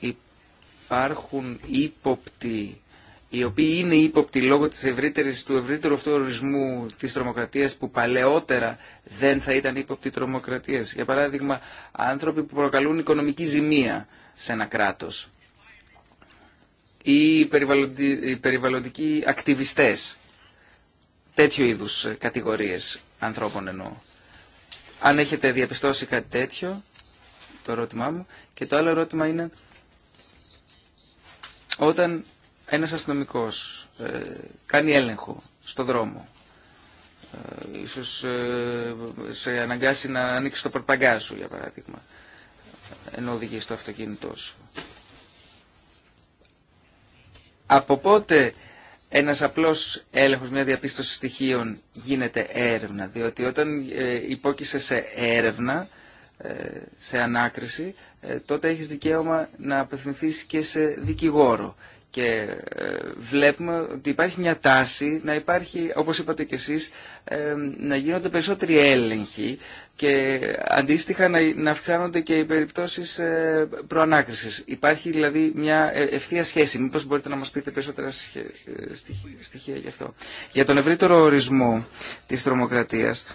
υπάρχουν ύποπτοι οι οποίοι είναι ύποπτοι λόγω της ευρύτερης, του ευρύτερου αυτού ορισμού της τρομοκρατίας που παλαιότερα δεν θα ήταν ύποπτοι τρομοκρατίας. Για παράδειγμα, άνθρωποι που προκαλούν οικονομική ζημία σε ένα κράτος ή περιβαλλοντικοί ακτιβιστές, τέτοιου είδους κατηγορίες ανθρώπων εννοώ. Αν έχετε διαπιστώσει κάτι τέτοιο, το ερώτημά μου, και το άλλο ερώτημα είναι όταν ένας αστυνομικός ε, κάνει έλεγχο στο δρόμο, ε, ίσως ε, σε αναγκάσει να ανοίξει το πορπαγκά σου για παράδειγμα, ενώ οδηγεί το αυτοκίνητό σου. Από πότε ένας απλός έλεγχος, μια διαπίστωση στοιχείων γίνεται έρευνα, διότι όταν υπόκεισε σε έρευνα, σε ανάκριση, τότε έχεις δικαίωμα να απευθυνθείς και σε δικηγόρο. Και ε, βλέπουμε ότι υπάρχει μια τάση να υπάρχει, όπως είπατε και εσείς, ε, να γίνονται περισσότεροι έλεγχοι και αντίστοιχα να αυξάνονται και οι περιπτώσεις ε, προανάκρισης. Υπάρχει δηλαδή μια ευθεία σχέση. Μήπως μπορείτε να μας πείτε περισσότερα στοιχεία γι' αυτό. Για τον ευρύτερο ορισμό της τρομοκρατίας,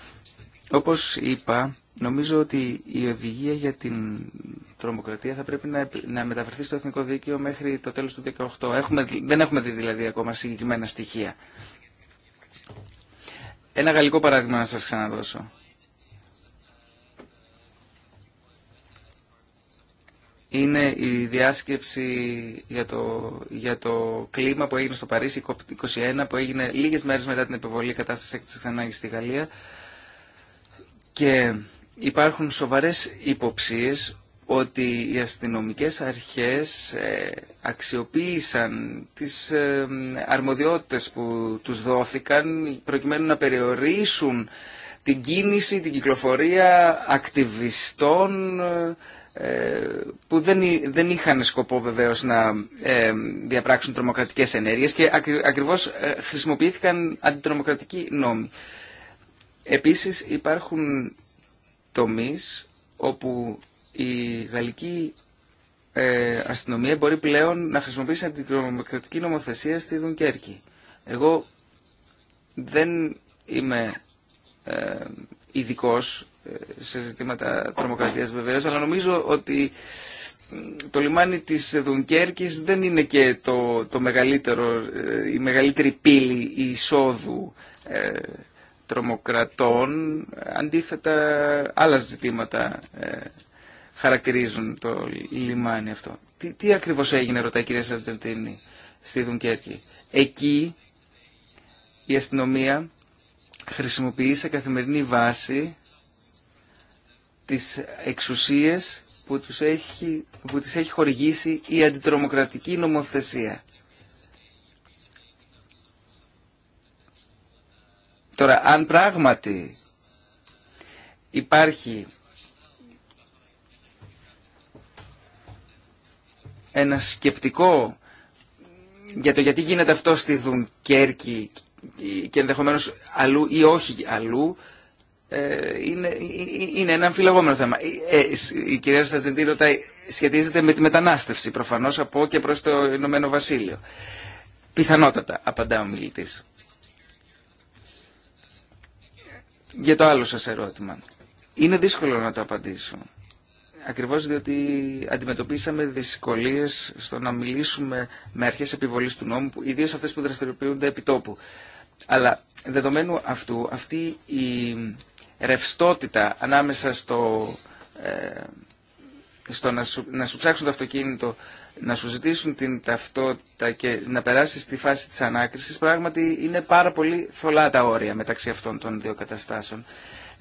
όπως είπα, Νομίζω ότι η οδηγία για την τρομοκρατία θα πρέπει να, μεταφερθεί στο εθνικό δίκαιο μέχρι το τέλος του 2018. Έχουμε, δεν έχουμε δει δηλαδή ακόμα συγκεκριμένα στοιχεία. Ένα γαλλικό παράδειγμα να σας ξαναδώσω. Είναι η διάσκεψη για το, για το κλίμα που έγινε στο Παρίσι, 21, που έγινε λίγες μέρες μετά την επιβολή κατάσταση έκτακτης ανάγκης στη Γαλλία. Και υπάρχουν σοβαρές υποψίες ότι οι αστυνομικές αρχές ε, αξιοποίησαν τις ε, αρμοδιότητες που τους δόθηκαν προκειμένου να περιορίσουν την κίνηση, την κυκλοφορία ακτιβιστών ε, που δεν είχαν σκοπό βεβαίως να διαπράξουν τρομοκρατικές ενέργειες και ακριβώς χρησιμοποιήθηκαν αντιτρομοκρατικοί νόμοι. Επίσης υπάρχουν τομείς όπου η γαλλική ε, αστυνομία μπορεί πλέον να χρησιμοποιήσει αντικρομοκρατική νομοθεσία στη Δουνκέρκη. Εγώ δεν είμαι ε, ειδικό ε, σε ζητήματα τρομοκρατίας βεβαίω, αλλά νομίζω ότι το λιμάνι της Δουνκέρκης δεν είναι και το, το μεγαλύτερο, η μεγαλύτερη πύλη εισόδου ε, τρομοκρατών, αντίθετα άλλα ζητήματα ε, χαρακτηρίζουν το λιμάνι αυτό. Τι, τι ακριβώς έγινε, ρωτάει η κυρία Σαρτζεντίνη, στη Δουνκέρκη. Εκεί η αστυνομία χρησιμοποιεί σε καθημερινή βάση τις εξουσίες που, τους έχει, που τις έχει χορηγήσει η αντιτρομοκρατική νομοθεσία. Τώρα, αν πράγματι υπάρχει ένα σκεπτικό για το γιατί γίνεται αυτό στη Δουνκέρκη και ενδεχομένω αλλού ή όχι ε, είναι, είναι ένα αμφιλεγόμενο θέμα. Ε, ε, η κυρία Σατζεντή ρωτάει, σχετίζεται με τη μετανάστευση προφανώς από και προς το Ηνωμένο Βασίλειο. Πιθανότατα, απαντά ο μιλητής. για το άλλο σας ερώτημα. Είναι δύσκολο να το απαντήσω. Ακριβώς διότι αντιμετωπίσαμε δυσκολίες στο να μιλήσουμε με αρχές επιβολής του νόμου, ιδίως αυτές που δραστηριοποιούνται επί τόπου. Αλλά δεδομένου αυτού, αυτή η ρευστότητα ανάμεσα στο, ε, στο να, να σου ψάξουν το αυτοκίνητο να σου ζητήσουν την ταυτότητα και να περάσει στη φάση της ανάκρισης, πράγματι είναι πάρα πολύ θολά τα όρια μεταξύ αυτών των δύο καταστάσεων.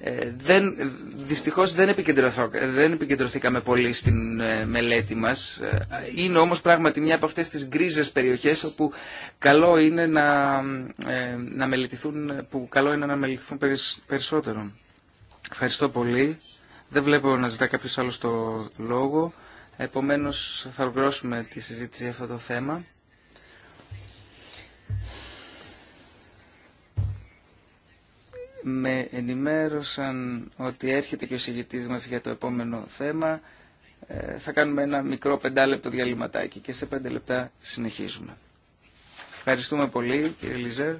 Ε, δεν, δυστυχώς δεν, επικεντρωθήκαμε πολύ στην ε, μελέτη μας. Ε, είναι όμως πράγματι μια από αυτές τις γκρίζες περιοχές όπου καλό είναι να, ε, να μελετηθούν, που καλό είναι να μελετηθούν περισσότερο. Ευχαριστώ πολύ. Δεν βλέπω να ζητά κάποιος άλλος το λόγο. Επομένως θα ολοκληρώσουμε τη συζήτηση για αυτό το θέμα. Με ενημέρωσαν ότι έρχεται και ο συγητής μας για το επόμενο θέμα. Ε, θα κάνουμε ένα μικρό πεντάλεπτο διαλυματάκι και σε πέντε λεπτά συνεχίζουμε. Ευχαριστούμε πολύ κύριε Λιζέρ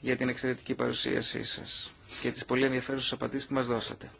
για την εξαιρετική παρουσίασή σας και τις πολύ ενδιαφέρουσες απαντήσεις που μας δώσατε.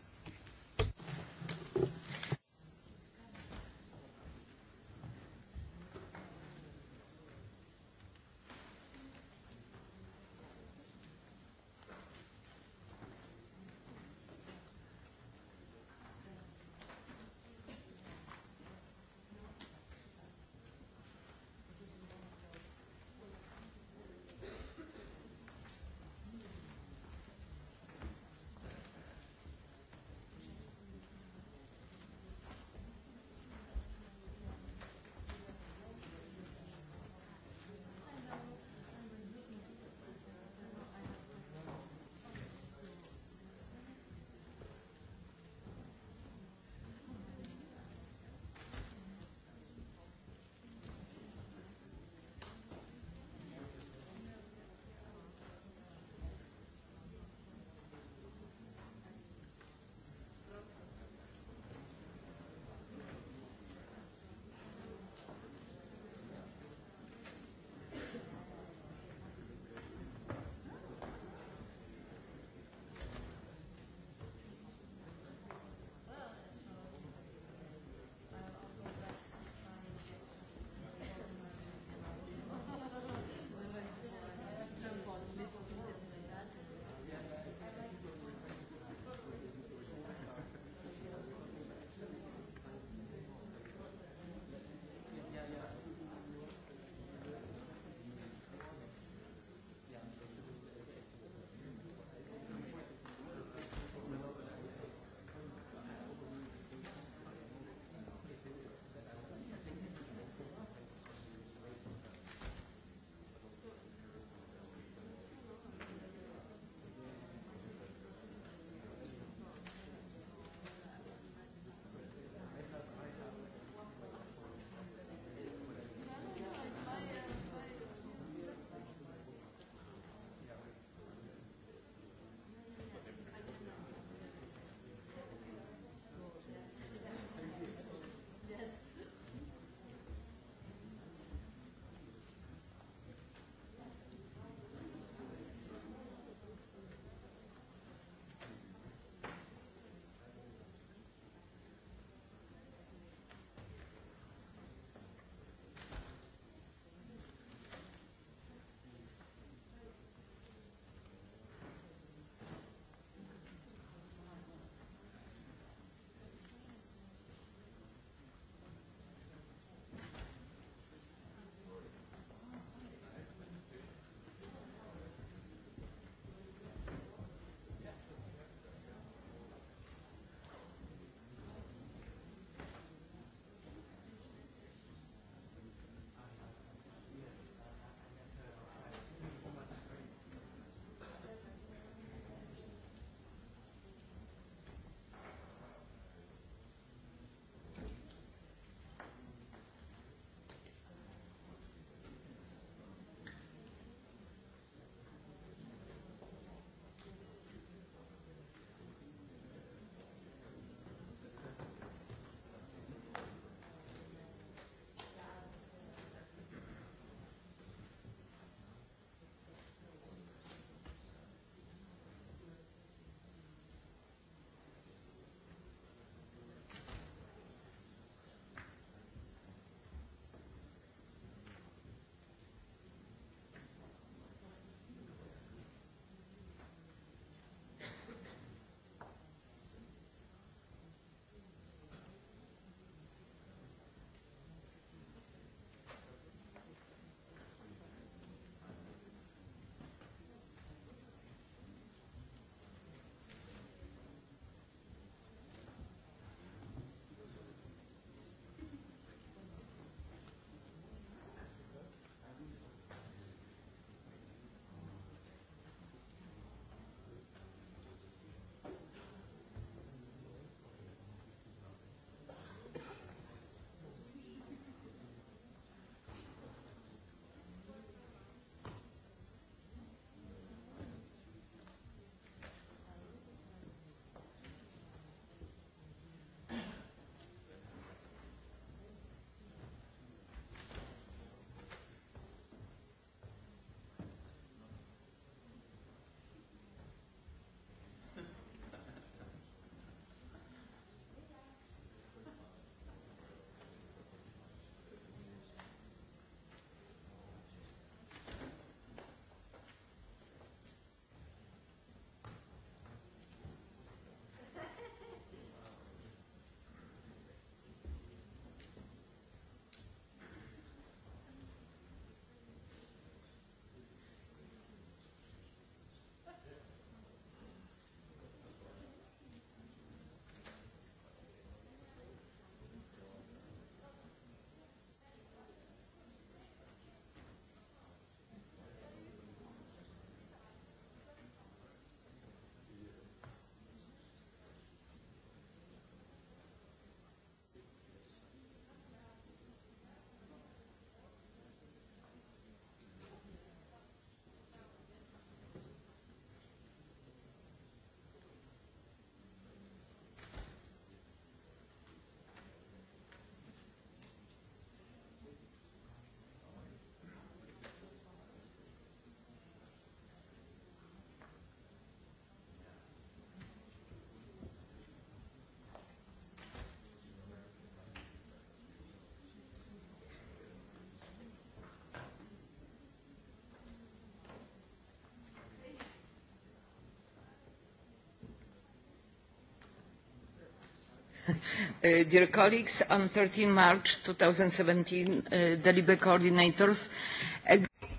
Uh, dear 13 uh,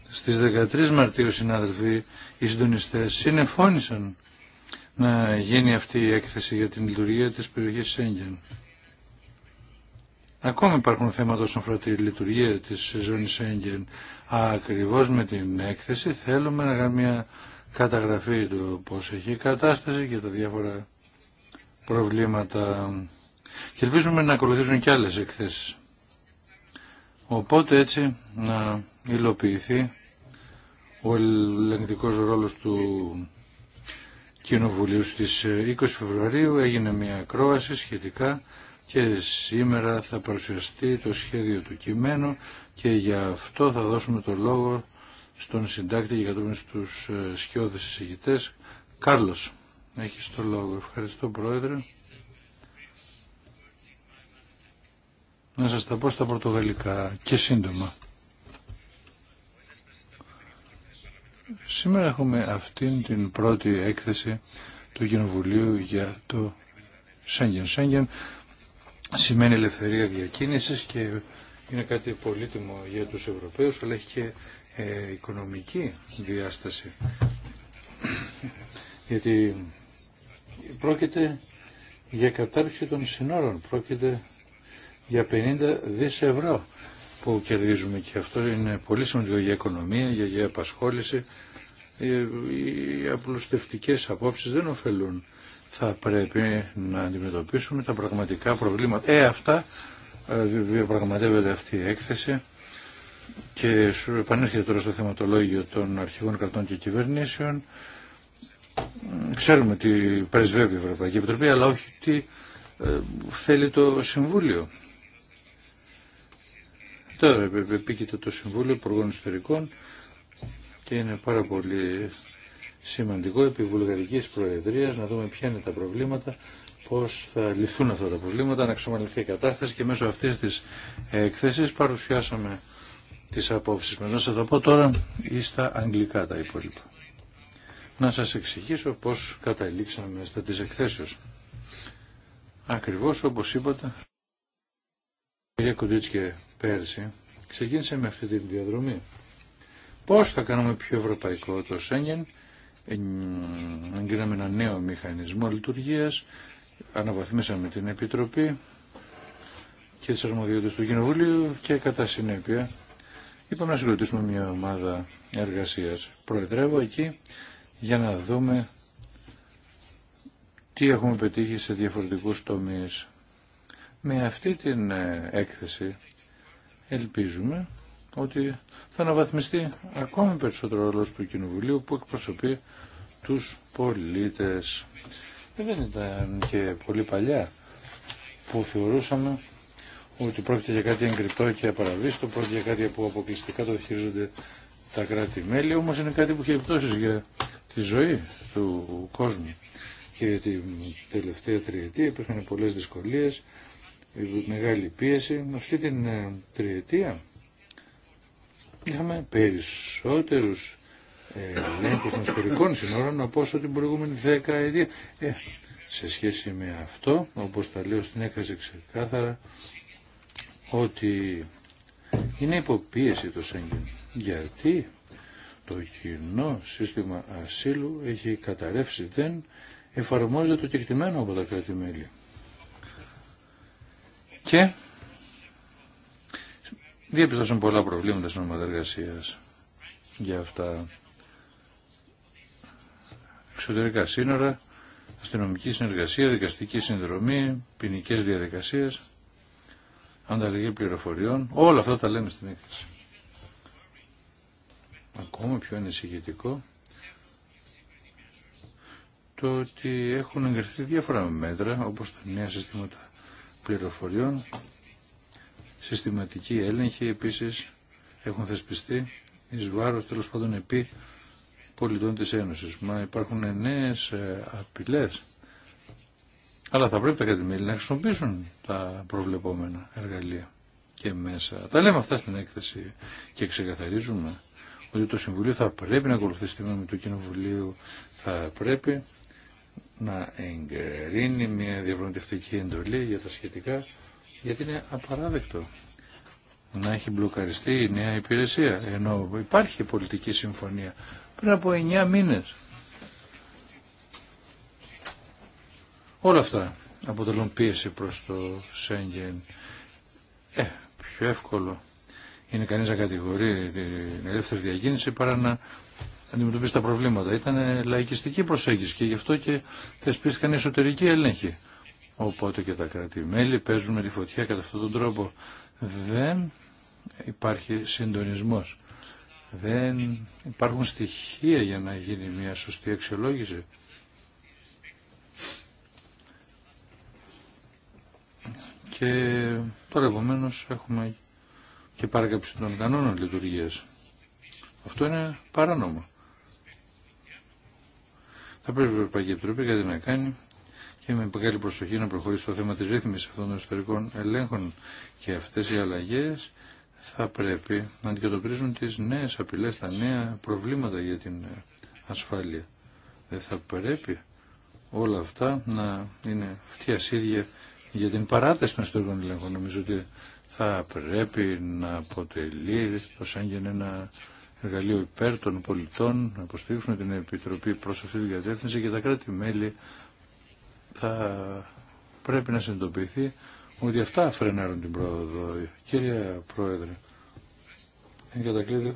Στις 13 Μαρτίου, συνάδελφοι, οι συντονιστές συνεφώνησαν να γίνει αυτή η έκθεση για την λειτουργία της περιοχής Σέγγεν. Ακόμη υπάρχουν θέματα όσον αφορά τη λειτουργία της ζώνης Σέγγεν. Ακριβώς με την έκθεση θέλουμε να κάνουμε μια καταγραφή του πώς έχει η κατάσταση και τα διάφορα προβλήματα και ελπίζουμε να ακολουθήσουν και άλλες εκθέσεις. Οπότε έτσι να υλοποιηθεί ο ελεγκτικός ρόλος του Κοινοβουλίου στις 20 ε, Φεβρουαρίου έγινε μια ακρόαση σχετικά και σήμερα θα παρουσιαστεί το σχέδιο του κειμένου και γι' αυτό θα δώσουμε το λόγο στον συντάκτη για κατόπιν στους ε, σκιώδες εισηγητές Κάρλος. Έχεις το λόγο. Ευχαριστώ Πρόεδρε. Να σας τα πω στα πορτογαλικά και σύντομα. Σήμερα έχουμε αυτήν την πρώτη έκθεση του Κοινοβουλίου για το Σέγγεν. Σέγγεν σημαίνει ελευθερία διακίνησης και είναι κάτι πολύτιμο για τους Ευρωπαίους, αλλά έχει και ε, οικονομική διάσταση. Γιατί Πρόκειται για κατάρριξη των συνόρων, πρόκειται για 50 δις ευρώ που κερδίζουμε και αυτό είναι πολύ σημαντικό για οικονομία, για, για απασχόληση. Ε, οι απλουστευτικές απόψεις δεν ωφελούν. Θα πρέπει να αντιμετωπίσουμε τα πραγματικά προβλήματα. Ε, αυτά ε, διαπραγματεύεται αυτή η έκθεση και επανέρχεται τώρα στο θεματολόγιο των αρχηγών κρατών και κυβερνήσεων Ξέρουμε τι πρεσβεύει η Ευρωπαϊκή Επιτροπή, αλλά όχι τι ε, θέλει το Συμβούλιο. Τώρα επίκειται το Συμβούλιο Υπουργών Ιστορικών και είναι πάρα πολύ σημαντικό επί Βουλγαρικής Προεδρίας να δούμε ποια είναι τα προβλήματα, πώς θα λυθούν αυτά τα προβλήματα, να εξομαλυθεί η κατάσταση και μέσω αυτής της εκθέσης παρουσιάσαμε τις απόψεις μας. Να σας το πω τώρα ή στα αγγλικά τα υπόλοιπα να σας εξηγήσω πώς καταλήξαμε στα της εκθέσεως. Ακριβώς όπως είπατε, κυρία Κοντίτσκε πέρσι, ξεκίνησε με αυτή τη διαδρομή. Πώς θα κάνουμε πιο ευρωπαϊκό το Σέγγεν, εγκρίναμε ένα νέο μηχανισμό λειτουργίας, αναβαθμίσαμε την Επιτροπή και τις αρμοδιότητες του Κοινοβουλίου και κατά συνέπεια είπαμε να συγκροτήσουμε μια ομάδα εργασίας. Προεδρεύω εκεί για να δούμε τι έχουμε πετύχει σε διαφορετικούς τομείς. Με αυτή την ε, έκθεση ελπίζουμε ότι θα αναβαθμιστεί ακόμη περισσότερο ρόλο του Κοινοβουλίου που εκπροσωπεί τους πολίτες. Δεν ήταν και πολύ παλιά που θεωρούσαμε ότι πρόκειται για κάτι εγκριτό και απαραβίστο, πρόκειται για κάτι που αποκλειστικά το χειρίζονται τα κράτη-μέλη, όμως είναι κάτι που έχει επιπτώσεις για τη ζωή του κόσμου. Και την τελευταία τριετία υπήρχαν πολλές δυσκολίες, μεγάλη πίεση. Αυτή την ε, τριετία είχαμε περισσότερους ε, ελέγχους των ιστορικών συνόρων από όσο την προηγούμενη δεκαετία. Ε, σε σχέση με αυτό, όπως τα λέω στην έκθεση ξεκάθαρα, ότι είναι υποπίεση το Σέγγεν. Γιατί το κοινό σύστημα ασύλου έχει καταρρεύσει, δεν εφαρμόζεται το κεκτημένο από τα κράτη-μέλη. Και διαπιστώσαν πολλά προβλήματα στην ομάδα εργασία για αυτά. Εξωτερικά σύνορα, αστυνομική συνεργασία, δικαστική συνδρομή, ποινικέ διαδικασίε, ανταλλαγή πληροφοριών, όλα αυτά τα λέμε στην έκθεση. Ακόμα πιο ανησυχητικό το ότι έχουν εγκριθεί διάφορα μέτρα όπως τα νέα συστήματα πληροφοριών, συστηματική έλεγχη επίσης έχουν θεσπιστεί εις βάρος τέλος πάντων επί πολιτών της Ένωσης. Μα υπάρχουν νέες ε, απειλές. Αλλά θα πρέπει τα κρατημέλη να χρησιμοποιήσουν τα προβλεπόμενα εργαλεία και μέσα. Τα λέμε αυτά στην έκθεση και ξεκαθαρίζουμε ότι το Συμβουλίο θα πρέπει να ακολουθήσει τη γνώμη του Κοινοβουλίου, θα πρέπει να εγκρίνει μια διαπραγματευτική εντολή για τα σχετικά, γιατί είναι απαράδεκτο να έχει μπλοκαριστεί η νέα υπηρεσία, ενώ υπάρχει πολιτική συμφωνία πριν από 9 μήνες. Όλα αυτά αποτελούν πίεση προς το Σέγγεν. Ε, πιο εύκολο είναι κανεί να κατηγορεί την ελεύθερη διακίνηση παρά να αντιμετωπίσει τα προβλήματα. Ήταν λαϊκιστική προσέγγιση και γι' αυτό και θεσπίστηκαν εσωτερικοί έλεγχοι. Οπότε και τα κρατημέλη παίζουν με τη φωτιά κατά αυτόν τον τρόπο. Δεν υπάρχει συντονισμός. Δεν υπάρχουν στοιχεία για να γίνει μια σωστή αξιολόγηση. Και τώρα επομένω έχουμε και παράκαμψη των κανόνων λειτουργίας. Αυτό είναι παράνομο. Θα πρέπει η Ευρωπαϊκή Επιτροπή κάτι να κάνει και με μεγάλη προσοχή να προχωρήσει στο θέμα της ρύθμισης αυτών των εσωτερικών ελέγχων και αυτές οι αλλαγές θα πρέπει να αντικατοπτρίζουν τις νέες απειλές, τα νέα προβλήματα για την ασφάλεια. Δεν θα πρέπει όλα αυτά να είναι φτιασίδια για την παράταση των εσωτερικών ελέγχων. Νομίζω ότι θα πρέπει να αποτελεί το Σάγγεν ένα εργαλείο υπέρ των πολιτών, να υποστηρίξουν την Επιτροπή προς αυτή την κατεύθυνση και τα κράτη-μέλη θα πρέπει να συνειδητοποιηθεί ότι αυτά φρενάρουν την πρόοδο. Κύριε Πρόεδρε, εν κατακλείδη,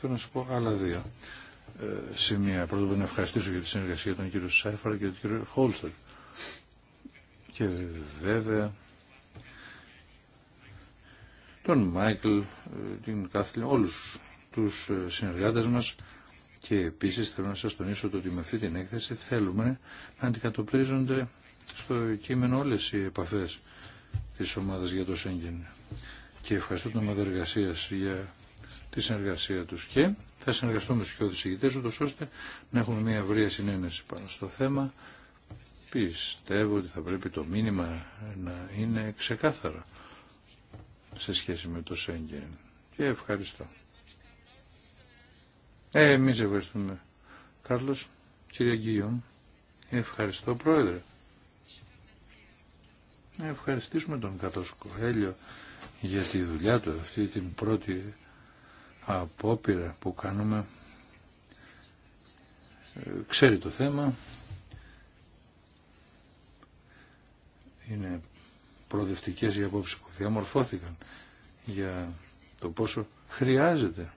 θέλω να σου πω άλλα δύο ε, σημεία. Πρώτον, να ευχαριστήσω για τη συνεργασία των κύριων Σάιφαρα και του κύριου Χόλστερ. Και βέβαια, τον Μάικλ, ε, την Κάθλιν, όλους τους ε, συνεργάτες μας και επίσης θέλω να σας τονίσω ότι με αυτή την έκθεση θέλουμε να αντικατοπτρίζονται στο κείμενο όλες οι επαφές της ομάδας για το Σέγγεν. Και ευχαριστώ την ομάδα εργασία για τη συνεργασία τους και θα συνεργαστούμε τους και ηγητές ούτως ώστε να έχουμε μια ευρεία συνένεση πάνω στο θέμα. Πιστεύω ότι θα πρέπει το μήνυμα να είναι ξεκάθαρο σε σχέση με το Σέγγεν. Και ευχαριστώ. Ε, εμείς ευχαριστούμε. Κάρλος, κύριε ε ευχαριστώ πρόεδρε. ευχαριστήσουμε τον Κάρλος Έλιο για τη δουλειά του, αυτή την πρώτη απόπειρα που κάνουμε. Ε, ξέρει το θέμα. Είναι προοδευτικές για απόψεις που διαμορφώθηκαν για το πόσο χρειάζεται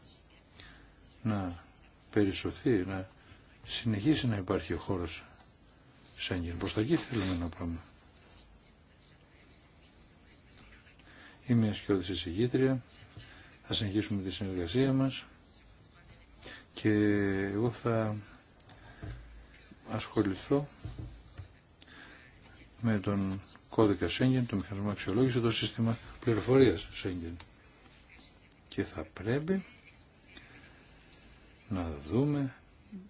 να περισωθεί, να συνεχίσει να υπάρχει ο χώρος Σέγγεν. Προς τα εκεί θέλουμε να πάμε. Είμαι η Ασκιώδης εισηγήτρια, θα συνεχίσουμε τη συνεργασία μας και εγώ θα ασχοληθώ με τον κώδικα Σέγγεν, το μηχανισμό αξιολόγηση, το σύστημα πληροφορία Σέγγεν. Και θα πρέπει να δούμε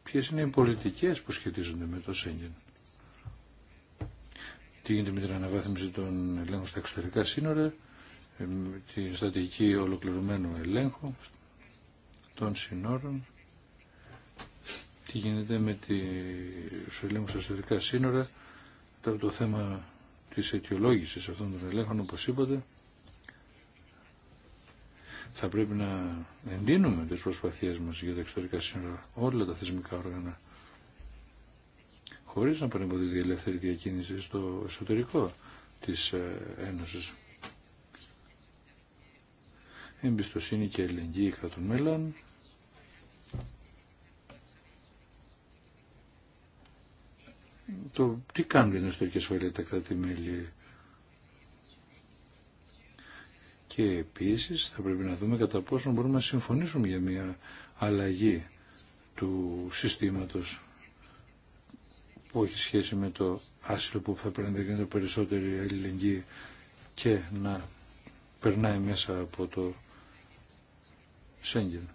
ποιες είναι οι πολιτικές που σχετίζονται με το Σέγγεν. Τι γίνεται με την αναβάθμιση των ελέγχων στα εξωτερικά σύνορα, ε, τη στατική ολοκληρωμένου ελέγχου των σύνορων, τι γίνεται με τη ελέγχου στα εξωτερικά σύνορα, το θέμα της αιτιολόγησης αυτών των ελέγχων όπως είπατε θα πρέπει να εντείνουμε τις προσπαθίες μας για τα εξωτερικά σύνορα όλα τα θεσμικά όργανα χωρίς να παρεμποδίζει η ελεύθερη διακίνηση στο εσωτερικό της ε, Ένωσης. Εμπιστοσύνη και ελεγγύη κρατών μέλων το τι κάνουν οι την ιστορική ασφαλεία τα κρατη Και επίσης θα πρέπει να δούμε κατά πόσο μπορούμε να συμφωνήσουμε για μια αλλαγή του συστήματος που έχει σχέση με το άσυλο που θα πρέπει να γίνεται περισσότερη αλληλεγγύη και να περνάει μέσα από το Σέγγεν.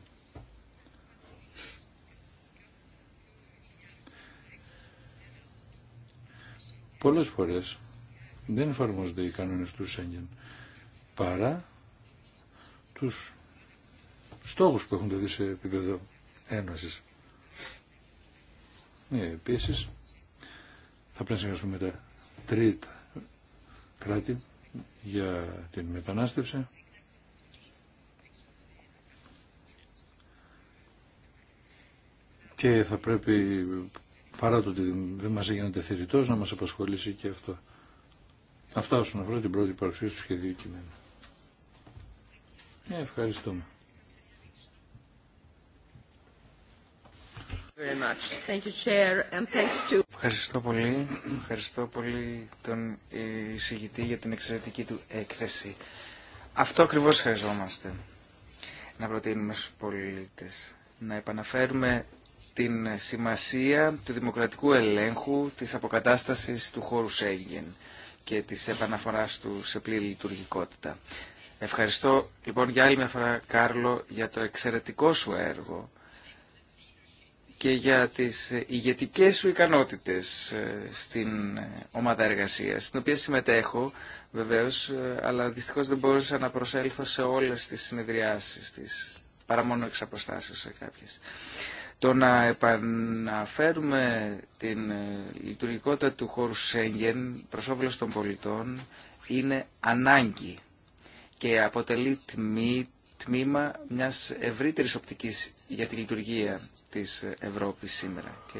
πολλές φορές δεν εφαρμόζονται οι κανόνες του Σέγγεν παρά τους στόχους που έχουν δει σε επίπεδο ένωσης. Ε, επίσης, θα πρέπει να συνεργαστούμε με τα τρίτα κράτη για την μετανάστευση. Και θα πρέπει παρά το ότι δεν μας έγινε τεθεριτός, να μας απασχολήσει και αυτό. Αυτά όσον αφορά την πρώτη παρουσίαση του σχεδίου κειμένου. Ε, ευχαριστούμε. Thank Ευχαριστώ πολύ. Ευχαριστώ πολύ τον εισηγητή για την εξαιρετική του έκθεση. Αυτό ακριβώς χρειαζόμαστε να προτείνουμε στους πολίτες. Να επαναφέρουμε την σημασία του δημοκρατικού ελέγχου της αποκατάστασης του χώρου Σέγγεν και της επαναφοράς του σε πλήρη λειτουργικότητα. Ευχαριστώ λοιπόν για άλλη μια φορά Κάρλο για το εξαιρετικό σου έργο και για τις ηγετικέ σου ικανότητες ε, στην ε, ομάδα εργασίας, στην οποία συμμετέχω βεβαίως, ε, αλλά δυστυχώς δεν μπόρεσα να προσέλθω σε όλες τις συνεδριάσεις της, παρά μόνο εξ αποστάσεως σε κάποιες. Το να επαναφέρουμε την ε, λειτουργικότητα του χώρου Σέγγεν προς όφελος των πολιτών είναι ανάγκη και αποτελεί τμήμα μιας ευρύτερης οπτικής για τη λειτουργία της Ευρώπης σήμερα. Και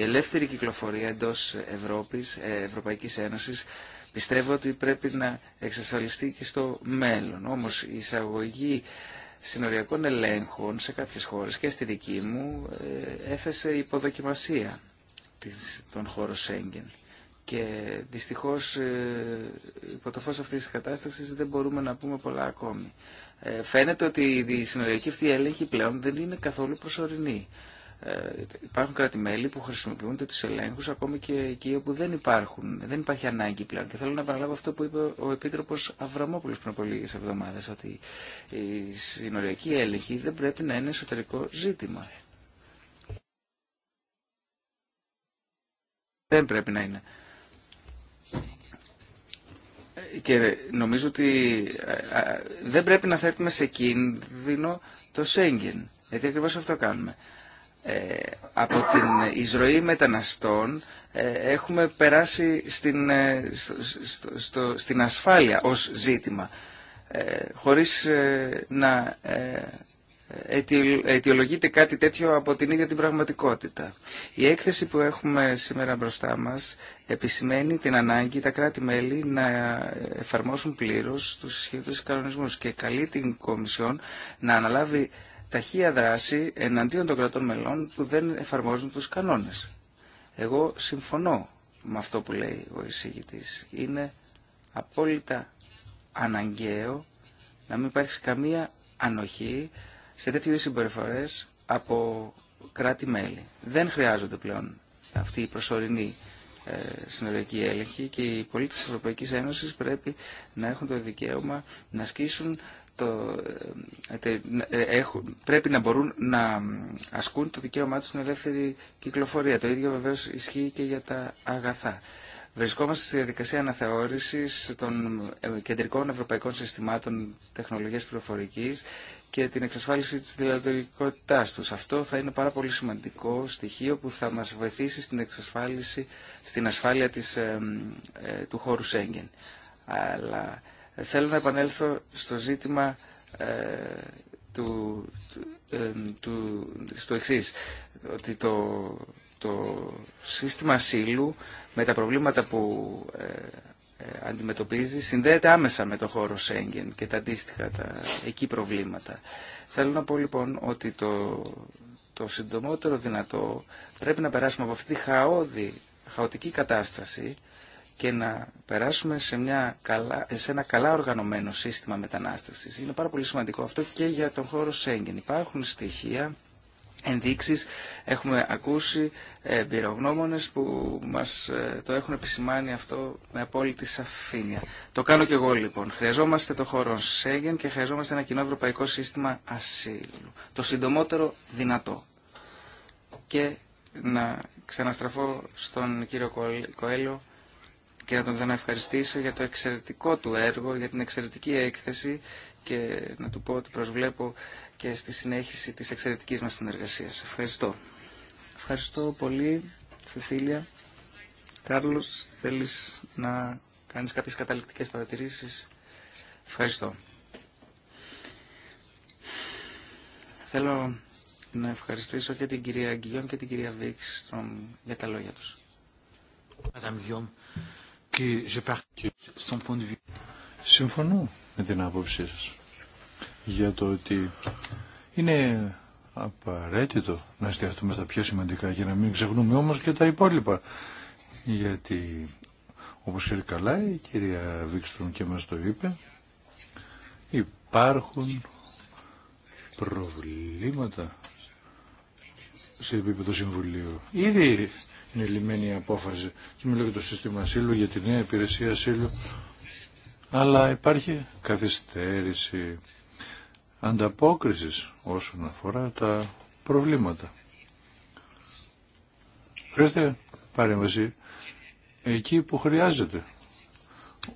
η ελεύθερη κυκλοφορία εντός Ευρώπης, ε, Ευρωπαϊκής Ένωσης πιστεύω ότι πρέπει να εξασφαλιστεί και στο μέλλον. Όμως η εισαγωγή συνοριακών ελέγχων σε κάποιες χώρες και στη δική μου ε, έθεσε υποδοκιμασία των χώρων Σέγγεν. Και δυστυχώς ε, υπό το φως αυτής της κατάστασης δεν μπορούμε να πούμε πολλά ακόμη. Ε, φαίνεται ότι η συνοριακή αυτή έλεγχη πλέον δεν είναι καθόλου προσωρινή. Ε, υπάρχουν κράτη-μέλη που χρησιμοποιούνται του ελέγχους ακόμη και εκεί όπου δεν υπάρχουν, δεν υπάρχει ανάγκη πλέον. Και θέλω να παραλάβω αυτό που είπε ο Επίτροπος Αβραμόπουλος πριν από λίγες εβδομάδες, ότι η συνοριακή έλεγχη δεν πρέπει να είναι εσωτερικό ζήτημα. Δεν πρέπει να είναι. Και νομίζω ότι ε, ε, δεν πρέπει να θέτουμε σε κίνδυνο το Σέγγεν. Γιατί ακριβώς αυτό κάνουμε. Ε, από την εισρωή μεταναστών ε, έχουμε περάσει στην, ε, στο, στην ασφάλεια ως ζήτημα χωρίς να αιτιολογείται κάτι τέτοιο από την ίδια την πραγματικότητα. Η έκθεση που έχουμε σήμερα μπροστά μας επισημαίνει την ανάγκη τα κράτη-μέλη να εφαρμόσουν πλήρως τους ισχύοντες κανονισμούς και καλεί την Κομισιόν να αναλάβει ταχεία δράση εναντίον των κρατών μελών που δεν εφαρμόζουν τους κανόνες. Εγώ συμφωνώ με αυτό που λέει ο εισηγητής. Είναι απόλυτα αναγκαίο να μην υπάρχει καμία ανοχή σε τετοιου είδους συμπεριφορές από κράτη-μέλη. Δεν χρειάζονται πλέον αυτή η προσωρινή ε, συνολική έλεγχη και οι πολίτες της Ευρωπαϊκής Ένωσης πρέπει να έχουν το δικαίωμα να ασκήσουν το, ε, πρέπει να μπορούν να ασκούν το δικαίωμά τους στην ελεύθερη κυκλοφορία. Το ίδιο βεβαίως ισχύει και για τα αγαθά. Βρισκόμαστε στη διαδικασία αναθεώρησης των ε, κεντρικών ευρωπαϊκών συστημάτων τεχνολογίας πληροφορικής και την εξασφάλιση της δηλαδοτικότητάς τους. Αυτό θα είναι πάρα πολύ σημαντικό στοιχείο που θα μας βοηθήσει στην εξασφάλιση, στην ασφάλεια της, ε, του χώρου Σέγγεν. Αλλά Θέλω να επανέλθω στο ζήτημα ε, του, ε, του, στο εξή ότι το, το σύστημα ασύλου με τα προβλήματα που ε, αντιμετωπίζει συνδέεται άμεσα με το χώρο Σέγγεν και τα αντίστοιχα τα εκεί προβλήματα. Θέλω να πω λοιπόν ότι το, το συντομότερο δυνατό πρέπει να περάσουμε από αυτή τη χαόδη, χαοτική κατάσταση και να περάσουμε σε, μια καλά, σε ένα καλά οργανωμένο σύστημα μετανάστευσης. Είναι πάρα πολύ σημαντικό αυτό και για τον χώρο Σέγγεν. Υπάρχουν στοιχεία ενδείξεις έχουμε ακούσει ε, εμπειρογνώμονες που μας ε, το έχουν επισημάνει αυτό με απόλυτη σαφήνεια. Το κάνω και εγώ λοιπόν. Χρειαζόμαστε το χώρο Σέγγεν και χρειαζόμαστε ένα κοινό ευρωπαϊκό σύστημα ασύλου. Το συντομότερο δυνατό. Και να ξαναστραφώ στον κύριο Κοέλιο και να τον ξαναευχαριστήσω για το εξαιρετικό του έργο, για την εξαιρετική έκθεση και να του πω ότι προσβλέπω και στη συνέχιση της εξαιρετικής μας συνεργασίας. Ευχαριστώ. Ευχαριστώ πολύ, Σεσίλια. Κάρλος, θέλεις να κάνεις κάποιες καταληκτικές παρατηρήσεις. Ευχαριστώ. Θέλω να ευχαριστήσω και την κυρία Γκυγιόμ και την κυρία Βίξ για τα λόγια τους. Συμφωνώ με την άποψή σας για το ότι είναι απαραίτητο να εστιαστούμε στα πιο σημαντικά και να μην ξεχνούμε όμως και τα υπόλοιπα. Γιατί όπως ξέρει καλά η κυρία Βίξτρον και μας το είπε υπάρχουν προβλήματα σε επίπεδο Συμβουλίου. Ήδη είναι λυμμένη η απόφαση και μιλάω για το σύστημα ασύλου, για τη νέα υπηρεσία ασύλου, αλλά υπάρχει καθυστέρηση ανταπόκρισης όσον αφορά τα προβλήματα. Χρειάζεται παρέμβαση εκεί που χρειάζεται.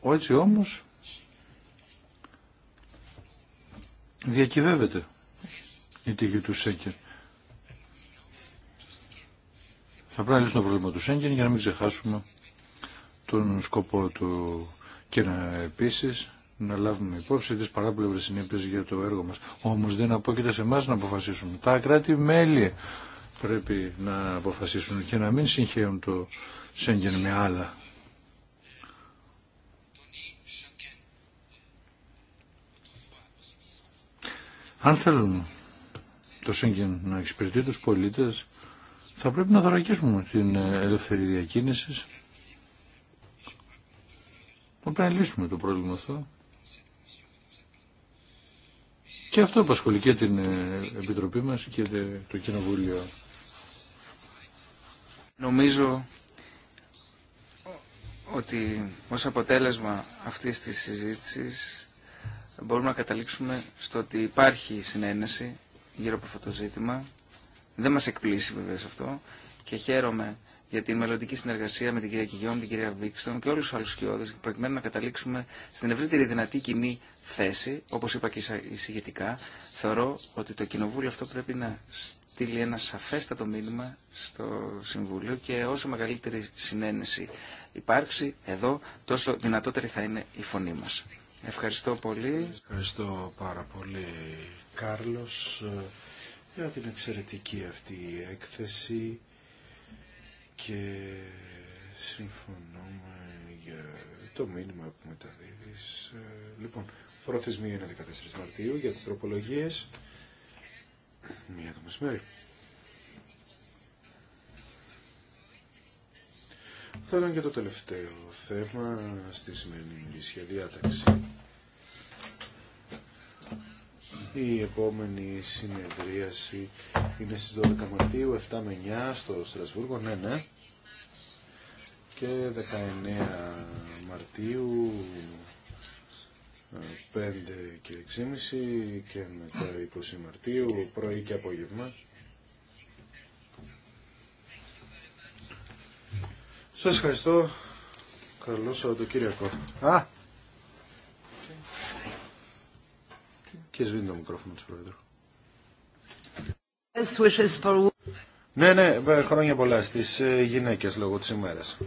Έτσι όμως διακυβεύεται η τύχη του Σέκεν. Θα πρέπει να λύσουμε το πρόβλημα του Σέγγεν για να μην ξεχάσουμε τον σκοπό του και να επίσης να λάβουμε υπόψη τις παράπλευρες συνέπειες για το έργο μας. Όμως δεν απόκειται σε εμά να αποφασίσουμε. Τα κράτη-μέλη πρέπει να αποφασίσουν και να μην συγχαίουν το Σέγγεν με άλλα. Αν θέλουν το Σέγγεν να εξυπηρετεί τους πολίτες, θα πρέπει να δωρακίσουμε την ελεύθερη διακίνηση. πρέπει να λύσουμε το πρόβλημα αυτό. Και αυτό απασχολεί και την ε, Επιτροπή μας και το Κοινοβούλιο. Νομίζω ότι ως αποτέλεσμα αυτής της συζήτησης μπορούμε να καταλήξουμε στο ότι υπάρχει συνένεση γύρω από αυτό το ζήτημα δεν μας εκπλήσει βέβαια αυτό και χαίρομαι για την μελλοντική συνεργασία με την κυρία Κιγιόμ, την κυρία Βίξτον και όλους τους άλλους σκιώδες προκειμένου να καταλήξουμε στην ευρύτερη δυνατή κοινή θέση, όπως είπα και εισηγητικά. Θεωρώ ότι το Κοινοβούλιο αυτό πρέπει να στείλει ένα σαφέστατο μήνυμα στο Συμβούλιο και όσο μεγαλύτερη συνένεση υπάρξει εδώ, τόσο δυνατότερη θα είναι η φωνή μας. Ευχαριστώ πολύ. Ευχαριστώ πάρα πολύ, Κάρλος για την εξαιρετική αυτή η έκθεση και συμφωνούμε για το μήνυμα που μεταδίδεις. Ε, λοιπόν, προθεσμή είναι 14 Μαρτίου για τις τροπολογίες. Μία το μεσημέρι. Θα ήταν και το τελευταίο θέμα στη σημερινή σχεδιάταξη. διάταξη. Η επόμενη συνεδρίαση είναι στις 12 Μαρτίου, 7 με 9 στο Στρασβούργο, ναι, ναι. Και 19 Μαρτίου, 5 ε, και 6.30 και μετά 20 Μαρτίου, πρωί και απόγευμα. Σας ευχαριστώ. Καλό Σαββατοκύριακο. Α! Και σβήνει το μικρόφωνο του Πρόεδρου. Ναι, ναι, χρόνια πολλά στις ε, γυναίκες λόγω της ημέρας.